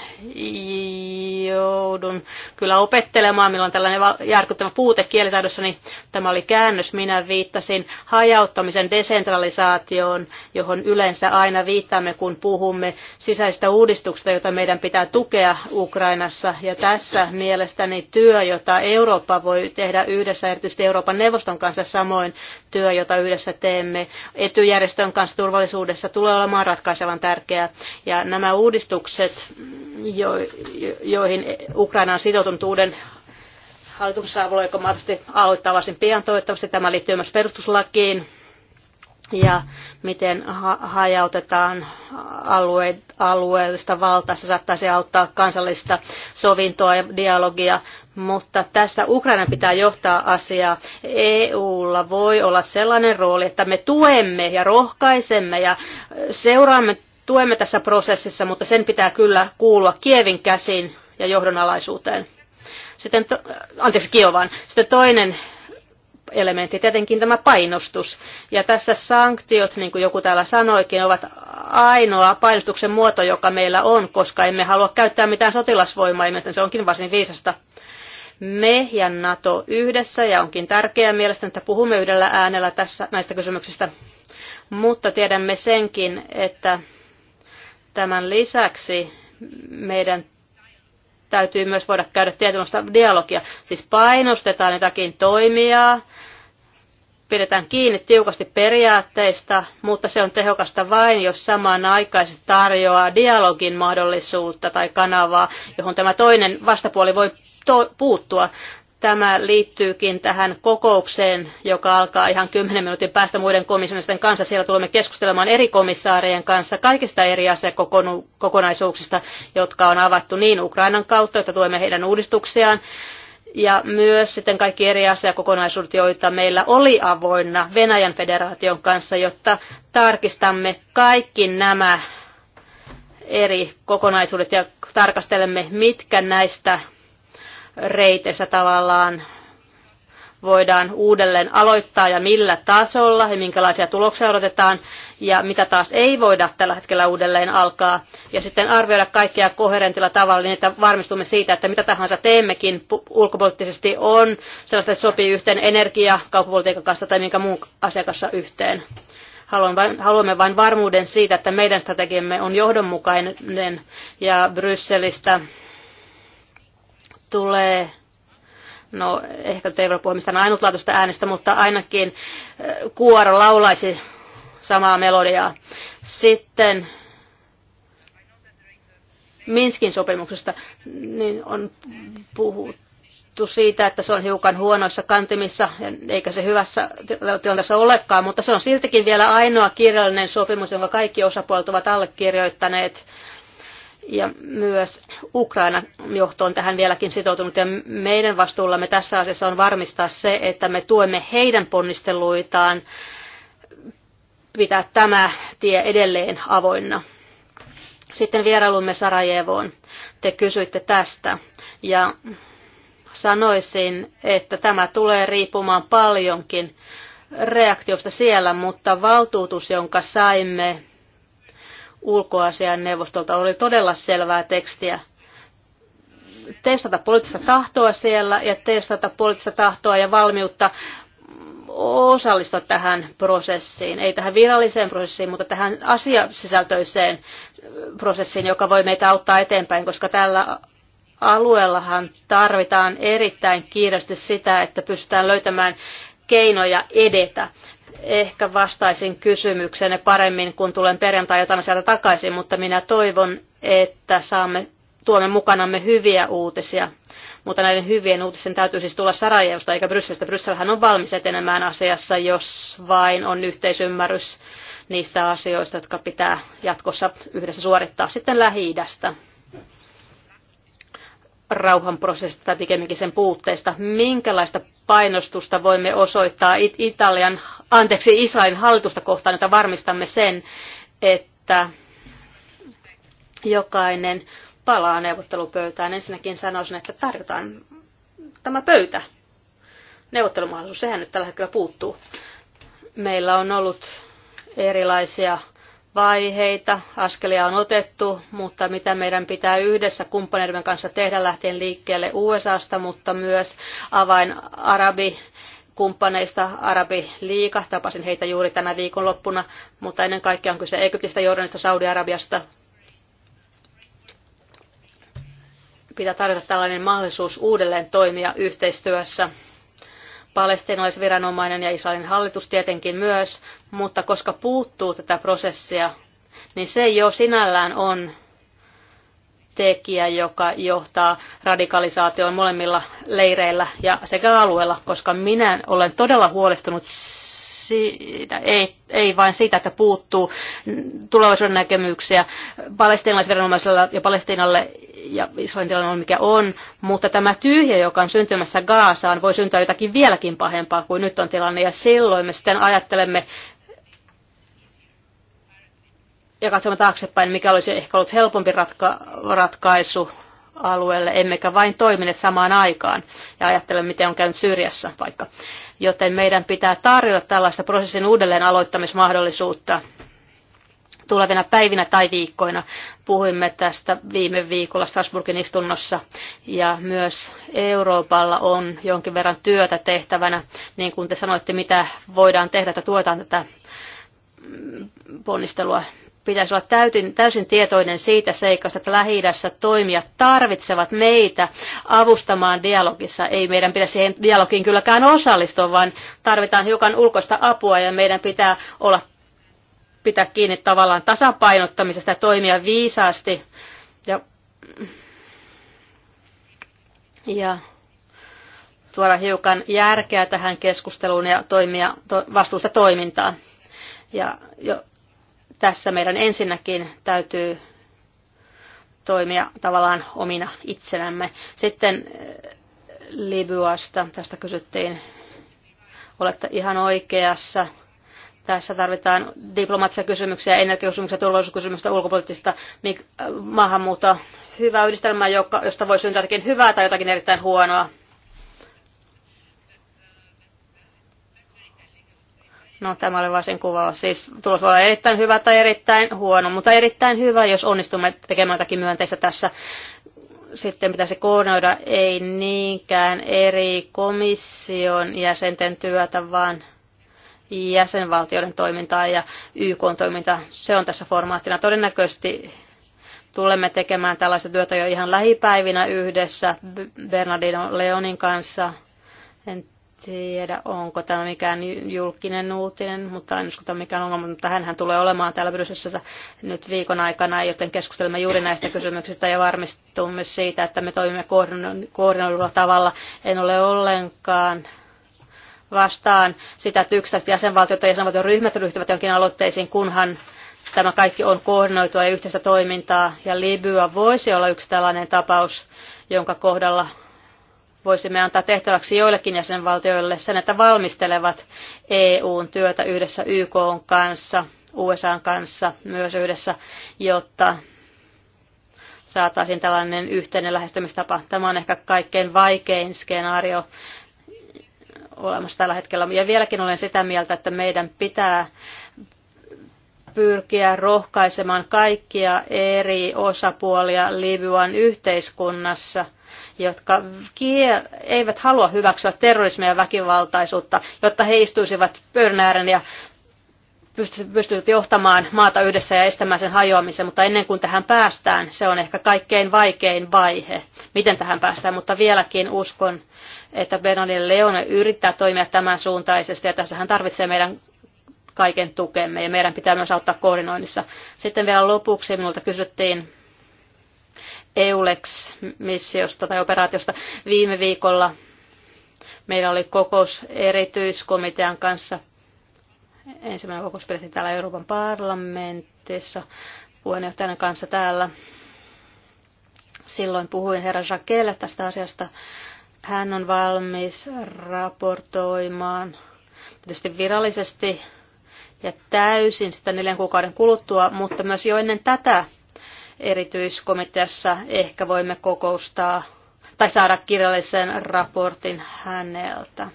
joudun kyllä opettelemaan, milloin tällainen järkyttävä puute kielitaidossa, niin tämä oli käännös. Minä viittasin hajauttamisen desentralisaatioon, johon yleensä aina viittaamme, kun puhumme sisäistä uudistuksista, joita meidän pitää tukea Ukrainassa. Ja tässä mielestäni työ, jota Eurooppa voi tehdä yhdessä, erityisesti Euroopan neuvoston kanssa samoin työ, jota yhdessä teemme etujärjestön kanssa turvallisuudessa, tulee olemaan ratkaisevan tärkeää. Ja nämä uudistukset, joihin Ukraina on sitoutunut uuden hallituksen saavulla, joka mahdollisesti aloittaa varsin pian toivottavasti, tämä liittyy myös perustuslakiin, ja miten ha- hajautetaan alue- alueellista valtaa. Se saattaisi auttaa kansallista sovintoa ja dialogia, mutta tässä Ukraina pitää johtaa asiaa. EUlla voi olla sellainen rooli, että me tuemme ja rohkaisemme ja seuraamme, tuemme tässä prosessissa, mutta sen pitää kyllä kuulua Kievin käsiin ja johdonalaisuuteen. Sitten, to, anteeksi Sitten toinen elementti, tietenkin tämä painostus. Ja tässä sanktiot, niin kuin joku täällä sanoikin, ovat ainoa painostuksen muoto, joka meillä on, koska emme halua käyttää mitään sotilasvoimaa, ja se onkin varsin viisasta. Me ja NATO yhdessä, ja onkin tärkeää mielestäni, että puhumme yhdellä äänellä tässä näistä kysymyksistä. Mutta tiedämme senkin, että tämän lisäksi meidän täytyy myös voida käydä tietynlaista dialogia. Siis painostetaan jotakin toimijaa, pidetään kiinni tiukasti periaatteista, mutta se on tehokasta vain, jos samanaikaisesti tarjoaa dialogin mahdollisuutta tai kanavaa, johon tämä toinen vastapuoli voi to- puuttua. Tämä liittyykin tähän kokoukseen, joka alkaa ihan 10 minuutin päästä muiden komissionisten kanssa. Siellä tulemme keskustelemaan eri komissaarien kanssa kaikista eri asiakokonaisuuksista, jotka on avattu niin Ukrainan kautta, että tuemme heidän uudistuksiaan, ja myös sitten kaikki eri asiakokonaisuudet, joita meillä oli avoinna Venäjän federaation kanssa, jotta tarkistamme kaikki nämä eri kokonaisuudet ja tarkastelemme, mitkä näistä reiteistä tavallaan voidaan uudelleen aloittaa ja millä tasolla ja minkälaisia tuloksia odotetaan ja mitä taas ei voida tällä hetkellä uudelleen alkaa, ja sitten arvioida kaikkea koherentilla tavalla niin, että varmistumme siitä, että mitä tahansa teemmekin ulkopoliittisesti on sellaista, että sopii yhteen energia, kauppapolitiikan kanssa tai minkä muun asiakassa yhteen. Haluamme vain varmuuden siitä, että meidän strategiamme on johdonmukainen ja Brysselistä tulee no ehkä te ei voi puhua mistään ainutlaatuista äänestä, mutta ainakin eh, kuoro laulaisi samaa melodiaa. Sitten Minskin sopimuksesta niin on puhuttu siitä, että se on hiukan huonoissa kantimissa, eikä se hyvässä tilanteessa olekaan, mutta se on siltikin vielä ainoa kirjallinen sopimus, jonka kaikki osapuolet ovat allekirjoittaneet. Ja myös Ukraina johto on tähän vieläkin sitoutunut ja meidän vastuullamme tässä asiassa on varmistaa se, että me tuemme heidän ponnisteluitaan pitää tämä tie edelleen avoinna. Sitten vierailumme Sarajevoon. Te kysyitte tästä ja sanoisin, että tämä tulee riippumaan paljonkin reaktiosta siellä, mutta valtuutus, jonka saimme ulkoasian neuvostolta, oli todella selvää tekstiä. Testata poliittista tahtoa siellä ja testata poliittista tahtoa ja valmiutta osallistua tähän prosessiin, ei tähän viralliseen prosessiin, mutta tähän asiasisältöiseen äh, prosessiin, joka voi meitä auttaa eteenpäin, koska tällä alueellahan tarvitaan erittäin kiireesti sitä, että pystytään löytämään keinoja edetä. Ehkä vastaisin kysymykseen paremmin, kun tulen perjantai jotain sieltä takaisin, mutta minä toivon, että saamme tuomme mukanamme hyviä uutisia mutta näiden hyvien uutisten täytyy siis tulla Sarajevosta eikä Brysselistä. Brysselhän on valmis etenemään asiassa, jos vain on yhteisymmärrys niistä asioista, jotka pitää jatkossa yhdessä suorittaa sitten Lähi-idästä rauhanprosessista tai pikemminkin sen puutteesta. Minkälaista painostusta voimme osoittaa It- Italian, anteeksi, Israelin hallitusta kohtaan, että varmistamme sen, että jokainen palaa neuvottelupöytään. Ensinnäkin sanoisin, että tarjotaan tämä pöytä. Neuvottelumahdollisuus, sehän nyt tällä hetkellä puuttuu. Meillä on ollut erilaisia vaiheita, askelia on otettu, mutta mitä meidän pitää yhdessä kumppaneiden kanssa tehdä lähtien liikkeelle USAsta, mutta myös avain arabi kumppaneista Arabi Arabiliiga. Tapasin heitä juuri tänä viikonloppuna, mutta ennen kaikkea on kyse Egyptistä, Jordanista, Saudi-Arabiasta, tarjota tällainen mahdollisuus uudelleen toimia yhteistyössä. Palestinaisviranomainen ja Israelin hallitus tietenkin myös, mutta koska puuttuu tätä prosessia, niin se jo sinällään on tekijä, joka johtaa radikalisaatioon molemmilla leireillä ja sekä alueella, koska minä olen todella huolestunut siitä, ei, ei vain siitä, että puuttuu tulevaisuuden näkemyksiä palestinaisviranomaisella ja palestiinalle ja Israelin tilanne on mikä on, mutta tämä tyhjä, joka on syntymässä Gaasaan, voi syntyä jotakin vieläkin pahempaa kuin nyt on tilanne, ja silloin me sitten ajattelemme ja katsomme taaksepäin, mikä olisi ehkä ollut helpompi ratka- ratkaisu alueelle, emmekä vain toimineet samaan aikaan ja ajattele, miten on käynyt Syyriassa vaikka joten meidän pitää tarjota tällaista prosessin uudelleen aloittamismahdollisuutta tulevina päivinä tai viikkoina. Puhuimme tästä viime viikolla Strasburgin istunnossa ja myös Euroopalla on jonkin verran työtä tehtävänä, niin kuin te sanoitte, mitä voidaan tehdä, että tuetaan tätä ponnistelua pitäisi olla täysin, täysin tietoinen siitä seikasta, että lähi toimijat tarvitsevat meitä avustamaan dialogissa. Ei meidän pidä siihen dialogiin kylläkään osallistua, vaan tarvitaan hiukan ulkoista apua ja meidän pitää olla pitää kiinni tavallaan tasapainottamisesta ja toimia viisaasti. Ja, ja tuoda hiukan järkeä tähän keskusteluun ja toimia to, vastuusta toimintaan. Ja jo, tässä meidän ensinnäkin täytyy toimia tavallaan omina itsenämme. Sitten eh, Libyasta, tästä kysyttiin, olette ihan oikeassa. Tässä tarvitaan diplomaattisia kysymyksiä, energiakysymyksiä, turvallisuuskysymyksiä, ulkopoliittista eh, maahanmuuttoa. Hyvä yhdistelmä, josta voi syntyä jotakin hyvää tai jotakin erittäin huonoa. No tämä oli varsin kuvaava. Siis tulos voi olla erittäin hyvä tai erittäin huono, mutta erittäin hyvä, jos onnistumme tekemään jotakin myönteistä tässä. Sitten pitäisi koordinoida ei niinkään eri komission jäsenten työtä, vaan jäsenvaltioiden toimintaa ja YK-toimintaa. Se on tässä formaattina. Todennäköisesti tulemme tekemään tällaista työtä jo ihan lähipäivinä yhdessä Bernardino Leonin kanssa. En tiedä, onko tämä mikään julkinen uutinen, mutta en usko, että mikään ongelma, mutta hänhän tulee olemaan täällä Brysselissä nyt viikon aikana, joten keskustelemme juuri näistä kysymyksistä ja varmistumme siitä, että me toimimme koordinoidulla tavalla. En ole ollenkaan vastaan sitä, että yksittäiset jäsenvaltiot ja jäsenvaltion ryhmät ryhtyvät jonkin aloitteisiin, kunhan tämä kaikki on koordinoitua ja yhteistä toimintaa. Ja Libya voisi olla yksi tällainen tapaus, jonka kohdalla voisimme antaa tehtäväksi joillekin jäsenvaltioille sen, että valmistelevat EUn työtä yhdessä YK kanssa, USAn kanssa myös yhdessä, jotta saataisiin tällainen yhteinen lähestymistapa. Tämä on ehkä kaikkein vaikein skenaario olemassa tällä hetkellä. Ja vieläkin olen sitä mieltä, että meidän pitää pyrkiä rohkaisemaan kaikkia eri osapuolia Libyan yhteiskunnassa – jotka eivät halua hyväksyä terrorismia ja väkivaltaisuutta, jotta he istuisivat pöydän ääreen ja pystyvät johtamaan maata yhdessä ja estämään sen hajoamisen, mutta ennen kuin tähän päästään, se on ehkä kaikkein vaikein vaihe, miten tähän päästään, mutta vieläkin uskon, että Benoni Leone yrittää toimia tämän suuntaisesti ja tässä hän tarvitsee meidän kaiken tukemme ja meidän pitää myös auttaa koordinoinnissa. Sitten vielä lopuksi minulta kysyttiin EULEX-missiosta tai operaatiosta. Viime viikolla meillä oli kokous erityiskomitean kanssa. Ensimmäinen kokous pidettiin täällä Euroopan parlamentissa puheenjohtajan kanssa täällä. Silloin puhuin herra Jacquelle tästä asiasta. Hän on valmis raportoimaan tietysti virallisesti ja täysin sitä neljän kuukauden kuluttua, mutta myös jo ennen tätä erityiskomiteassa. Ehkä voimme kokoustaa tai saada kirjallisen raportin häneltä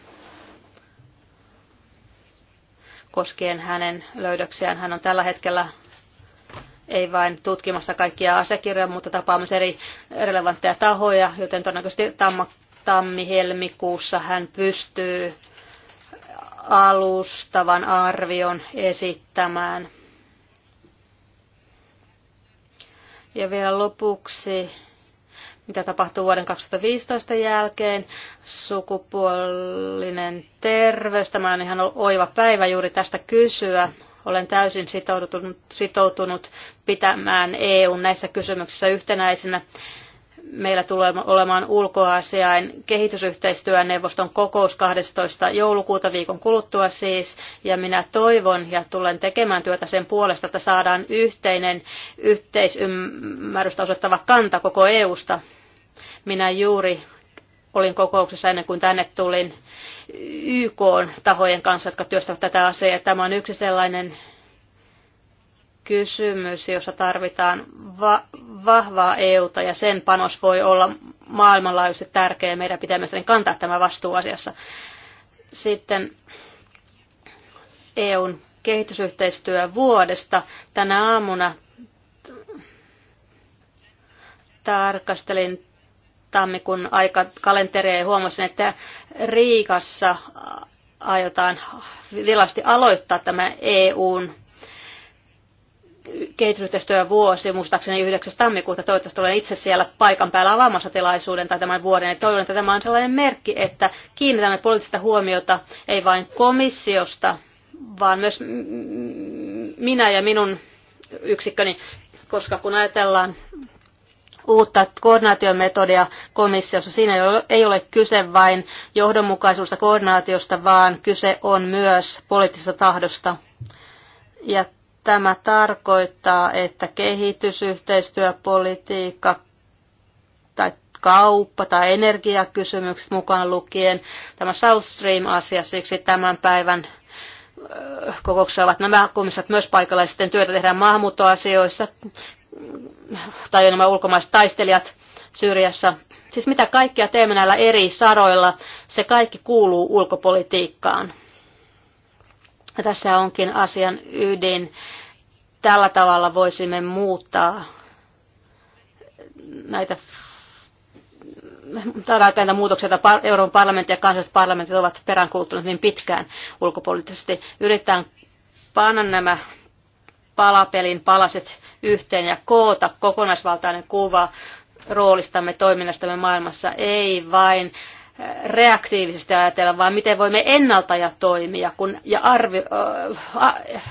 koskien hänen löydöksiään. Hän on tällä hetkellä ei vain tutkimassa kaikkia asiakirjoja, mutta tapaamassa eri relevantteja tahoja, joten todennäköisesti tammi-helmikuussa hän pystyy alustavan arvion esittämään Ja vielä lopuksi, mitä tapahtuu vuoden 2015 jälkeen, sukupuolinen terveys. Tämä on ihan oiva päivä juuri tästä kysyä. Olen täysin sitoutunut, sitoutunut pitämään EU näissä kysymyksissä yhtenäisenä meillä tulee olemaan ulkoasiain kehitysyhteistyön neuvoston kokous 12. joulukuuta viikon kuluttua siis, ja minä toivon ja tulen tekemään työtä sen puolesta, että saadaan yhteinen yhteisymmärrystä osoittava kanta koko EUsta. Minä juuri olin kokouksessa ennen kuin tänne tulin YK-tahojen kanssa, jotka työstävät tätä asiaa. Tämä on yksi sellainen kysymys, jossa tarvitaan va- vahvaa EUta ja sen panos voi olla maailmanlaajuisesti tärkeä. Meidän pitää myös kantaa tämä vastuu asiassa. Sitten EUn kehitysyhteistyö vuodesta. Tänä aamuna tarkastelin tammikuun aika ja huomasin, että Riikassa aiotaan vilasti aloittaa tämä EUn kehitysyhteistyövuosi, muistaakseni 9. tammikuuta. Toivottavasti olen itse siellä paikan päällä avaamassa tilaisuuden tai tämän vuoden. Ja toivon, että tämä on sellainen merkki, että kiinnitämme poliittista huomiota ei vain komissiosta, vaan myös minä ja minun yksikköni, koska kun ajatellaan uutta koordinaatiometodia komissiossa. Siinä ei ole kyse vain johdonmukaisuudesta koordinaatiosta, vaan kyse on myös poliittisesta tahdosta. Ja Tämä tarkoittaa, että kehitysyhteistyöpolitiikka tai kauppa- tai energiakysymykset mukaan lukien, tämä South Stream-asia, siksi tämän päivän kokouksessa ovat nämä komissat myös paikallisten työtä tehdään maahanmuuttoasioissa, tai nämä ulkomaiset taistelijat Syyriassa. Siis mitä kaikkea teemme näillä eri saroilla, se kaikki kuuluu ulkopolitiikkaan. Ja tässä onkin asian ydin, Tällä tavalla voisimme muuttaa näitä näitä muutoksia, että Euroopan parlamentti ja kansalliset parlamentit ovat peräänkuluttaneet niin pitkään ulkopoliittisesti. Yritetään panna nämä palapelin palaset yhteen ja koota kokonaisvaltainen kuva roolistamme, toiminnastamme maailmassa, ei vain äh, reaktiivisesti ajatella, vaan miten voimme ennalta ja toimia kun, ja arvi, äh,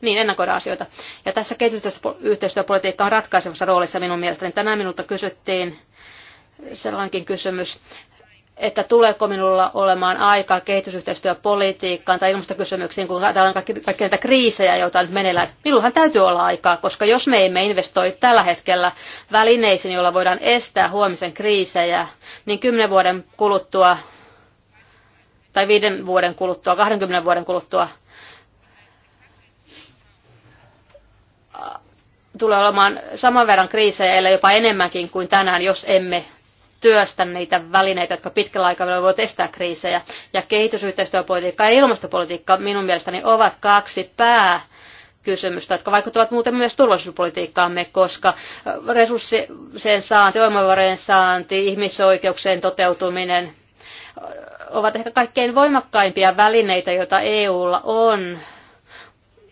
niin ennakoida asioita. Ja tässä kehitysyhteistyöpolitiikka on ratkaisevassa roolissa minun mielestäni. Tänään minulta kysyttiin sellainenkin kysymys, että tuleeko minulla olemaan aikaa kehitysyhteistyöpolitiikkaan tai ilmastokysymyksiin, kun täällä on kaikki, kaikki näitä kriisejä, joita nyt meneillään. Minullahan täytyy olla aikaa, koska jos me emme investoi tällä hetkellä välineisiin, joilla voidaan estää huomisen kriisejä, niin kymmenen vuoden kuluttua tai viiden vuoden kuluttua, 20 vuoden kuluttua tulee olemaan saman verran kriisejä, ellei jopa enemmänkin kuin tänään, jos emme työstä niitä välineitä, jotka pitkällä aikavälillä voivat estää kriisejä. Ja kehitysyhteistyöpolitiikka ja ilmastopolitiikka minun mielestäni ovat kaksi pää kysymystä, jotka vaikuttavat muuten myös turvallisuuspolitiikkaamme, koska resurssien saanti, voimavarojen saanti, ihmisoikeuksien toteutuminen ovat ehkä kaikkein voimakkaimpia välineitä, joita EUlla on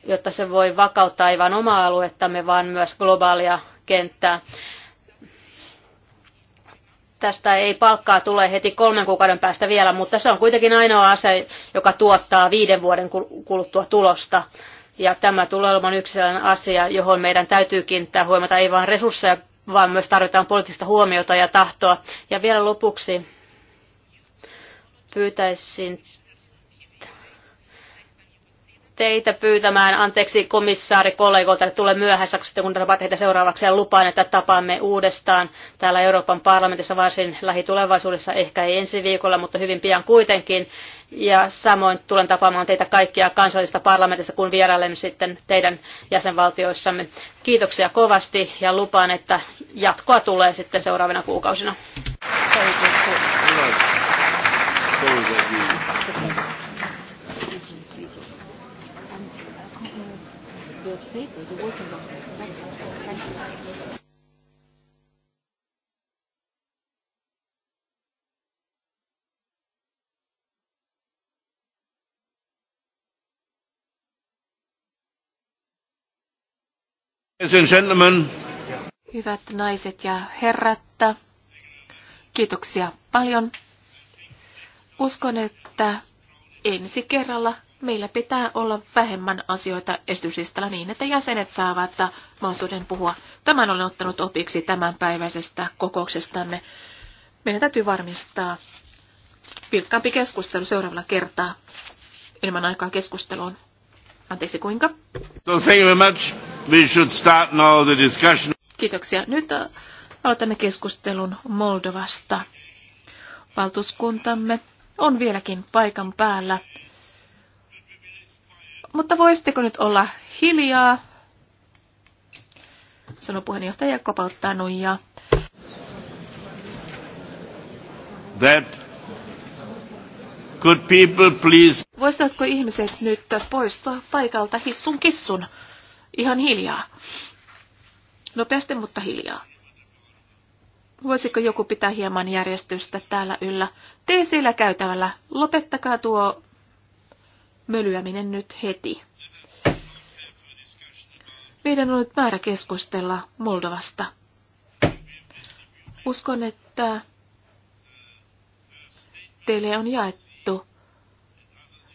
jotta se voi vakauttaa ei vain omaa aluettamme, vaan myös globaalia kenttää. Tästä ei palkkaa tule heti kolmen kuukauden päästä vielä, mutta se on kuitenkin ainoa ase, joka tuottaa viiden vuoden kuluttua tulosta. Ja tämä tulee olemaan yksi sellainen asia, johon meidän täytyy kiinnittää huomiota ei vain resursseja, vaan myös tarvitaan poliittista huomiota ja tahtoa. Ja vielä lopuksi pyytäisin teitä pyytämään anteeksi komissaari kollegoilta, että tulee myöhässä, kun, kun tapaan heitä seuraavaksi ja lupaan, että tapaamme uudestaan täällä Euroopan parlamentissa varsin lähitulevaisuudessa, ehkä ei ensi viikolla, mutta hyvin pian kuitenkin. Ja samoin tulen tapaamaan teitä kaikkia kansallisista parlamentissa kun vierailen sitten teidän jäsenvaltioissamme. Kiitoksia kovasti ja lupaan, että jatkoa tulee sitten seuraavina kuukausina. paper, the working Thank you. Hyvät naiset ja herrat, kiitoksia paljon. Uskon, että ensi kerralla meillä pitää olla vähemmän asioita esityslistalla niin, että jäsenet saavat mahdollisuuden puhua. Tämän olen ottanut opiksi tämänpäiväisestä kokouksestamme. Meidän täytyy varmistaa vilkkaampi keskustelu seuraavalla kertaa. Ilman aikaa keskusteluun. Anteeksi, kuinka? So thank you very much. We should start now the discussion. Kiitoksia. Nyt äh, aloitamme keskustelun Moldovasta. Valtuuskuntamme on vieläkin paikan päällä. Mutta voisitteko nyt olla hiljaa? Sanoi puheenjohtaja kopauttaa nuijaa. That could people please... ihmiset nyt poistua paikalta hissun kissun? Ihan hiljaa. Nopeasti, mutta hiljaa. Voisiko joku pitää hieman järjestystä täällä yllä? Tee siellä käytävällä, lopettakaa tuo mölyäminen nyt heti. Meidän on nyt määrä keskustella Moldovasta. Uskon, että teille on jaettu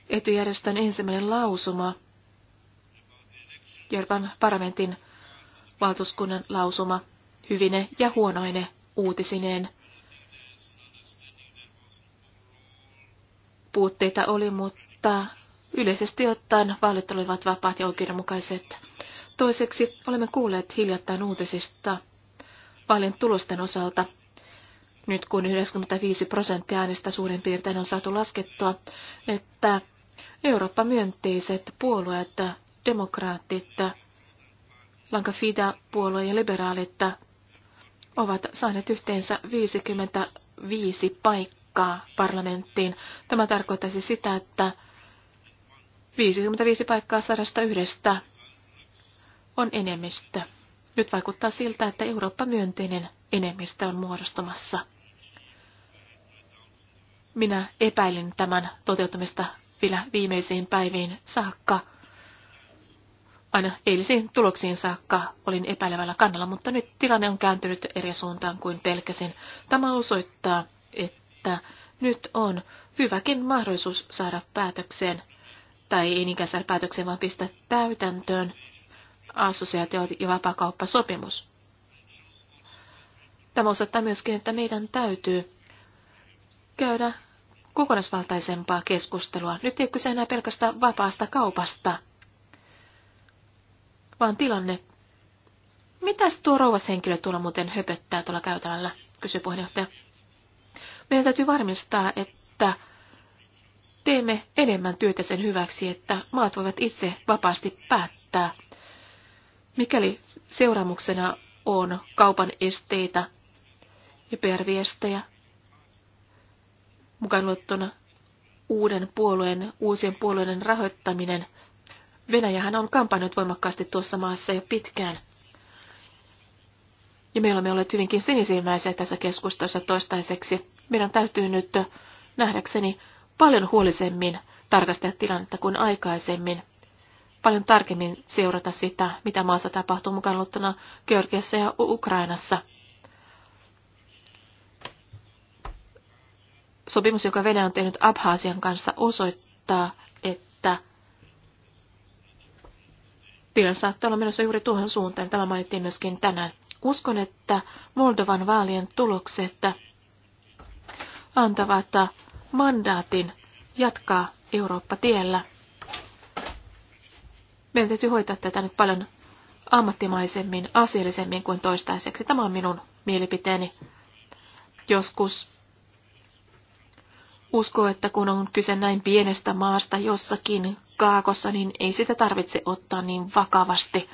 etujärjestön ensimmäinen lausuma, Jörpan parlamentin valtuuskunnan lausuma, hyvine ja huonoine uutisineen. Puutteita oli, mutta Yleisesti ottaen vaalit olivat vapaat ja oikeudenmukaiset. Toiseksi olemme kuulleet hiljattain uutisista vaalien tulosten osalta. Nyt kun 95 prosenttia äänestä suurin piirtein on saatu laskettua, että Eurooppa-myönteiset puolueet, demokraatit, Lankafida-puolue ja liberaalit ovat saaneet yhteensä 55 paikkaa parlamenttiin. Tämä tarkoittaisi sitä, että 55 paikkaa yhdestä on enemmistö. Nyt vaikuttaa siltä, että Eurooppa-myönteinen enemmistö on muodostumassa. Minä epäilin tämän toteutumista vielä viimeisiin päiviin saakka. Aina eilisiin tuloksiin saakka olin epäilevällä kannalla, mutta nyt tilanne on kääntynyt eri suuntaan kuin pelkäsin. Tämä osoittaa, että nyt on hyväkin mahdollisuus saada päätökseen tai ei niinkään saada päätökseen, vaan pistää täytäntöön assosiaatio- ja vapakauppasopimus. Tämä osoittaa myöskin, että meidän täytyy käydä kokonaisvaltaisempaa keskustelua. Nyt ei kyse enää pelkästään vapaasta kaupasta, vaan tilanne. Mitäs tuo rouvas henkilö tuolla muuten höpöttää tuolla käytävällä, kysyi puheenjohtaja. Meidän täytyy varmistaa, että teemme enemmän työtä sen hyväksi, että maat voivat itse vapaasti päättää. Mikäli seuraamuksena on kaupan esteitä ja perviestejä, mukaan luettuna uuden puolueen, uusien puolueiden rahoittaminen. Venäjähän on kampanjoit voimakkaasti tuossa maassa jo pitkään. Ja me olemme olleet hyvinkin sinisilmäisiä tässä keskustelussa toistaiseksi. Meidän täytyy nyt nähdäkseni paljon huolisemmin tarkastella tilannetta kuin aikaisemmin, paljon tarkemmin seurata sitä, mitä maassa tapahtuu mukaan luottuna Georgiassa ja Ukrainassa. Sopimus, joka Venäjä on tehnyt Abhaasian kanssa, osoittaa, että Piran saattaa olla menossa juuri tuohon suuntaan. Tämä mainittiin myöskin tänään. Uskon, että Moldovan vaalien tulokset antavat mandaatin jatkaa Eurooppa-tiellä. Meidän täytyy hoitaa tätä nyt paljon ammattimaisemmin, asiallisemmin kuin toistaiseksi. Tämä on minun mielipiteeni. Joskus uskoo, että kun on kyse näin pienestä maasta jossakin kaakossa, niin ei sitä tarvitse ottaa niin vakavasti.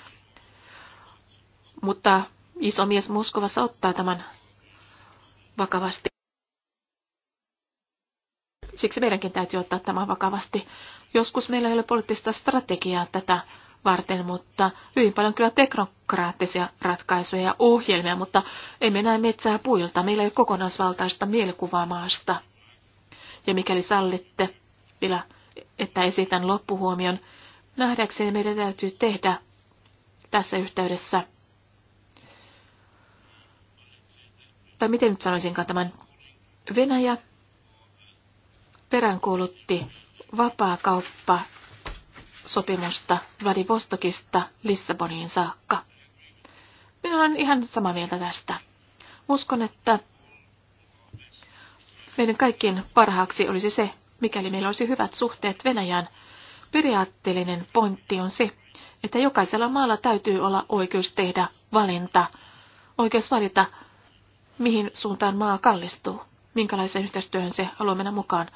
Mutta iso mies Moskovassa ottaa tämän vakavasti. Siksi meidänkin täytyy ottaa tämä vakavasti. Joskus meillä ei ole poliittista strategiaa tätä varten, mutta hyvin paljon kyllä teknokraattisia ratkaisuja ja ohjelmia, mutta emme näe metsää puilta. Meillä ei ole kokonaisvaltaista mielikuvaa maasta. Ja mikäli sallitte vielä, että esitän loppuhuomion, nähdäkseni meidän täytyy tehdä tässä yhteydessä, tai miten nyt sanoisinkaan tämän, Venäjä peräänkuulutti vapaakauppa sopimusta Vladivostokista Lissaboniin saakka. Minä olen ihan samaa mieltä tästä. Uskon, että meidän kaikkien parhaaksi olisi se, mikäli meillä olisi hyvät suhteet Venäjään. Periaatteellinen pointti on se, että jokaisella maalla täytyy olla oikeus tehdä valinta, oikeus valita, mihin suuntaan maa kallistuu, minkälaiseen yhteistyöhön se haluaa mennä mukaan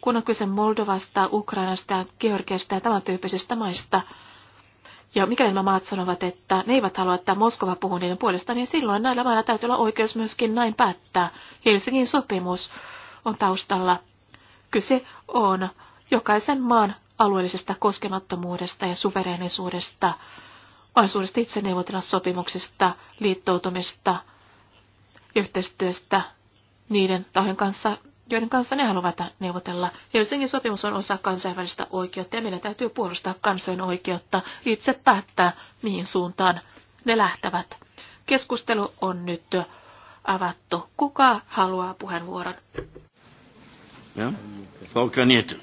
kun on kyse Moldovasta, Ukrainasta, Georgiasta ja tämän tyyppisistä maista. Ja mikäli nämä maat sanovat, että ne eivät halua, että Moskova puhuu niiden puolesta, niin silloin näillä mailla täytyy olla oikeus myöskin näin päättää. Helsingin sopimus on taustalla. Kyse on jokaisen maan alueellisesta koskemattomuudesta ja suvereenisuudesta, mahdollisuudesta itse neuvotella sopimuksista, liittoutumista, yhteistyöstä niiden tahojen kanssa, joiden kanssa ne haluavat neuvotella. Helsingin sopimus on osa kansainvälistä oikeutta ja meidän täytyy puolustaa kansojen oikeutta itse päättää, mihin suuntaan ne lähtevät. Keskustelu on nyt avattu. Kuka haluaa puheenvuoron? Ja? Frau Kaniette.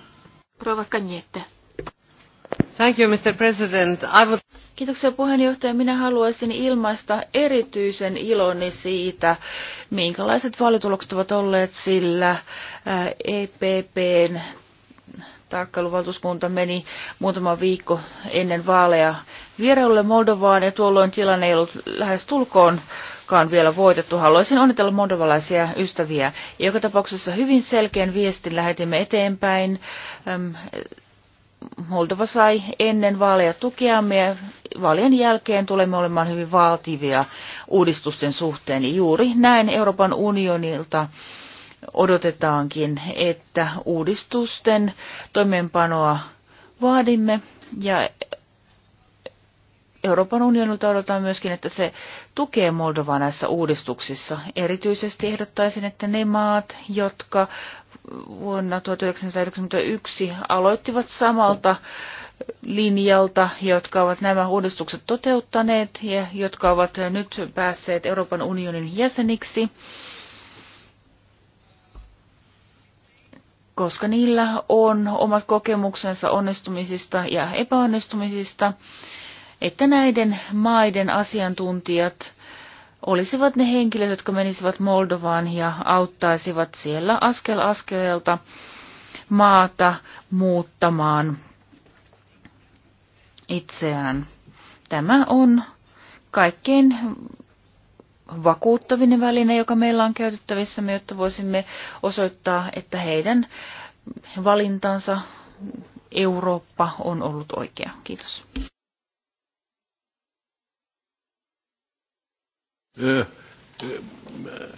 Rova Kaniette. Thank you, Kiitoksia puheenjohtaja. Minä haluaisin ilmaista erityisen iloni siitä, minkälaiset vaalitulokset ovat olleet, sillä EPPn tarkkailuvaltuuskunta meni muutama viikko ennen vaaleja vierailulle Moldovaan ja tuolloin tilanne ei ollut lähes tulkoonkaan vielä voitettu. Haluaisin onnitella moldovalaisia ystäviä. joka tapauksessa hyvin selkeän viestin lähetimme eteenpäin Moldova sai ennen vaaleja tukeamme ja vaalien jälkeen tulemme olemaan hyvin vaativia uudistusten suhteen. Niin juuri näin Euroopan unionilta odotetaankin, että uudistusten toimeenpanoa vaadimme ja Euroopan unionilta odotetaan myöskin, että se tukee Moldovaa näissä uudistuksissa. Erityisesti ehdottaisin, että ne maat, jotka vuonna 1991 aloittivat samalta linjalta, jotka ovat nämä uudistukset toteuttaneet ja jotka ovat nyt päässeet Euroopan unionin jäseniksi, koska niillä on omat kokemuksensa onnistumisista ja epäonnistumisista, että näiden maiden asiantuntijat olisivat ne henkilöt, jotka menisivät Moldovaan ja auttaisivat siellä askel askeleelta maata muuttamaan itseään. Tämä on kaikkein vakuuttavin väline, joka meillä on käytettävissä, jotta voisimme osoittaa, että heidän valintansa Eurooppa on ollut oikea. Kiitos. Eh,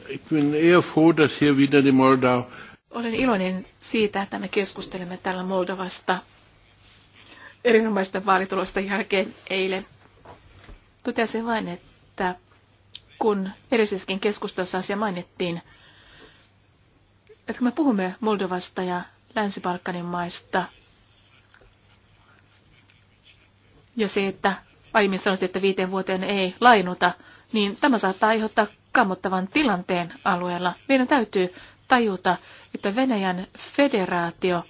eh, Olen iloinen siitä, että me keskustelemme täällä Moldovasta erinomaisten vaalitulosta jälkeen eilen. Totesin vain, että kun edellisessäkin keskustelussa asia mainittiin, että kun me puhumme Moldovasta ja Länsi-Balkanin maista, ja se, että aiemmin sanottiin, että viiteen vuoteen ei lainuta, niin tämä saattaa aiheuttaa kammottavan tilanteen alueella. Meidän täytyy tajuta, että Venäjän federaatio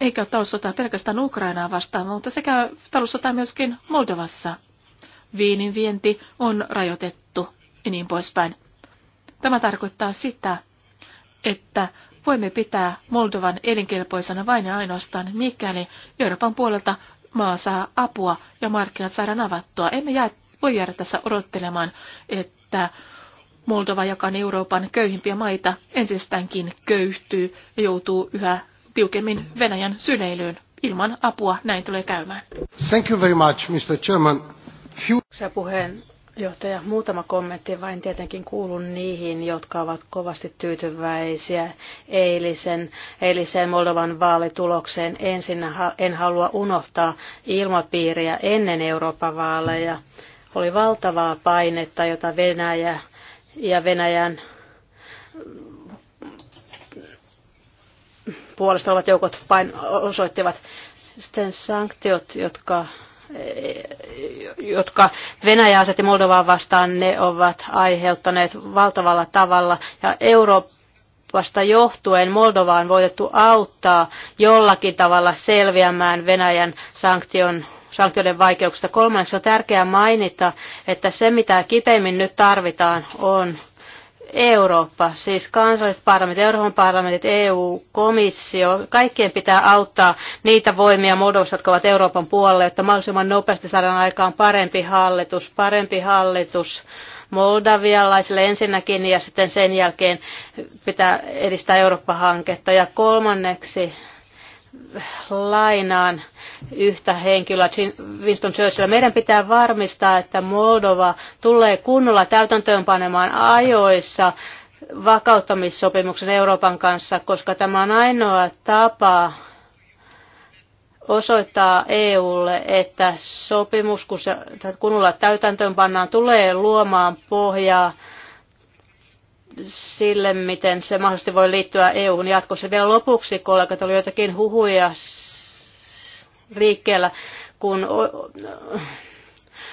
ei käy taloussotaa pelkästään Ukrainaa vastaan, mutta se käy taloussotaa myöskin Moldovassa. Viinin vienti on rajoitettu ja niin poispäin. Tämä tarkoittaa sitä, että voimme pitää Moldovan elinkelpoisena vain ja ainoastaan, mikäli Euroopan puolelta maa saa apua ja markkinat saadaan avattua. Emme jää voi jäädä tässä odottelemaan, että Moldova, joka on Euroopan köyhimpiä maita, ensistäänkin köyhtyy ja joutuu yhä tiukemmin Venäjän syleilyyn. Ilman apua näin tulee käymään. Thank you very much, Mr. Chairman. Few... Puheenjohtaja, muutama kommentti vain tietenkin kuulun niihin, jotka ovat kovasti tyytyväisiä eilisen, eiliseen Moldovan vaalitulokseen. Ensin en halua unohtaa ilmapiiriä ennen Euroopan vaaleja. Oli valtavaa painetta, jota Venäjä ja Venäjän puolesta olevat joukot pain- osoittivat. Sitten sanktiot, jotka, jotka Venäjä asetti Moldovaan vastaan, ne ovat aiheuttaneet valtavalla tavalla. Ja Euroopasta johtuen Moldovaan voitettu auttaa jollakin tavalla selviämään Venäjän sanktion sanktioiden vaikeuksista. Kolmanneksi on tärkeää mainita, että se mitä kipeimmin nyt tarvitaan on Eurooppa, siis kansalliset parlamentit, Euroopan parlamentit, EU-komissio, kaikkien pitää auttaa niitä voimia muodossa, jotka ovat Euroopan puolella, jotta mahdollisimman nopeasti saadaan aikaan parempi hallitus, parempi hallitus moldavialaisille ensinnäkin ja sitten sen jälkeen pitää edistää Eurooppa-hanketta. Ja kolmanneksi lainaan yhtä henkilöä, Winston Churchill. Meidän pitää varmistaa, että Moldova tulee kunnolla täytäntöönpanemaan ajoissa vakauttamissopimuksen Euroopan kanssa, koska tämä on ainoa tapa osoittaa EUlle, että sopimus, kun se kunnolla täytäntöön pannaan, tulee luomaan pohjaa sille, miten se mahdollisesti voi liittyä EUhun jatkossa. Vielä lopuksi, kollegat, oli joitakin huhuja liikkeellä, kun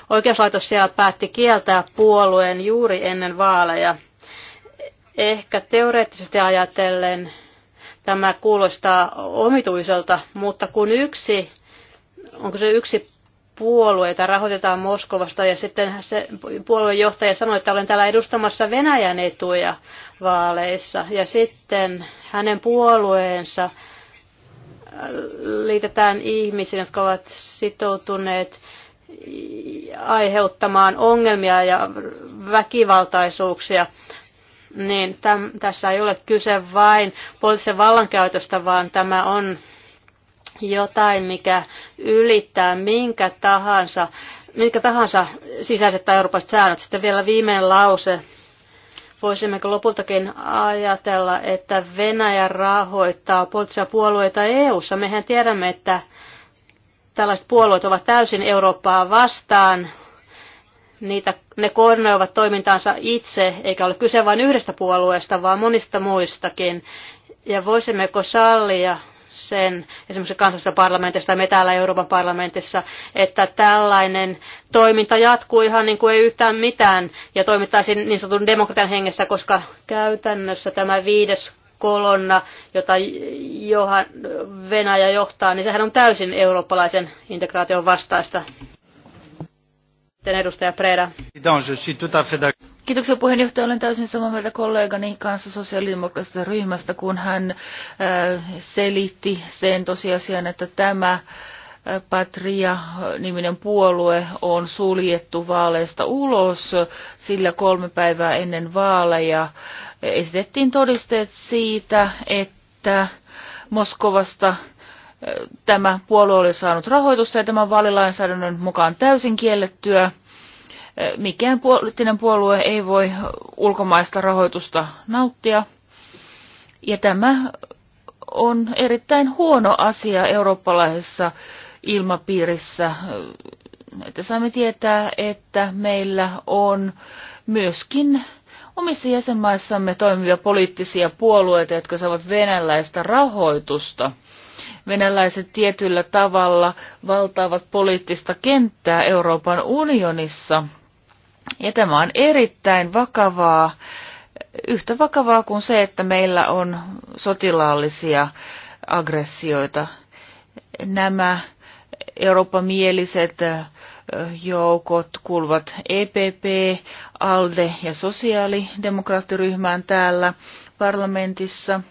oikeuslaitos siellä päätti kieltää puolueen juuri ennen vaaleja. Ehkä teoreettisesti ajatellen tämä kuulostaa omituiselta, mutta kun yksi, onko se yksi puolue, rahoitetaan Moskovasta, ja sitten se puolueen johtaja sanoi, että olen täällä edustamassa Venäjän etuja vaaleissa, ja sitten hänen puolueensa liitetään ihmisiin, jotka ovat sitoutuneet aiheuttamaan ongelmia ja väkivaltaisuuksia, niin täm, tässä ei ole kyse vain poliittisen vallankäytöstä, vaan tämä on jotain, mikä ylittää minkä tahansa, minkä tahansa sisäiset tai eurooppalaiset säännöt. Sitten vielä viimeinen lause Voisimmeko lopultakin ajatella, että Venäjä rahoittaa poliittisia puolueita EU-ssa? Mehän tiedämme, että tällaiset puolueet ovat täysin Eurooppaa vastaan. Niitä, ne koordinoivat toimintaansa itse, eikä ole kyse vain yhdestä puolueesta, vaan monista muistakin. Ja voisimmeko sallia sen esimerkiksi kansallisesta parlamentista me täällä Euroopan parlamentissa, että tällainen toiminta jatkuu ihan niin kuin ei yhtään mitään ja toimittaisiin niin sanotun demokratian hengessä, koska käytännössä tämä viides kolonna, jota johan Venäjä johtaa, niin sehän on täysin eurooppalaisen integraation vastaista. Sitten edustaja Preda. Kiitoksia puheenjohtaja. Olen täysin samaa mieltä kollegani kanssa sosiaalidemokraattisesta ryhmästä, kun hän äh, selitti sen tosiasian, että tämä äh, Patria-niminen puolue on suljettu vaaleista ulos, sillä kolme päivää ennen vaaleja esitettiin todisteet siitä, että Moskovasta äh, tämä puolue oli saanut rahoitusta ja tämän vaalilainsäädännön mukaan täysin kiellettyä mikään poliittinen puolue ei voi ulkomaista rahoitusta nauttia. Ja tämä on erittäin huono asia eurooppalaisessa ilmapiirissä. Että saamme tietää, että meillä on myöskin omissa jäsenmaissamme toimivia poliittisia puolueita, jotka saavat venäläistä rahoitusta. Venäläiset tietyllä tavalla valtaavat poliittista kenttää Euroopan unionissa – ja tämä on erittäin vakavaa, yhtä vakavaa kuin se, että meillä on sotilaallisia aggressioita. Nämä Euroopan mieliset joukot kuuluvat EPP, ALDE ja sosiaalidemokraattiryhmään täällä parlamentissa.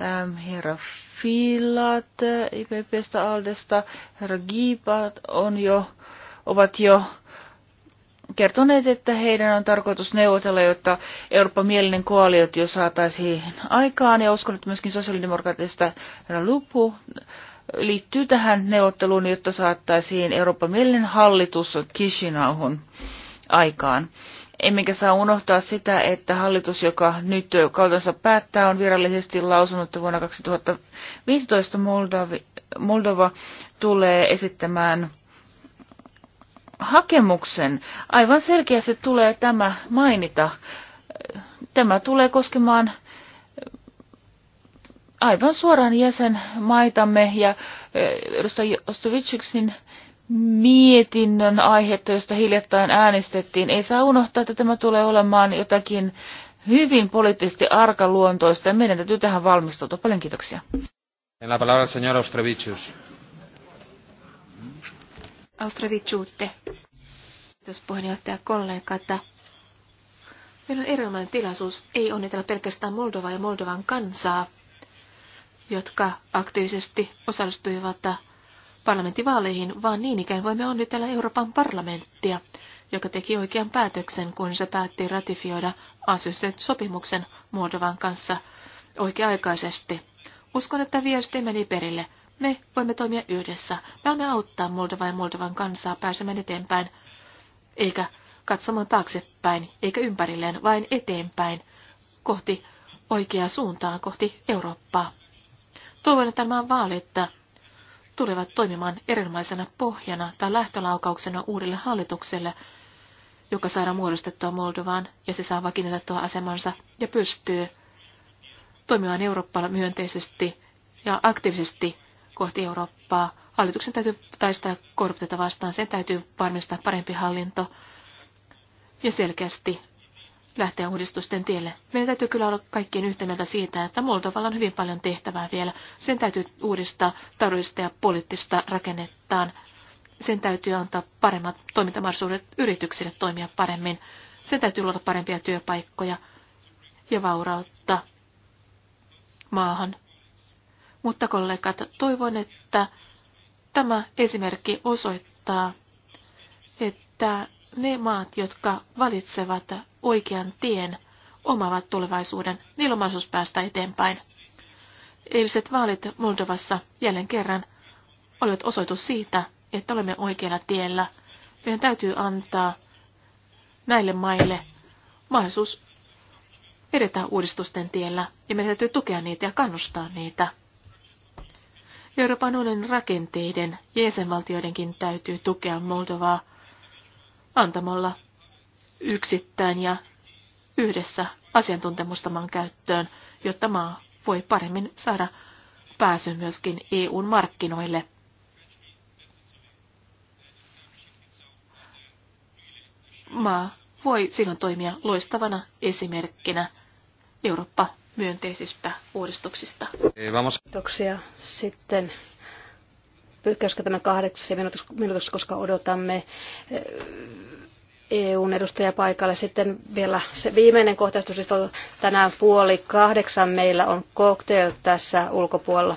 Ähm, herra Filat IPPstä äh, e ALDEsta, herra Giipat on jo, ovat jo kertoneet, että heidän on tarkoitus neuvotella, jotta Euroopan mielinen koaliotio saataisiin aikaan. Ja uskon, että myöskin sosiaalidemokraatista Lupu liittyy tähän neuvotteluun, jotta saattaisiin Euroopan mielinen hallitus Kishinauhun aikaan. Emmekä saa unohtaa sitä, että hallitus, joka nyt kautensa päättää, on virallisesti lausunut, että vuonna 2015 Moldavi, Moldova tulee esittämään hakemuksen, aivan selkeästi tulee tämä mainita. Tämä tulee koskemaan aivan suoraan jäsenmaitamme ja e, edustaja mietinnön aihetta, josta hiljattain äänestettiin. Ei saa unohtaa, että tämä tulee olemaan jotakin hyvin poliittisesti arkaluontoista ja meidän täytyy tähän valmistautua. Paljon kiitoksia. En la palabra señor Austravichuutte. Kiitos puheenjohtaja että Meillä on erilainen tilaisuus ei onnitella pelkästään Moldova ja Moldovan kansaa, jotka aktiivisesti osallistuivat parlamenttivaaleihin, vaan niin ikään voimme onnitella Euroopan parlamenttia, joka teki oikean päätöksen, kun se päätti ratifioida sopimuksen Moldovan kanssa oikea-aikaisesti. Uskon, että viesti meni perille. Me voimme toimia yhdessä. Me olemme auttaa Moldova ja Moldovan kansaa pääsemään eteenpäin, eikä katsomaan taaksepäin, eikä ympärilleen, vain eteenpäin, kohti oikeaa suuntaa kohti Eurooppaa. Toivon, että nämä vaalit tulevat toimimaan erinomaisena pohjana tai lähtölaukauksena uudelle hallitukselle, joka saadaan muodostettua Moldovaan ja se saa vakiinnitettua asemansa ja pystyy toimimaan Eurooppalla myönteisesti ja aktiivisesti kohti Eurooppaa. Hallituksen täytyy taistella korruptiota vastaan, sen täytyy varmistaa parempi hallinto ja selkeästi lähteä uudistusten tielle. Meidän täytyy kyllä olla kaikkien yhtä mieltä siitä, että Moldovalla on hyvin paljon tehtävää vielä. Sen täytyy uudistaa taloudellista ja poliittista rakennettaan. Sen täytyy antaa paremmat toimintamahdollisuudet yrityksille toimia paremmin. Sen täytyy luoda parempia työpaikkoja ja vaurautta maahan. Mutta kollegat, toivon, että tämä esimerkki osoittaa, että ne maat, jotka valitsevat oikean tien, omavat tulevaisuuden, niillä on mahdollisuus päästä eteenpäin. Eiliset vaalit Moldovassa jälleen kerran olivat osoitus siitä, että olemme oikealla tiellä. Meidän täytyy antaa näille maille mahdollisuus edetä uudistusten tiellä ja meidän täytyy tukea niitä ja kannustaa niitä. Euroopan unionin rakenteiden jäsenvaltioidenkin täytyy tukea Moldovaa antamalla yksittäin ja yhdessä asiantuntemusta käyttöön, jotta maa voi paremmin saada pääsyn myöskin EUn markkinoille. Maa voi silloin toimia loistavana esimerkkinä Eurooppa myönteisistä uudistuksista. Vamos. Kiitoksia. Sitten pyytäisikö tämä kahdeksan minuutiksi, koska odotamme EUn eh, e edustaja paikalle. Sitten vielä se viimeinen kohtaistus, siis tänään puoli kahdeksan meillä on cocktail tässä ulkopuolella.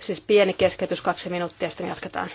Siis pieni keskeytys, kaksi minuuttia, sitten jatketaan.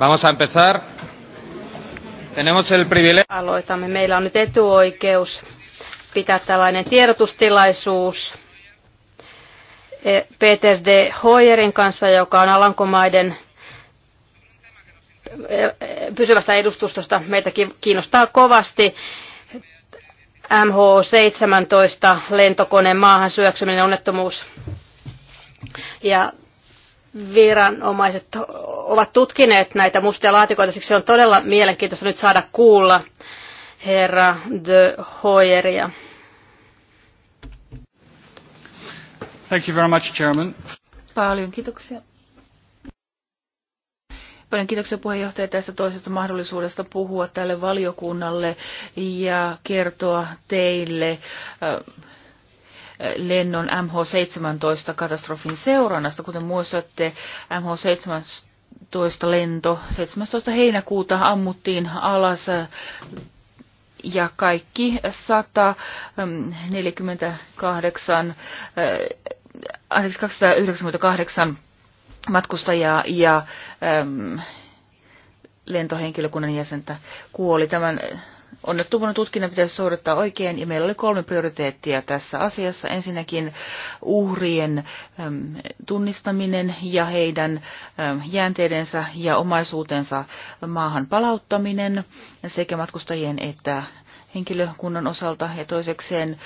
Vamos a empezar. Tenemos el privilegio. Aloitamme. Meillä on nyt etuoikeus pitää tällainen tiedotustilaisuus eh, Peter de Hoyerin kanssa, joka on Alankomaiden eh, pysyvästä edustustosta. Meitä kiinnostaa kovasti MH17 lentokoneen maahan syöksyminen onnettomuus. Ja viranomaiset ovat tutkineet näitä mustia laatikoita, siksi on todella mielenkiintoista nyt saada kuulla herra de Hoyeria. Thank you very much, Chairman. Paljon kiitoksia. Paljon kiitoksia puheenjohtaja tästä toisesta mahdollisuudesta puhua tälle valiokunnalle ja kertoa teille äh, lennon MH17 katastrofin seurannasta. Kuten muistatte, MH17 lento 17. heinäkuuta ammuttiin alas ja kaikki 148, mm, äh, anteeksi 298 matkustajaa ja mm, lentohenkilökunnan jäsentä kuoli. Tämän onnettomuuden tutkinnan pitäisi suorittaa oikein, ja meillä oli kolme prioriteettia tässä asiassa. Ensinnäkin uhrien tunnistaminen ja heidän jäänteidensä ja omaisuutensa maahan palauttaminen sekä matkustajien että henkilökunnan osalta ja toisekseen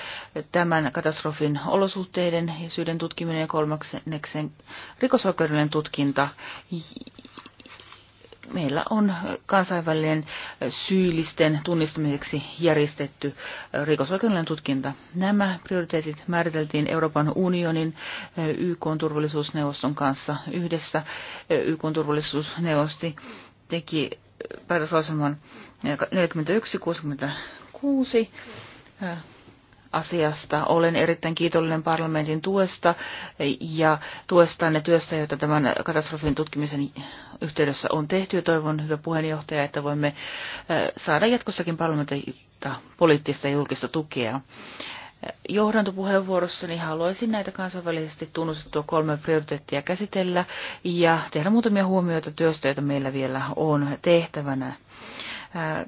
tämän katastrofin olosuhteiden ja syiden tutkiminen ja kolmannekseen rikosoikeudellinen tutkinta meillä on kansainvälinen syyllisten tunnistamiseksi järjestetty rikosoikeudellinen tutkinta. Nämä prioriteetit määriteltiin Euroopan unionin eh, YK turvallisuusneuvoston kanssa yhdessä. Eh, YK turvallisuusneuvosti teki eh, päätöslauselman 41-66 asiasta. Olen erittäin kiitollinen parlamentin tuesta ja ne työstä, jota tämän katastrofin tutkimisen yhteydessä on tehty. Toivon, hyvä puheenjohtaja, että voimme äh, saada jatkossakin parlamentilta poliittista ja julkista tukea. Johdantopuheenvuorossani haluaisin näitä kansainvälisesti tunnustettua kolme prioriteettia käsitellä ja tehdä muutamia huomioita työstä, joita meillä vielä on tehtävänä. Äh,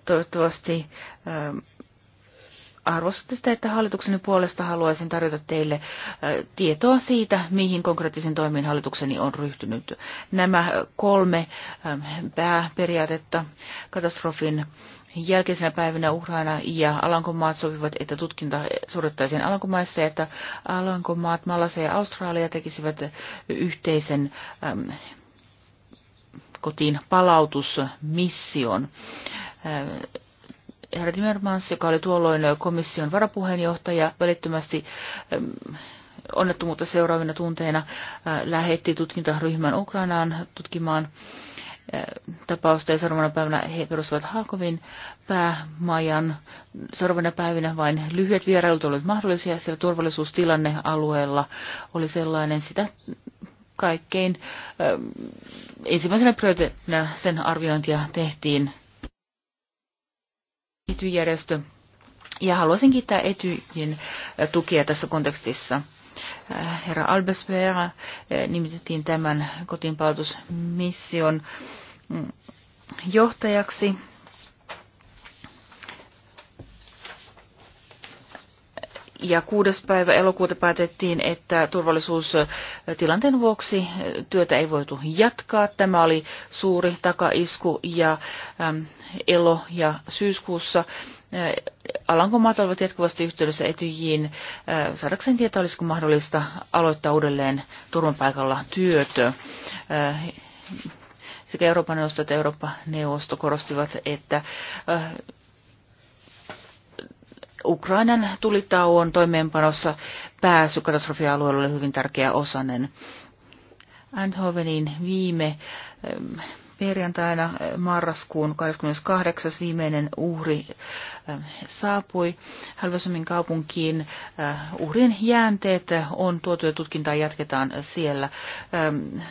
toivottavasti äh, arvostatte sitä, että hallitukseni puolesta haluaisin tarjota teille äh, tietoa siitä, mihin konkreettisen toimiin hallitukseni on ryhtynyt. Nämä kolme ähm, pääperiaatetta katastrofin jälkeisenä päivänä uhraina ja Alankomaat sopivat, että tutkinta suorittaisiin Alankomaissa ja että Alankomaat, Malasia ja Australia tekisivät yhteisen äm, kotiin palautusmission. Äh, herra Timmermans, joka oli tuolloin komission varapuheenjohtaja, välittömästi ähm, onnettomuutta seuraavina tunteina äh, lähetti tutkintaryhmän Ukrainaan tutkimaan äh, tapausta ja seuraavana päivänä he perustivat Haakovin päämajan. Seuraavana päivinä vain lyhyet vierailut olivat mahdollisia, sillä turvallisuustilanne alueella oli sellainen sitä kaikkein ähm, ensimmäisenä prioriteettina sen arviointia tehtiin Etyjärjestö. Ja haluaisin kiittää Etyjin tukea tässä kontekstissa. Herra Albesvera nimitettiin tämän kotiinpalautusmission mm, johtajaksi Ja kuudes päivä elokuuta päätettiin, että turvallisuustilanteen vuoksi työtä ei voitu jatkaa. Tämä oli suuri takaisku ja äm, elo- ja syyskuussa ä, Alankomaat olivat jatkuvasti yhteydessä etyjiin saadakseen tietää, olisiko mahdollista aloittaa uudelleen turvapaikalla työtö. Ä, sekä Euroopan neuvosto että Eurooppa-neuvosto korostivat, että Ukrainan tulitauon toimeenpanossa pääsy katastrofialueelle oli hyvin tärkeä osanen. Anthovenin viime perjantaina marraskuun 28. viimeinen uhri saapui Halvasomin kaupunkiin. Eh, Uhrin jäänteet on tuotu ja tutkintaa jatketaan siellä eh,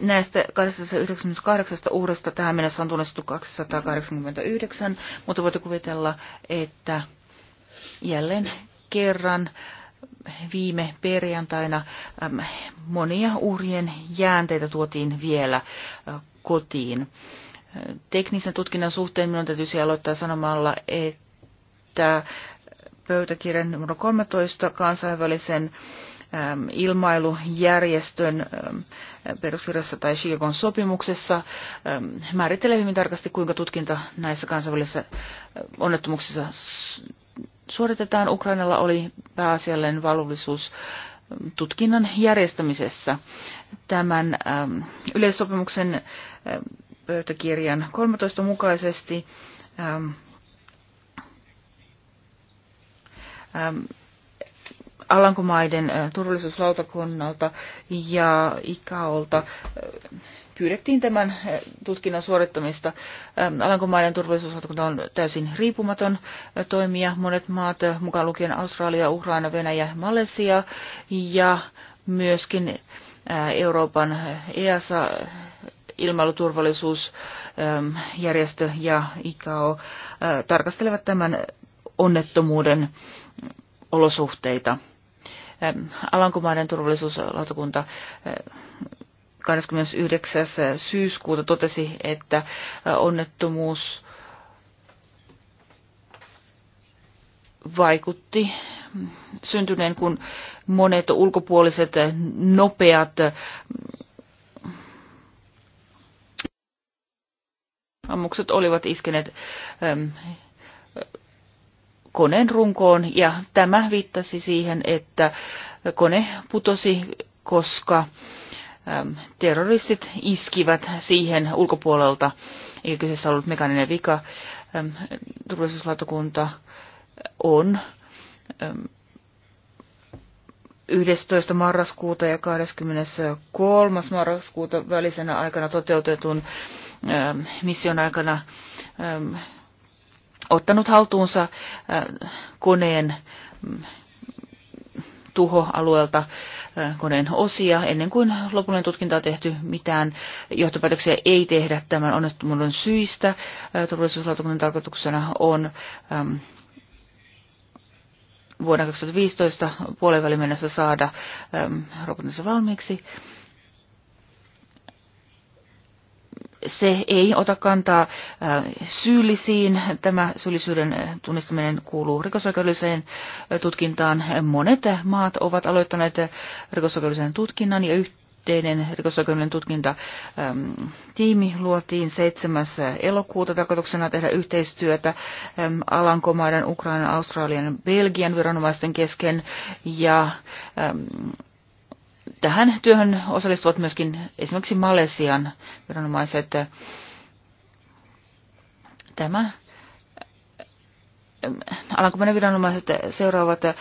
Näistä 298 uhrasta tähän mennessä on tunnistettu 289, mutta voitte kuvitella, että jälleen kerran viime perjantaina monia uhrien jäänteitä tuotiin vielä kotiin. Teknisen tutkinnan suhteen minun täytyisi aloittaa sanomalla, että pöytäkirjan numero 13 kansainvälisen Ähm, ilmailujärjestön ähm, peruskirjassa tai Chicagon sopimuksessa ähm, määrittelee hyvin tarkasti, kuinka tutkinta näissä kansainvälisissä äh, onnettomuuksissa suoritetaan. Ukrainalla oli pääasiallinen valvollisuus tutkinnan järjestämisessä. Tämän yleissopimuksen pöytäkirjan 13 mukaisesti Alankomaiden turvallisuuslautakunnalta ja ICAOlta pyydettiin tämän tutkinnan suorittamista. Alankomaiden turvallisuuslautakunta on täysin riippumaton toimija. Monet maat, mukaan lukien Australia, Ukraina, Venäjä, Malesia ja myöskin Euroopan EASA, ilmailuturvallisuusjärjestö ja ICAO tarkastelevat tämän onnettomuuden olosuhteita. Alankomaiden turvallisuuslautakunta 29. syyskuuta totesi, että onnettomuus vaikutti syntyneen, kun monet ulkopuoliset nopeat ammukset olivat iskeneet koneen runkoon ja tämä viittasi siihen, että kone putosi, koska terroristit iskivät siihen ulkopuolelta, eikä kyseessä ollut mekaninen vika. Turvallisuuslautakunta on 11. marraskuuta ja 23. marraskuuta välisenä aikana toteutetun mission aikana ottanut haltuunsa äh, koneen mm, tuhoalueelta äh, koneen osia ennen kuin lopullinen tutkinta on tehty mitään. Johtopäätöksiä ei tehdä tämän onnettomuuden syistä. Äh, turvallisuuslautakunnan tarkoituksena on ähm, vuonna 2015 puolen mennessä saada äm, robotinsa valmiiksi. se ei ota kantaa äh, syyllisiin. Tämä syyllisyyden äh, tunnistaminen kuuluu rikosoikeudelliseen äh, tutkintaan. Monet maat ovat aloittaneet rikosoikeudellisen tutkinnan ja yhteinen rikosoikeudellinen tutkintatiimi ähm, luotiin 7. elokuuta tarkoituksena tehdä yhteistyötä ähm, Alankomaiden, Ukrainan, Australian ja Belgian viranomaisten kesken ja ähm, Tähän työhön osallistuvat myöskin esimerkiksi Malesian viranomaiset. Tämä ähm, Alankomainen viranomaiset seuraavat äh,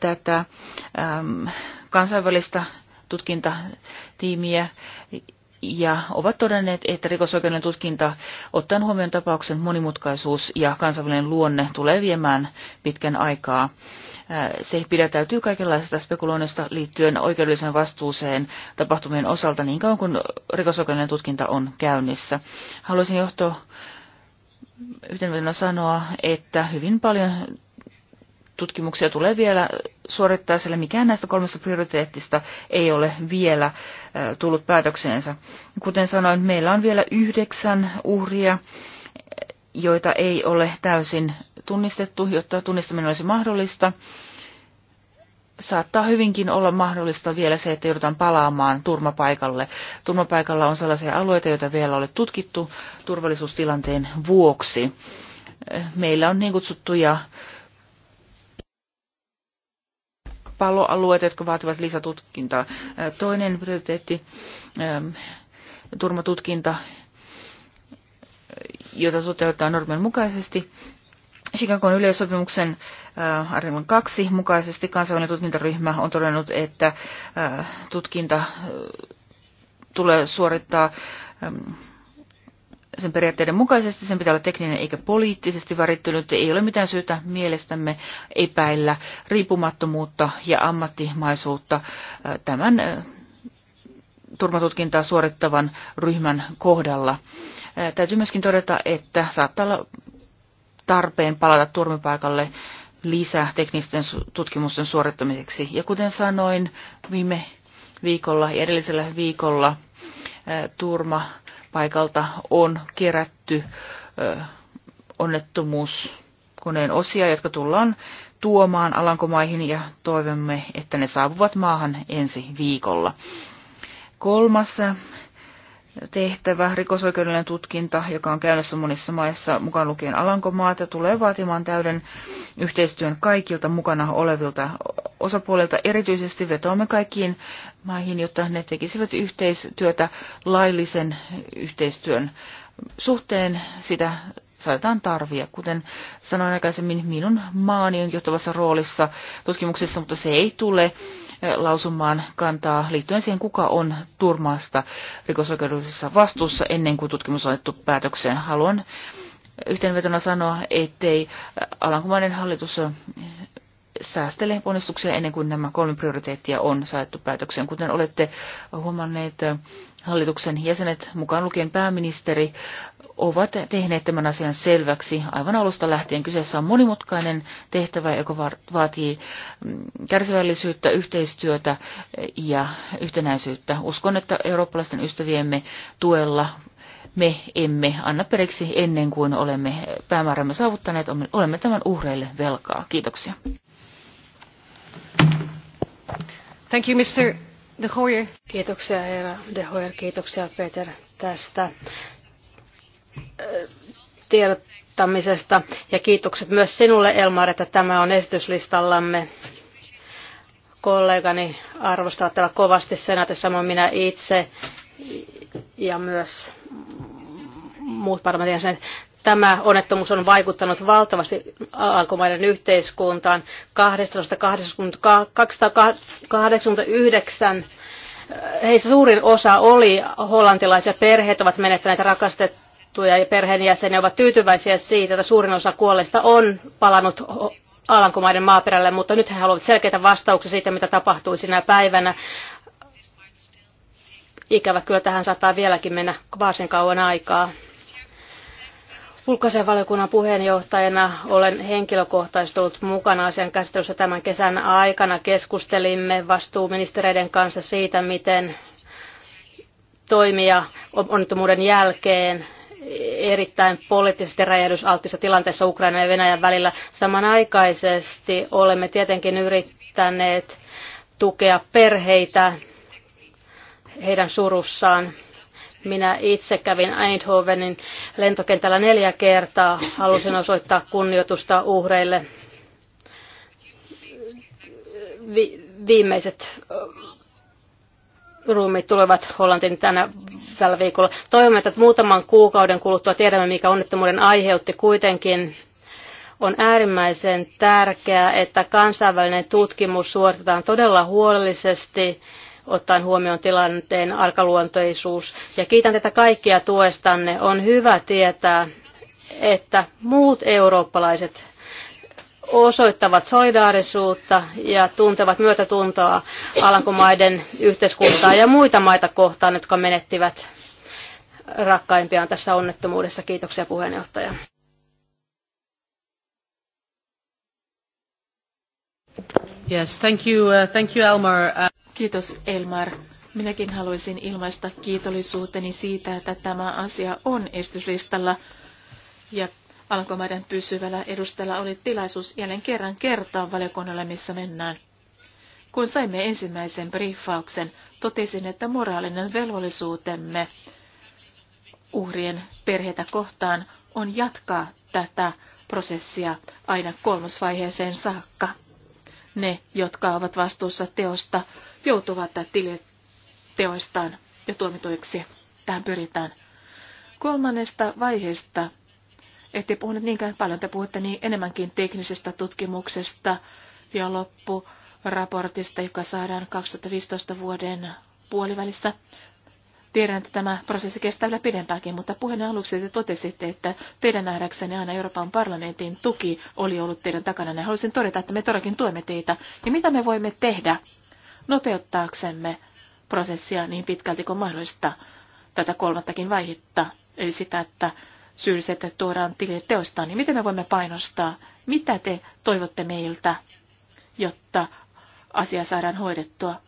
tätä ähm, kansainvälistä tutkintatiimiä ja ovat todenneet, että rikosoikeuden tutkinta, ottaen huomioon tapauksen monimutkaisuus ja kansainvälinen luonne, tulee viemään pitkän aikaa. Äh, se pidätäytyy kaikenlaisesta spekuloinnista liittyen oikeudelliseen vastuuseen tapahtumien osalta niin kauan kuin rikosoikeuden tutkinta on käynnissä. Haluaisin johto yhtenvetona sanoa, että hyvin paljon tutkimuksia tulee vielä suorittaa, sillä mikään näistä kolmesta prioriteettista ei ole vielä tullut päätökseensä. Kuten sanoin, meillä on vielä yhdeksän uhria, joita ei ole täysin tunnistettu, jotta tunnistaminen olisi mahdollista. Saattaa hyvinkin olla mahdollista vielä se, että joudutaan palaamaan turmapaikalle. Turmapaikalla on sellaisia alueita, joita vielä ole tutkittu turvallisuustilanteen vuoksi. Meillä on niin kutsuttuja äh, alueet, jotka vaativat lisätutkintaa. Toinen prioriteetti, turmatutkinta, jota toteutetaan normien mukaisesti. Chicagon yleissopimuksen äh, artiklan 2 mukaisesti kansainvälinen tutkintaryhmä on todennut, että äh, tutkinta äh, tulee suorittaa sen periaatteiden mukaisesti, sen pitää olla tekninen eikä poliittisesti värittynyt, ei ole mitään syytä mielestämme epäillä riippumattomuutta ja ammattimaisuutta tämän turmatutkintaa suorittavan ryhmän kohdalla. Täytyy myöskin todeta, että saattaa olla tarpeen palata turmipaikalle lisää teknisten tutkimusten suorittamiseksi. Ja kuten sanoin viime viikolla ja edellisellä viikolla, turma paikalta on kerätty onnettomuuskoneen osia, jotka tullaan tuomaan Alankomaihin ja toivomme, että ne saavuvat maahan ensi viikolla. Kolmas tehtävä, rikosoikeudellinen tutkinta, joka on käynnissä monissa maissa, mukaan lukien Alankomaat, ja tulee vaatimaan täyden yhteistyön kaikilta mukana olevilta osapuolilta. Erityisesti vetoamme kaikkiin maihin, jotta ne tekisivät yhteistyötä laillisen yhteistyön suhteen. Sitä saadaan tarvia. Kuten sanoin aikaisemmin, minun maani on johtavassa roolissa tutkimuksessa, mutta se ei tule lausumaan kantaa liittyen siihen, kuka on turmaasta rikosoikeudellisessa vastuussa ennen kuin tutkimus on otettu päätökseen. Haluan yhteenvetona sanoa, ettei Alankomainen hallitus säästelee ponnistuksia ennen kuin nämä kolme prioriteettia on saettu päätökseen. Kuten olette huomanneet, hallituksen jäsenet, mukaan lukien pääministeri, ovat tehneet tämän asian selväksi aivan alusta lähtien. Kyseessä on monimutkainen tehtävä, joka vaatii mm, kärsivällisyyttä, yhteistyötä ja yhtenäisyyttä. Uskon, että eurooppalaisten ystäviemme tuella me emme anna periksi ennen kuin olemme päämäärämme saavuttaneet, olemme tämän uhreille velkaa. Kiitoksia. Kiitoksia herra De Hoyer, kiitoksia Peter tästä äh, tiedottamisesta ja kiitokset myös sinulle Elmar, että tämä on esityslistallamme. Kollegani arvostavat täällä kovasti senate, samoin minä itse ja myös muut parlamentin jäsenet. Tämä onnettomuus on vaikuttanut valtavasti alankomaiden yhteiskuntaan. 289 eh, heistä suurin osa oli hollantilaisia perheet, ovat menettäneet rakastettuja ja perheenjäseniä ovat tyytyväisiä siitä, että suurin osa kuolleista on palannut Alankomaiden maaperälle, mutta nyt he haluavat selkeitä vastauksia siitä, mitä tapahtui sinä päivänä. Ikävä kyllä tähän saattaa vieläkin mennä varsin kauan aikaa. Ulkoisen puheenjohtajana olen henkilökohtaisesti ollut mukana asian käsittelyssä tämän kesän aikana. Keskustelimme vastuuministereiden kanssa siitä, miten toimia onnettomuuden jälkeen erittäin poliittisesti räjähdysaltissa tilanteessa Ukraina ja Venäjän välillä. Samanaikaisesti olemme tietenkin yrittäneet tukea perheitä heidän surussaan minä itse kävin Eindhovenin lentokentällä neljä kertaa. Halusin osoittaa kunnioitusta uhreille. Vi- viimeiset ruumiit tulevat Hollantiin tänä tällä viikolla. Toivomme, että muutaman kuukauden kuluttua tiedämme, mikä onnettomuuden aiheutti kuitenkin. On äärimmäisen tärkeää, että kansainvälinen tutkimus suoritetaan todella huolellisesti ottaen huomioon tilanteen arkaluontoisuus. Ja kiitän tätä kaikkia tuestanne. On hyvä tietää, että muut eurooppalaiset osoittavat solidaarisuutta ja tuntevat myötätuntoa Alankomaiden yhteiskuntaa ja muita maita kohtaan, jotka menettivät rakkaimpiaan tässä onnettomuudessa. Kiitoksia puheenjohtaja. Yes, thank you, uh, thank you, Elmar. Uh... Kiitos Elmar. Minäkin haluaisin ilmaista kiitollisuuteni siitä, että tämä asia on estyslistalla ja Alankomaiden pysyvällä edustajalla oli tilaisuus jälleen kerran kertoa valiokunnalle, missä mennään. Kun saimme ensimmäisen briefauksen, totesin, että moraalinen velvollisuutemme uhrien perheitä kohtaan on jatkaa tätä prosessia aina kolmosvaiheeseen saakka. Ne, jotka ovat vastuussa teosta, joutuvat tilille teoistaan ja tuomituiksi. Tähän pyritään. Kolmannesta vaiheesta ette puhunut niinkään paljon, te puhutte niin enemmänkin teknisestä tutkimuksesta ja loppuraportista, joka saadaan 2015 vuoden puolivälissä. Tiedän, että tämä prosessi kestää vielä pidempäänkin, mutta puheen aluksi te totesitte, että teidän nähdäkseni aina Euroopan parlamentin tuki oli ollut teidän takana. Ja haluaisin todeta, että me todellakin tuemme teitä. Ja mitä me voimme tehdä nopeuttaaksemme prosessia niin pitkälti kuin mahdollista tätä kolmattakin vaihetta, eli sitä, että syylliset tuodaan tilille teostaan, niin miten me voimme painostaa, mitä te toivotte meiltä, jotta asia saadaan hoidettua.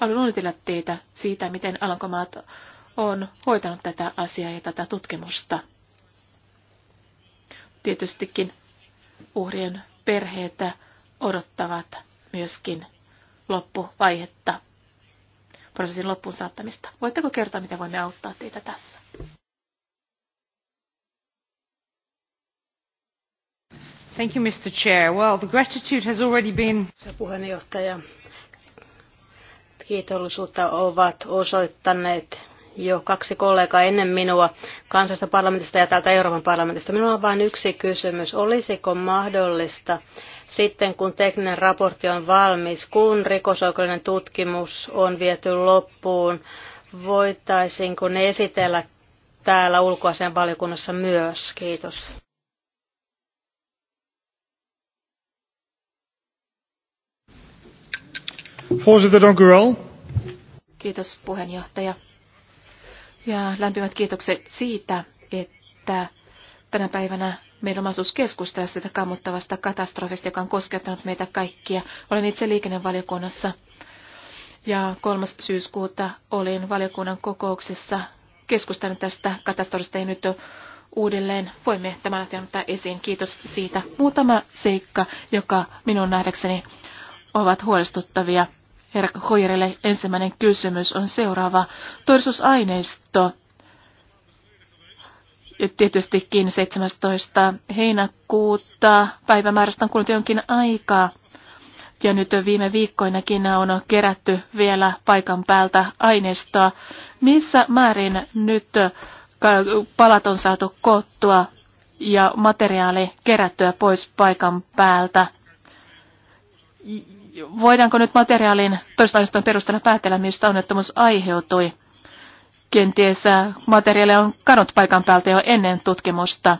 Haluan onnitella teitä siitä, miten Alankomaat on hoitanut tätä asiaa ja tätä tutkimusta. Tietystikin uhrien perheitä odottavat myöskin loppuvaihetta, prosessin loppuun saattamista. Voitteko kertoa, miten voimme auttaa teitä tässä? Thank you, Mr. Chair. Well, the gratitude has already been... Puheenjohtaja, kiitollisuutta ovat osoittaneet jo kaksi kollegaa ennen minua kansallisesta parlamentista ja täältä Euroopan parlamentista. Minulla on vain yksi kysymys. Olisiko mahdollista sitten, kun tekninen raportti on valmis, kun rikosoikeudellinen tutkimus on viety loppuun, voitaisiinko ne esitellä täällä ulkoasian valiokunnassa myös? Kiitos. Kiitos puheenjohtaja. Ja lämpimät kiitokset siitä, että tänä päivänä meidän omaisuus keskustella sitä kammottavasta katastrofista, joka on koskettanut meitä kaikkia. Olen itse liikennevaliokunnassa ja 3. syyskuuta olin valiokunnan kokouksessa keskustanut tästä katastrofista ja nyt uudelleen voimme tämän asian ottaa esiin. Kiitos siitä. Muutama seikka, joka minun nähdäkseni ovat huolestuttavia Herra Hoyerille ensimmäinen kysymys on seuraava. Todistusaineisto ja tietystikin 17. heinäkuuta päivämäärästä on kulunut jonkin aikaa. Ja nyt viime viikkoinakin on kerätty vielä paikan päältä aineistoa. Missä määrin nyt palat on saatu koottua ja materiaali kerättyä pois paikan päältä? voidaanko nyt materiaalin todistaistoon perusteella päätellä, mistä onnettomuus aiheutui? Kenties äh, materiaali on kadonnut paikan päältä jo ennen tutkimusta.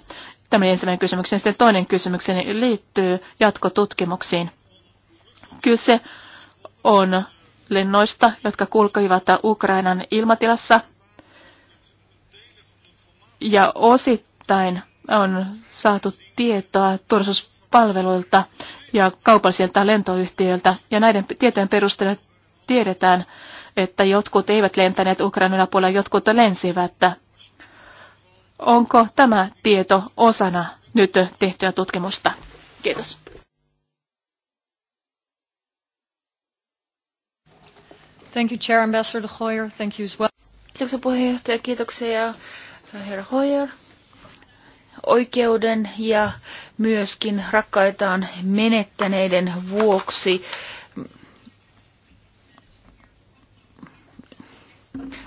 Tämä ensimmäinen kysymykseni. Sitten toinen kysymykseni liittyy jatkotutkimuksiin. Kyse on lennoista, jotka kulkivat Ukrainan ilmatilassa. Ja osittain on saatu tietoa turvallisuus palveluilta ja kaupallisilta lentoyhtiöiltä. Ja näiden tietojen perusteella tiedetään, että jotkut eivät lentäneet Ukrainan puolella, jotkut lensivät. Onko tämä tieto osana nyt tehtyä tutkimusta? Kiitos. Thank you, Chair Ambassador Hoyer. Thank you as well. Kiitoksia puheenjohtaja, kiitoksia herra Hoyer oikeuden ja myöskin rakkaitaan menettäneiden vuoksi.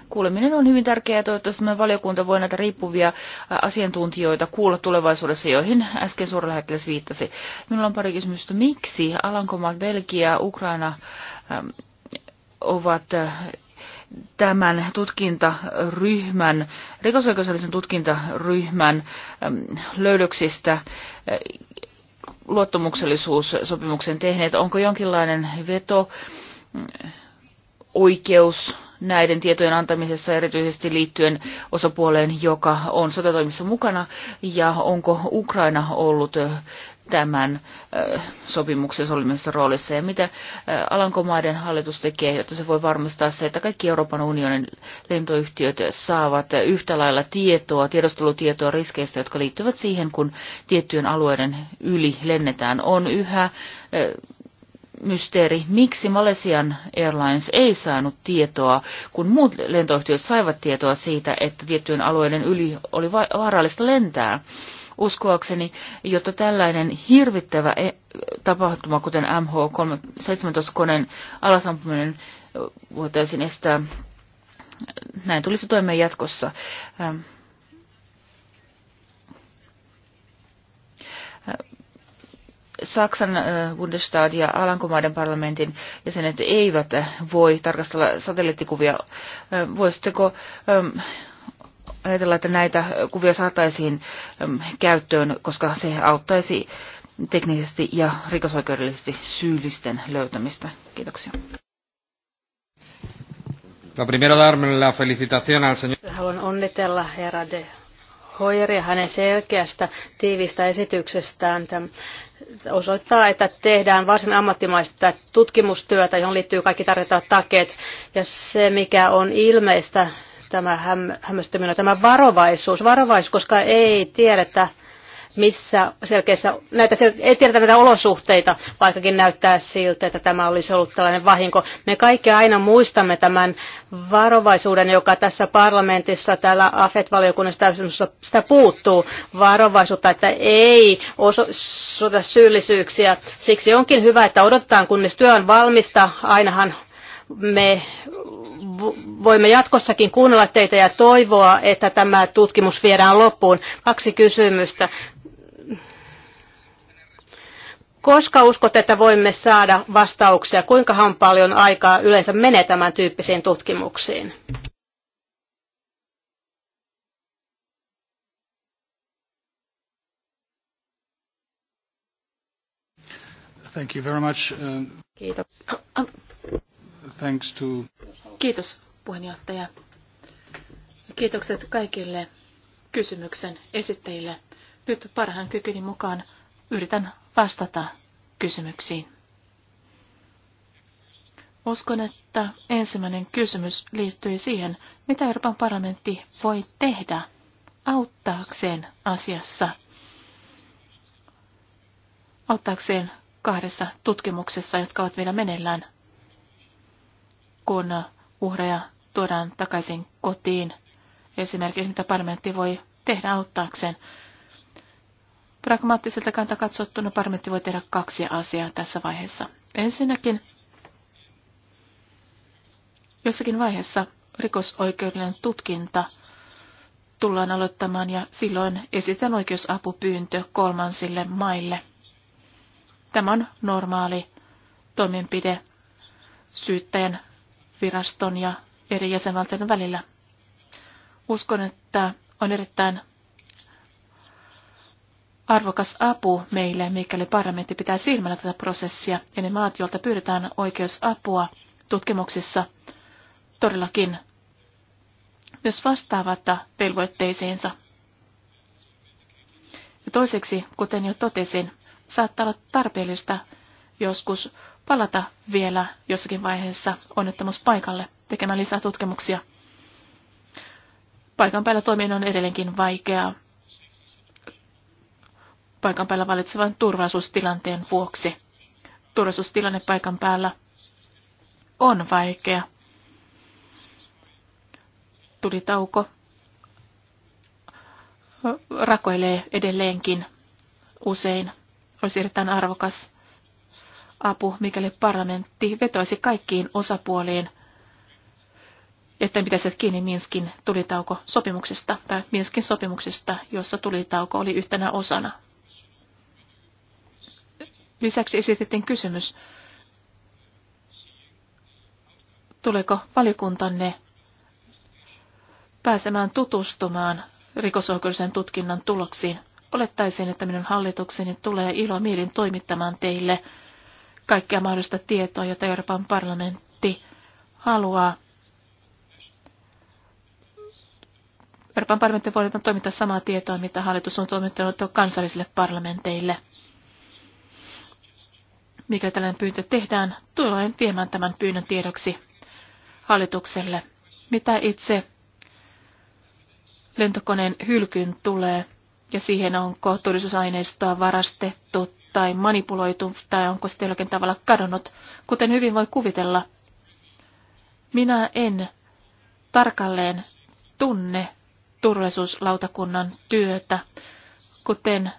Kuuleminen on hyvin tärkeää ja toivottavasti me valiokunta voi näitä riippuvia asiantuntijoita kuulla tulevaisuudessa, joihin äsken suurlähettiläs viittasi. Minulla on pari kysymystä. Miksi Alankomaat, Belgia, Ukraina ovat tämän tutkintaryhmän, rikosoikeudellisen tutkintaryhmän löydöksistä luottamuksellisuussopimuksen tehneet. Onko jonkinlainen veto oikeus näiden tietojen antamisessa erityisesti liittyen osapuoleen, joka on sotatoimissa mukana, ja onko Ukraina ollut tämän sopimuksen solmimisessa roolissa ja mitä Alankomaiden hallitus tekee, jotta se voi varmistaa se, että kaikki Euroopan unionin lentoyhtiöt saavat yhtä lailla tietoa, tiedostelutietoa riskeistä, jotka liittyvät siihen, kun tiettyjen alueiden yli lennetään. On yhä mysteeri, miksi Malesian Airlines ei saanut tietoa, kun muut lentoyhtiöt saivat tietoa siitä, että tiettyjen alueiden yli oli vaarallista lentää uskoakseni, jotta tällainen hirvittävä e- tapahtuma, kuten MH17-koneen alasampuminen voitaisiin estää, näin tulisi toimia jatkossa. Ähm. Äh. Saksan äh, Bundestag ja Alankomaiden parlamentin jäsenet eivät voi tarkastella satelliittikuvia. Äh, voisitteko ähm, ajatella, että näitä kuvia saataisiin käyttöön, koska se auttaisi teknisesti ja rikosoikeudellisesti syyllisten löytämistä. Kiitoksia. Haluan onnitella herra de ja hänen selkeästä tiivistä esityksestään. Tämä osoittaa, että tehdään varsin ammattimaista tutkimustyötä, johon liittyy kaikki tarvittavat takeet. Ja se, mikä on ilmeistä tämä häm, hämmästyminen, tämä varovaisuus, varovaisuus, koska ei tiedetä, missä selkeissä, näitä sel- ei tiedetä näitä olosuhteita, vaikkakin näyttää siltä, että tämä olisi ollut tällainen vahinko. Me kaikki aina muistamme tämän varovaisuuden, joka tässä parlamentissa, täällä AFET-valiokunnassa täysin sitä puuttuu varovaisuutta, että ei osoita syyllisyyksiä. Siksi onkin hyvä, että odotetaan, kunnes työ on valmista. Ainahan me voimme jatkossakin kuunnella teitä ja toivoa, että tämä tutkimus viedään loppuun. Kaksi kysymystä. Koska uskotte, että voimme saada vastauksia? Kuinkahan paljon aikaa yleensä menee tämän tyyppisiin tutkimuksiin? Thank you very much. Uh, Kiitos. Thanks to... Kiitos puheenjohtaja. Kiitokset kaikille kysymyksen esittäjille. Nyt parhaan kykyni mukaan yritän vastata kysymyksiin. Uskon, että ensimmäinen kysymys liittyy siihen, mitä Euroopan parlamentti voi tehdä auttaakseen asiassa, auttaakseen kahdessa tutkimuksessa, jotka ovat vielä meneillään kun uhreja tuodaan takaisin kotiin. Esimerkiksi mitä parlamentti voi tehdä auttaakseen. Pragmaattiselta kanta katsottuna parlamentti voi tehdä kaksi asiaa tässä vaiheessa. Ensinnäkin jossakin vaiheessa rikosoikeudellinen tutkinta tullaan aloittamaan ja silloin esitän oikeusapupyyntö kolmansille maille. Tämä on normaali toimenpide syyttäjän viraston ja eri jäsenvaltioiden välillä. Uskon, että on erittäin arvokas apu meille, mikäli parlamentti pitää silmällä tätä prosessia, ja ne maat, joilta pyydetään oikeusapua tutkimuksissa, todellakin myös vastaavat velvoitteisiinsa. Ja toiseksi, kuten jo totesin, saattaa olla tarpeellista joskus palata vielä jossakin vaiheessa onnettomuuspaikalle tekemään lisää tutkimuksia. Paikan päällä toiminen on edelleenkin vaikeaa paikan päällä valitsevan turvallisuustilanteen vuoksi. Turvallisuustilanne paikan päällä on vaikea. Tuli tauko. Rakoilee edelleenkin usein. Olisi erittäin arvokas apu, mikäli parlamentti vetoisi kaikkiin osapuoliin, että pitäisi kiinni Minskin tulitauko-sopimuksesta tai Minskin sopimuksesta, jossa tulitauko oli yhtenä osana. Lisäksi esitettiin kysymys, tuleeko valiokuntanne pääsemään tutustumaan rikosoikeudellisen tutkinnan tuloksiin. Olettaisin, että minun hallitukseni tulee mielin toimittamaan teille kaikkea mahdollista tietoa, jota Euroopan parlamentti haluaa. Euroopan parlamentti voi toimittaa samaa tietoa, mitä hallitus on toimittanut kansallisille parlamenteille. Mikä tällainen pyyntö tehdään, tulen viemään tämän pyynnön tiedoksi hallitukselle. Mitä itse lentokoneen hylkyn tulee ja siihen onko todistusaineistoa varastettu tai manipuloitu tai onko se jollakin tavalla kadonnut. Kuten hyvin voi kuvitella, minä en tarkalleen tunne turvallisuuslautakunnan työtä. Kuten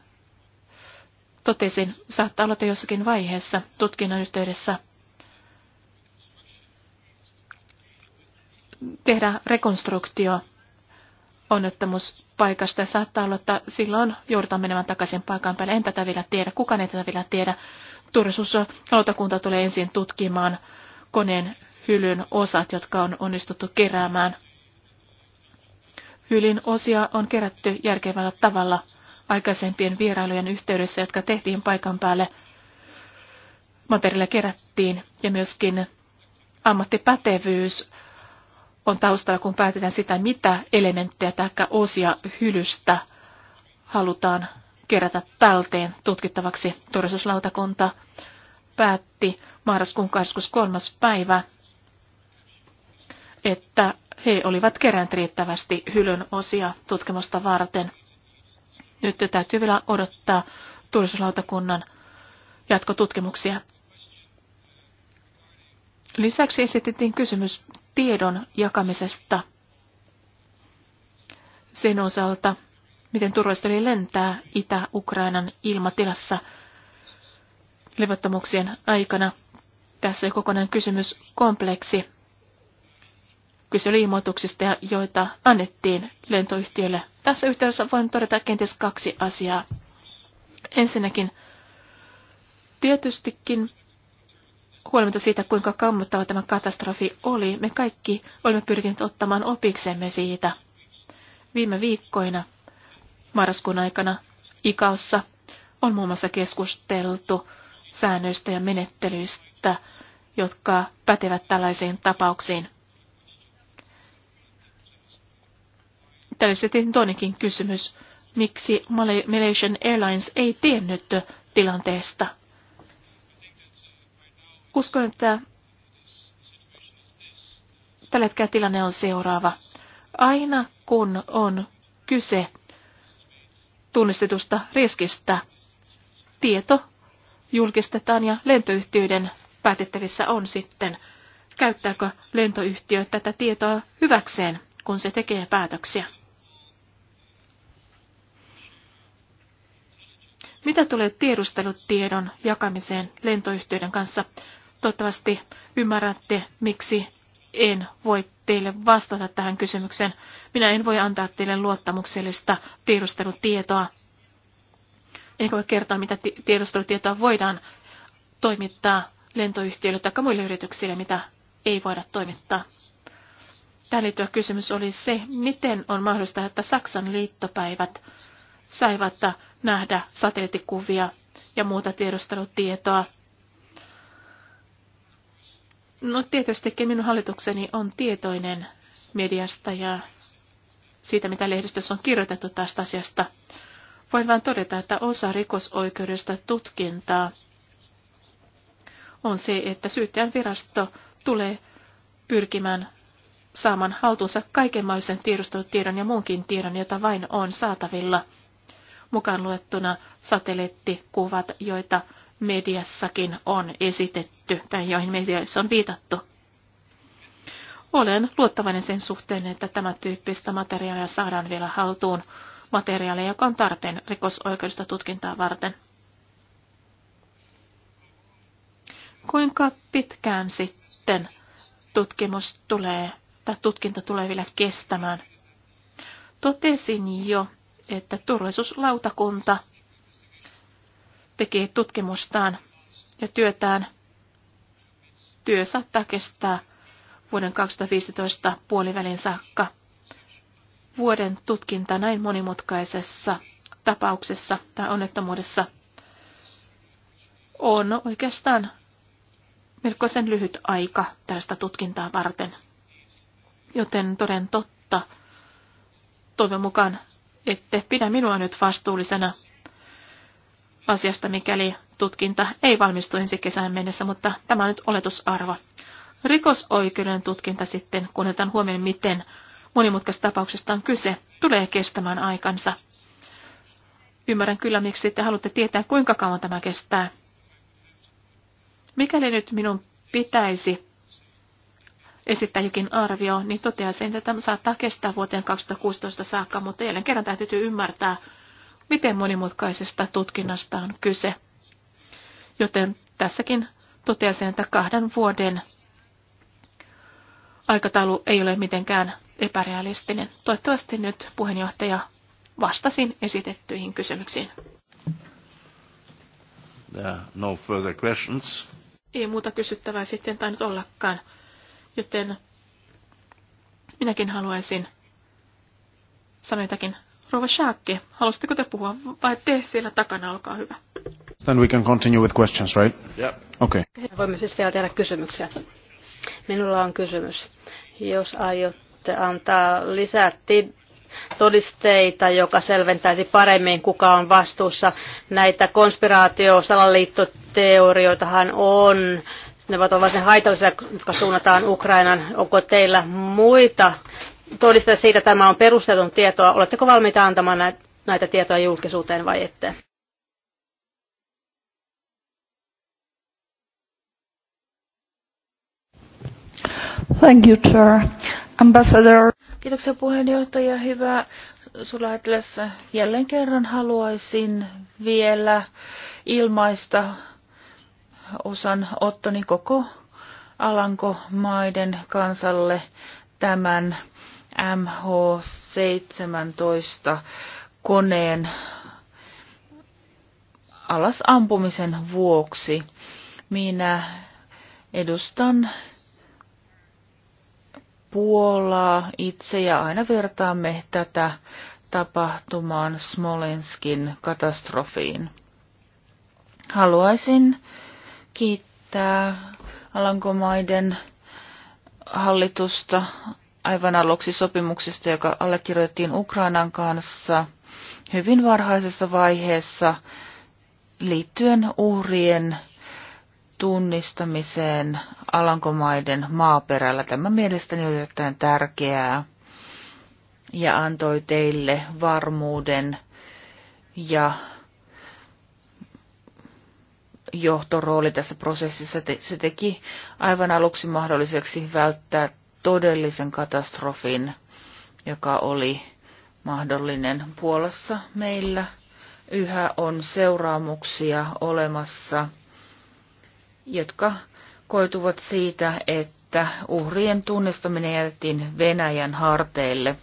totesin, saattaa olla, jossakin vaiheessa tutkinnan yhteydessä tehdä rekonstruktio onnettomuuspaikasta ja saattaa olla, että silloin joudutaan menemään takaisin paikan päälle. En tätä vielä tiedä, kukaan ei tätä vielä tiedä. Turvallisuuslautakunta tulee ensin tutkimaan koneen hylyn osat, jotka on onnistuttu keräämään. Hylin osia on kerätty järkevällä tavalla aikaisempien vierailujen yhteydessä, jotka tehtiin paikan päälle. Materiaalia kerättiin ja myöskin ammattipätevyys on taustalla, kun päätetään sitä, mitä elementtejä tai osia hylystä halutaan kerätä talteen tutkittavaksi. Turvallisuuslautakunta päätti marraskuun 23. päivä, että he olivat keränneet riittävästi hylyn osia tutkimusta varten. Nyt täytyy vielä odottaa turvallisuuslautakunnan jatkotutkimuksia. Lisäksi esitettiin kysymys tiedon jakamisesta sen osalta, miten turvallista lentää Itä-Ukrainan ilmatilassa levottomuuksien aikana. Tässä ei kokonainen kysymys kompleksi. Kyse oli ilmoituksista, joita annettiin lentoyhtiölle. Tässä yhteydessä voin todeta kenties kaksi asiaa. Ensinnäkin, tietystikin huolimatta siitä, kuinka kammottava tämä katastrofi oli, me kaikki olemme pyrkineet ottamaan opiksemme siitä. Viime viikkoina, marraskuun aikana, Ikaossa on muun muassa keskusteltu säännöistä ja menettelyistä, jotka pätevät tällaisiin tapauksiin. Tällä sitten toinenkin kysymys. Miksi Malaysian Airlines ei tiennyt tilanteesta? Uskon, että tällä hetkellä tilanne on seuraava. Aina kun on kyse tunnistetusta riskistä, tieto julkistetaan ja lentoyhtiöiden päätettävissä on sitten, käyttääkö lentoyhtiö tätä tietoa hyväkseen, kun se tekee päätöksiä. Mitä tulee tiedustelutiedon jakamiseen lentoyhtiöiden kanssa, Toivottavasti ymmärrätte, miksi en voi teille vastata tähän kysymykseen. Minä en voi antaa teille luottamuksellista tiedustelutietoa. Enkä voi kertoa, mitä tiedustelutietoa voidaan toimittaa lentoyhtiöille tai muille yrityksille, mitä ei voida toimittaa. Tähän liittyvä kysymys oli se, miten on mahdollista, että Saksan liittopäivät saivat nähdä satelliittikuvia ja muuta tiedustelutietoa No tietystikin minun hallitukseni on tietoinen mediasta ja siitä, mitä lehdistössä on kirjoitettu tästä asiasta. Voin vain todeta, että osa rikosoikeudesta tutkintaa on se, että syyttäjän virasto tulee pyrkimään saamaan haltuunsa kaikenlaisen tiedustelutiedon ja muunkin tiedon, jota vain on saatavilla, mukaan luettuna satelliittikuvat, joita mediassakin on esitetty tai joihin mediassa on viitattu. Olen luottavainen sen suhteen, että tämä tyyppistä materiaalia saadaan vielä haltuun materiaalia, joka on tarpeen rikosoikeudesta tutkintaa varten. Kuinka pitkään sitten tutkimus tulee tai tutkinta tulee vielä kestämään? Totesin jo, että turvallisuuslautakunta – teki tutkimustaan ja työtään. Työ saattaa kestää vuoden 2015 puolivälin saakka. Vuoden tutkinta näin monimutkaisessa tapauksessa tai onnettomuudessa on oikeastaan melkoisen lyhyt aika tästä tutkintaa varten. Joten toden totta, toivon mukaan ette pidä minua nyt vastuullisena asiasta, mikäli tutkinta ei valmistu ensi kesään mennessä, mutta tämä on nyt oletusarvo. Rikosoikeuden tutkinta sitten, kun otetaan huomioon, miten monimutkaisesta tapauksesta on kyse, tulee kestämään aikansa. Ymmärrän kyllä, miksi te haluatte tietää, kuinka kauan tämä kestää. Mikäli nyt minun pitäisi esittää jokin arvio, niin toteaisin, että tämä saattaa kestää vuoteen 2016 saakka, mutta jälleen kerran täytyy ymmärtää, miten monimutkaisesta tutkinnasta on kyse. Joten tässäkin toteaisin, että kahden vuoden aikataulu ei ole mitenkään epärealistinen. Toivottavasti nyt puheenjohtaja vastasin esitettyihin kysymyksiin. No further questions. Ei muuta kysyttävää sitten tainnut ollakaan, joten minäkin haluaisin sanoa jotakin Rova Schaakke, haluaisitteko te puhua vai te siellä takana, olkaa hyvä. Then we can continue with questions, right? Yeah. Okay. Voimme siis vielä tehdä kysymyksiä. Minulla on kysymys. Jos aiotte antaa lisää todisteita, joka selventäisi paremmin, kuka on vastuussa. Näitä konspiraatio-salaliittoteorioitahan on. Ne ovat varsin haitallisia, jotka suunnataan Ukrainan. Onko teillä muita todiste siitä, että tämä on perusteeton tietoa. Oletteko valmiita antamaan näitä tietoja julkisuuteen vai ette? Thank you, Chair. Ambassador. Kiitoksia puheenjohtaja. Hyvä sulähettiläs. Jälleen kerran haluaisin vielä ilmaista osan ottoni koko Alankomaiden kansalle tämän MH17 koneen alas ampumisen vuoksi. Minä edustan Puolaa itse ja aina vertaamme tätä tapahtumaan Smolenskin katastrofiin. Haluaisin kiittää Alankomaiden hallitusta aivan aluksi sopimuksesta, joka allekirjoitettiin Ukrainan kanssa hyvin varhaisessa vaiheessa liittyen uhrien tunnistamiseen Alankomaiden maaperällä. Tämä mielestäni on erittäin tärkeää ja antoi teille varmuuden ja johtorooli tässä prosessissa. Se teki aivan aluksi mahdolliseksi välttää todellisen katastrofin, joka oli mahdollinen Puolassa meillä. Yhä on seuraamuksia olemassa, jotka koituvat siitä, että uhrien tunnistaminen jätettiin Venäjän harteille.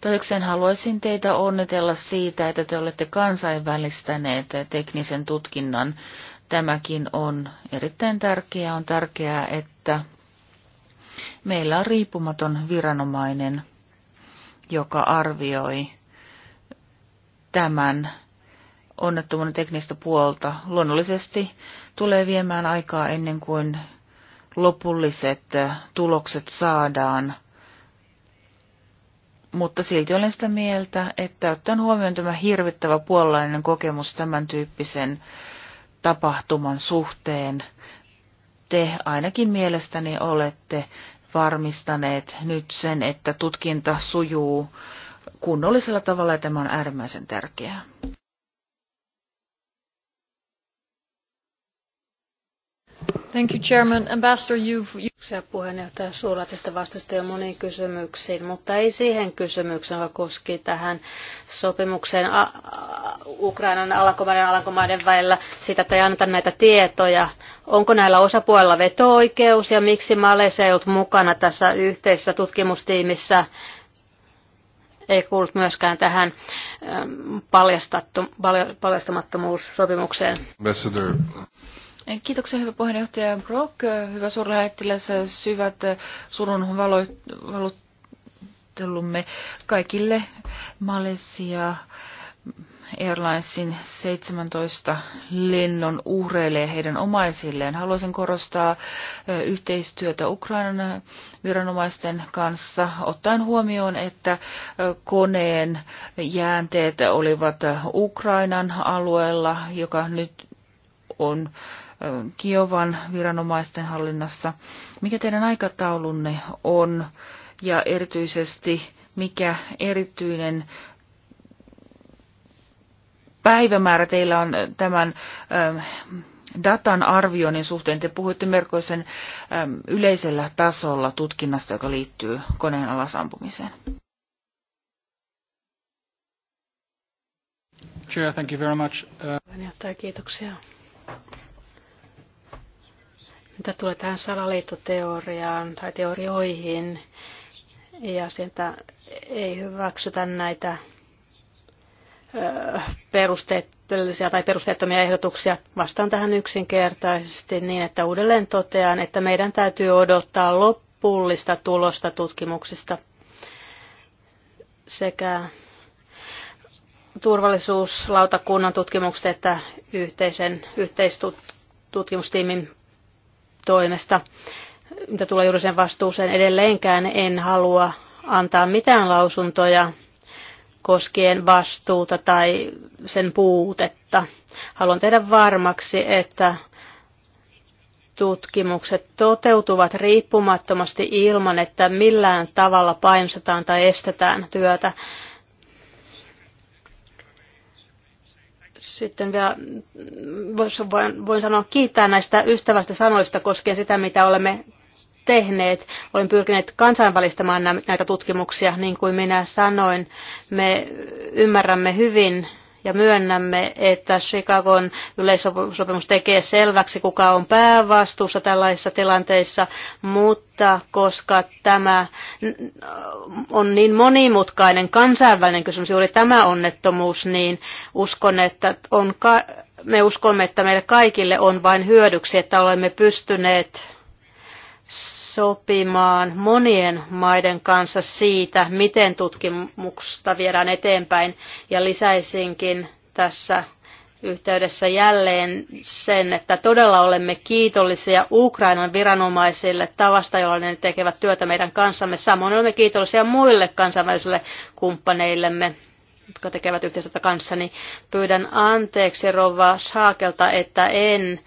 Toisekseen haluaisin teitä onnitella siitä, että te olette kansainvälistäneet teknisen tutkinnan. Tämäkin on erittäin tärkeää. On tärkeää, että meillä on riippumaton viranomainen, joka arvioi tämän onnettomuuden teknistä puolta. Luonnollisesti tulee viemään aikaa ennen kuin lopulliset tulokset saadaan. Mutta silti olen sitä mieltä, että ottaen huomioon tämä hirvittävä puolalainen kokemus tämän tyyppisen tapahtuman suhteen, te ainakin mielestäni olette varmistaneet nyt sen, että tutkinta sujuu kunnollisella tavalla ja tämä on äärimmäisen tärkeää. Thank you, Chairman. Ambassador, you've... puheenjohtaja Suula tästä vastasta jo moniin kysymyksiin, mutta ei siihen kysymykseen, joka koski tähän sopimukseen a- a- Ukrainan alankomaiden alankomaiden välillä siitä, että ei anneta näitä tietoja. Onko näillä osapuolilla veto-oikeus ja miksi Malesia ei ollut mukana tässä yhteisessä tutkimustiimissä? Ei kuullut myöskään tähän paljastamattomuussopimukseen. Ambassador. Kiitoksia hyvä puheenjohtaja Brock, hyvä suurlähettiläs, syvät surun valottelumme kaikille Malesia Airlinesin 17 lennon uhreille ja heidän omaisilleen. Haluaisin korostaa yhteistyötä Ukrainan viranomaisten kanssa, ottaen huomioon, että koneen jäänteet olivat Ukrainan alueella, joka nyt on Kiovan viranomaisten hallinnassa. Mikä teidän aikataulunne on ja erityisesti mikä erityinen päivämäärä teillä on tämän ähm, datan arvioinnin suhteen. Te puhuitte Merkoisen ähm, yleisellä tasolla tutkinnasta, joka liittyy koneen alasampumiseen. Chair, thank you very much. Uh... Kiitoksia. Mitä tulee tähän salaliittoteoriaan tai teorioihin, ja sieltä ei hyväksytä näitä perusteellisia tai perusteettomia ehdotuksia. Vastaan tähän yksinkertaisesti niin, että uudelleen totean, että meidän täytyy odottaa loppullista tulosta tutkimuksista sekä turvallisuuslautakunnan tutkimukset että yhteisen, yhteistutkimustiimin toimesta. Mitä tulee juuri sen vastuuseen, edelleenkään en halua antaa mitään lausuntoja koskien vastuuta tai sen puutetta. Haluan tehdä varmaksi, että tutkimukset toteutuvat riippumattomasti ilman, että millään tavalla painostetaan tai estetään työtä. Sitten vielä voin, voin sanoa kiittää näistä ystävästä sanoista koskien sitä, mitä olemme tehneet. Olen pyrkineet kansainvälistämään näitä tutkimuksia, niin kuin minä sanoin. Me ymmärrämme hyvin ja myönnämme, että Chicagon yleissopimus tekee selväksi, kuka on päävastuussa tällaisissa tilanteissa, mutta koska tämä on niin monimutkainen kansainvälinen kysymys, juuri tämä onnettomuus, niin uskon, että on ka- me uskomme, että meille kaikille on vain hyödyksi, että olemme pystyneet sopimaan monien maiden kanssa siitä, miten tutkimusta viedään eteenpäin. Ja lisäisinkin tässä yhteydessä jälleen sen, että todella olemme kiitollisia Ukrainan viranomaisille tavasta, jolla ne tekevät työtä meidän kanssamme. Samoin olemme kiitollisia muille kansainvälisille kumppaneillemme jotka tekevät yhteistyötä kanssani. Pyydän anteeksi Rova Saakelta, että en äh,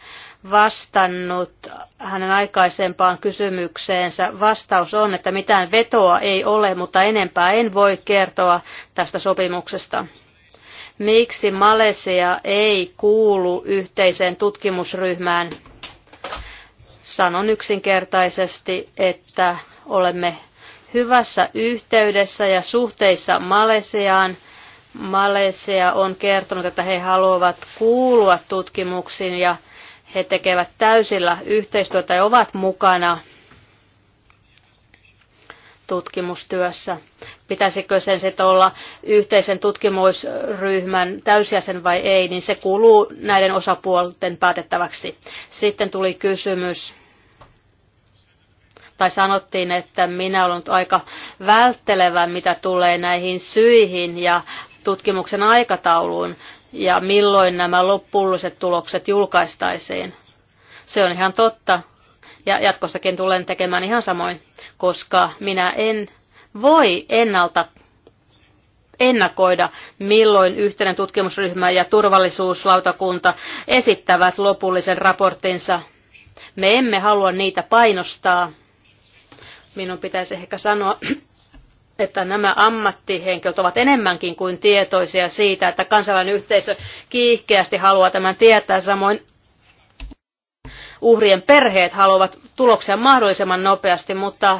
vastannut hänen aikaisempaan kysymykseensä. Vastaus on, että mitään vetoa ei ole, mutta enempää en voi kertoa tästä sopimuksesta. Miksi Malesia ei kuulu yhteiseen tutkimusryhmään? Sanon yksinkertaisesti, että olemme hyvässä yhteydessä ja suhteissa Malesiaan. Malesia on kertonut, että he haluavat kuulua tutkimuksiin ja he tekevät täysillä yhteistyötä ja ovat mukana tutkimustyössä. Pitäisikö sen sitten olla yhteisen tutkimusryhmän täysjäsen vai ei, niin se kuuluu näiden osapuolten päätettäväksi. Sitten tuli kysymys, tai sanottiin, että minä olen aika välttelevä, mitä tulee näihin syihin ja tutkimuksen aikatauluun ja milloin nämä loppulliset tulokset julkaistaisiin. Se on ihan totta ja jatkossakin tulen tekemään ihan samoin, koska minä en voi ennalta ennakoida, milloin yhteinen tutkimusryhmä ja turvallisuuslautakunta esittävät lopullisen raporttinsa. Me emme halua niitä painostaa. Minun pitäisi ehkä sanoa että nämä ammattihenkilöt ovat enemmänkin kuin tietoisia siitä, että kansainvälinen yhteisö kiihkeästi haluaa tämän tietää. Samoin uhrien perheet haluavat tuloksia mahdollisimman nopeasti, mutta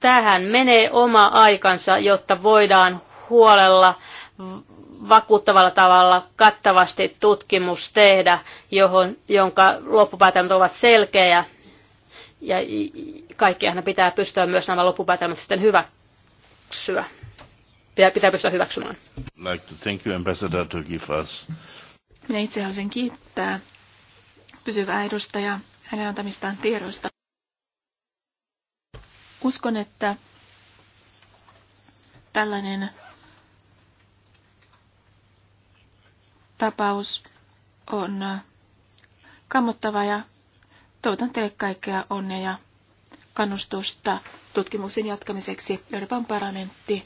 tähän menee oma aikansa, jotta voidaan huolella vakuuttavalla tavalla kattavasti tutkimus tehdä, johon, jonka loppupäätelmät ovat selkeä ja kaikkihan pitää pystyä myös nämä loppupäätelmät sitten hyvä, hyväksyä. Pitää pystyä hyväksymään. Like to thank you, Ambassador, to give us. Minä itse haluaisin kiittää pysyvää edustajaa hänen antamistaan tiedoista. Uskon, että tällainen tapaus on kammottava ja toivotan teille kaikkea onnea ja kannustusta tutkimuksen jatkamiseksi. Euroopan parlamentti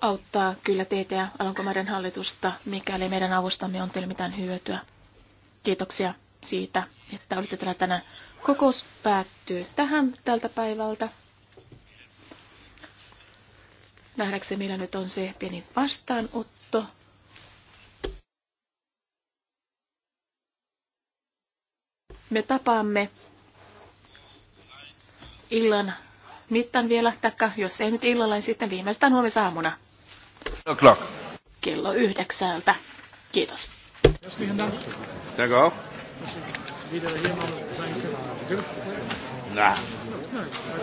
auttaa kyllä teitä ja Alankomaiden hallitusta, mikäli meidän avustamme on teille mitään hyötyä. Kiitoksia siitä, että olitte täällä tänään. Kokous päättyy tähän tältä päivältä. Nähdäkseni meillä nyt on se pieni vastaanotto. Me tapaamme illan mittan vielä, taikka jos ei nyt illalla, niin sitten viimeistään huomisaamuna. O'clock. No Kello yhdeksältä. Kiitos. Na,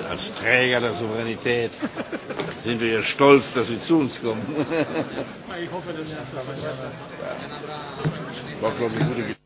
als Träger der Souveränität sind wir ja stolz, dass Sie zu uns kommen. Ich hoffe, dass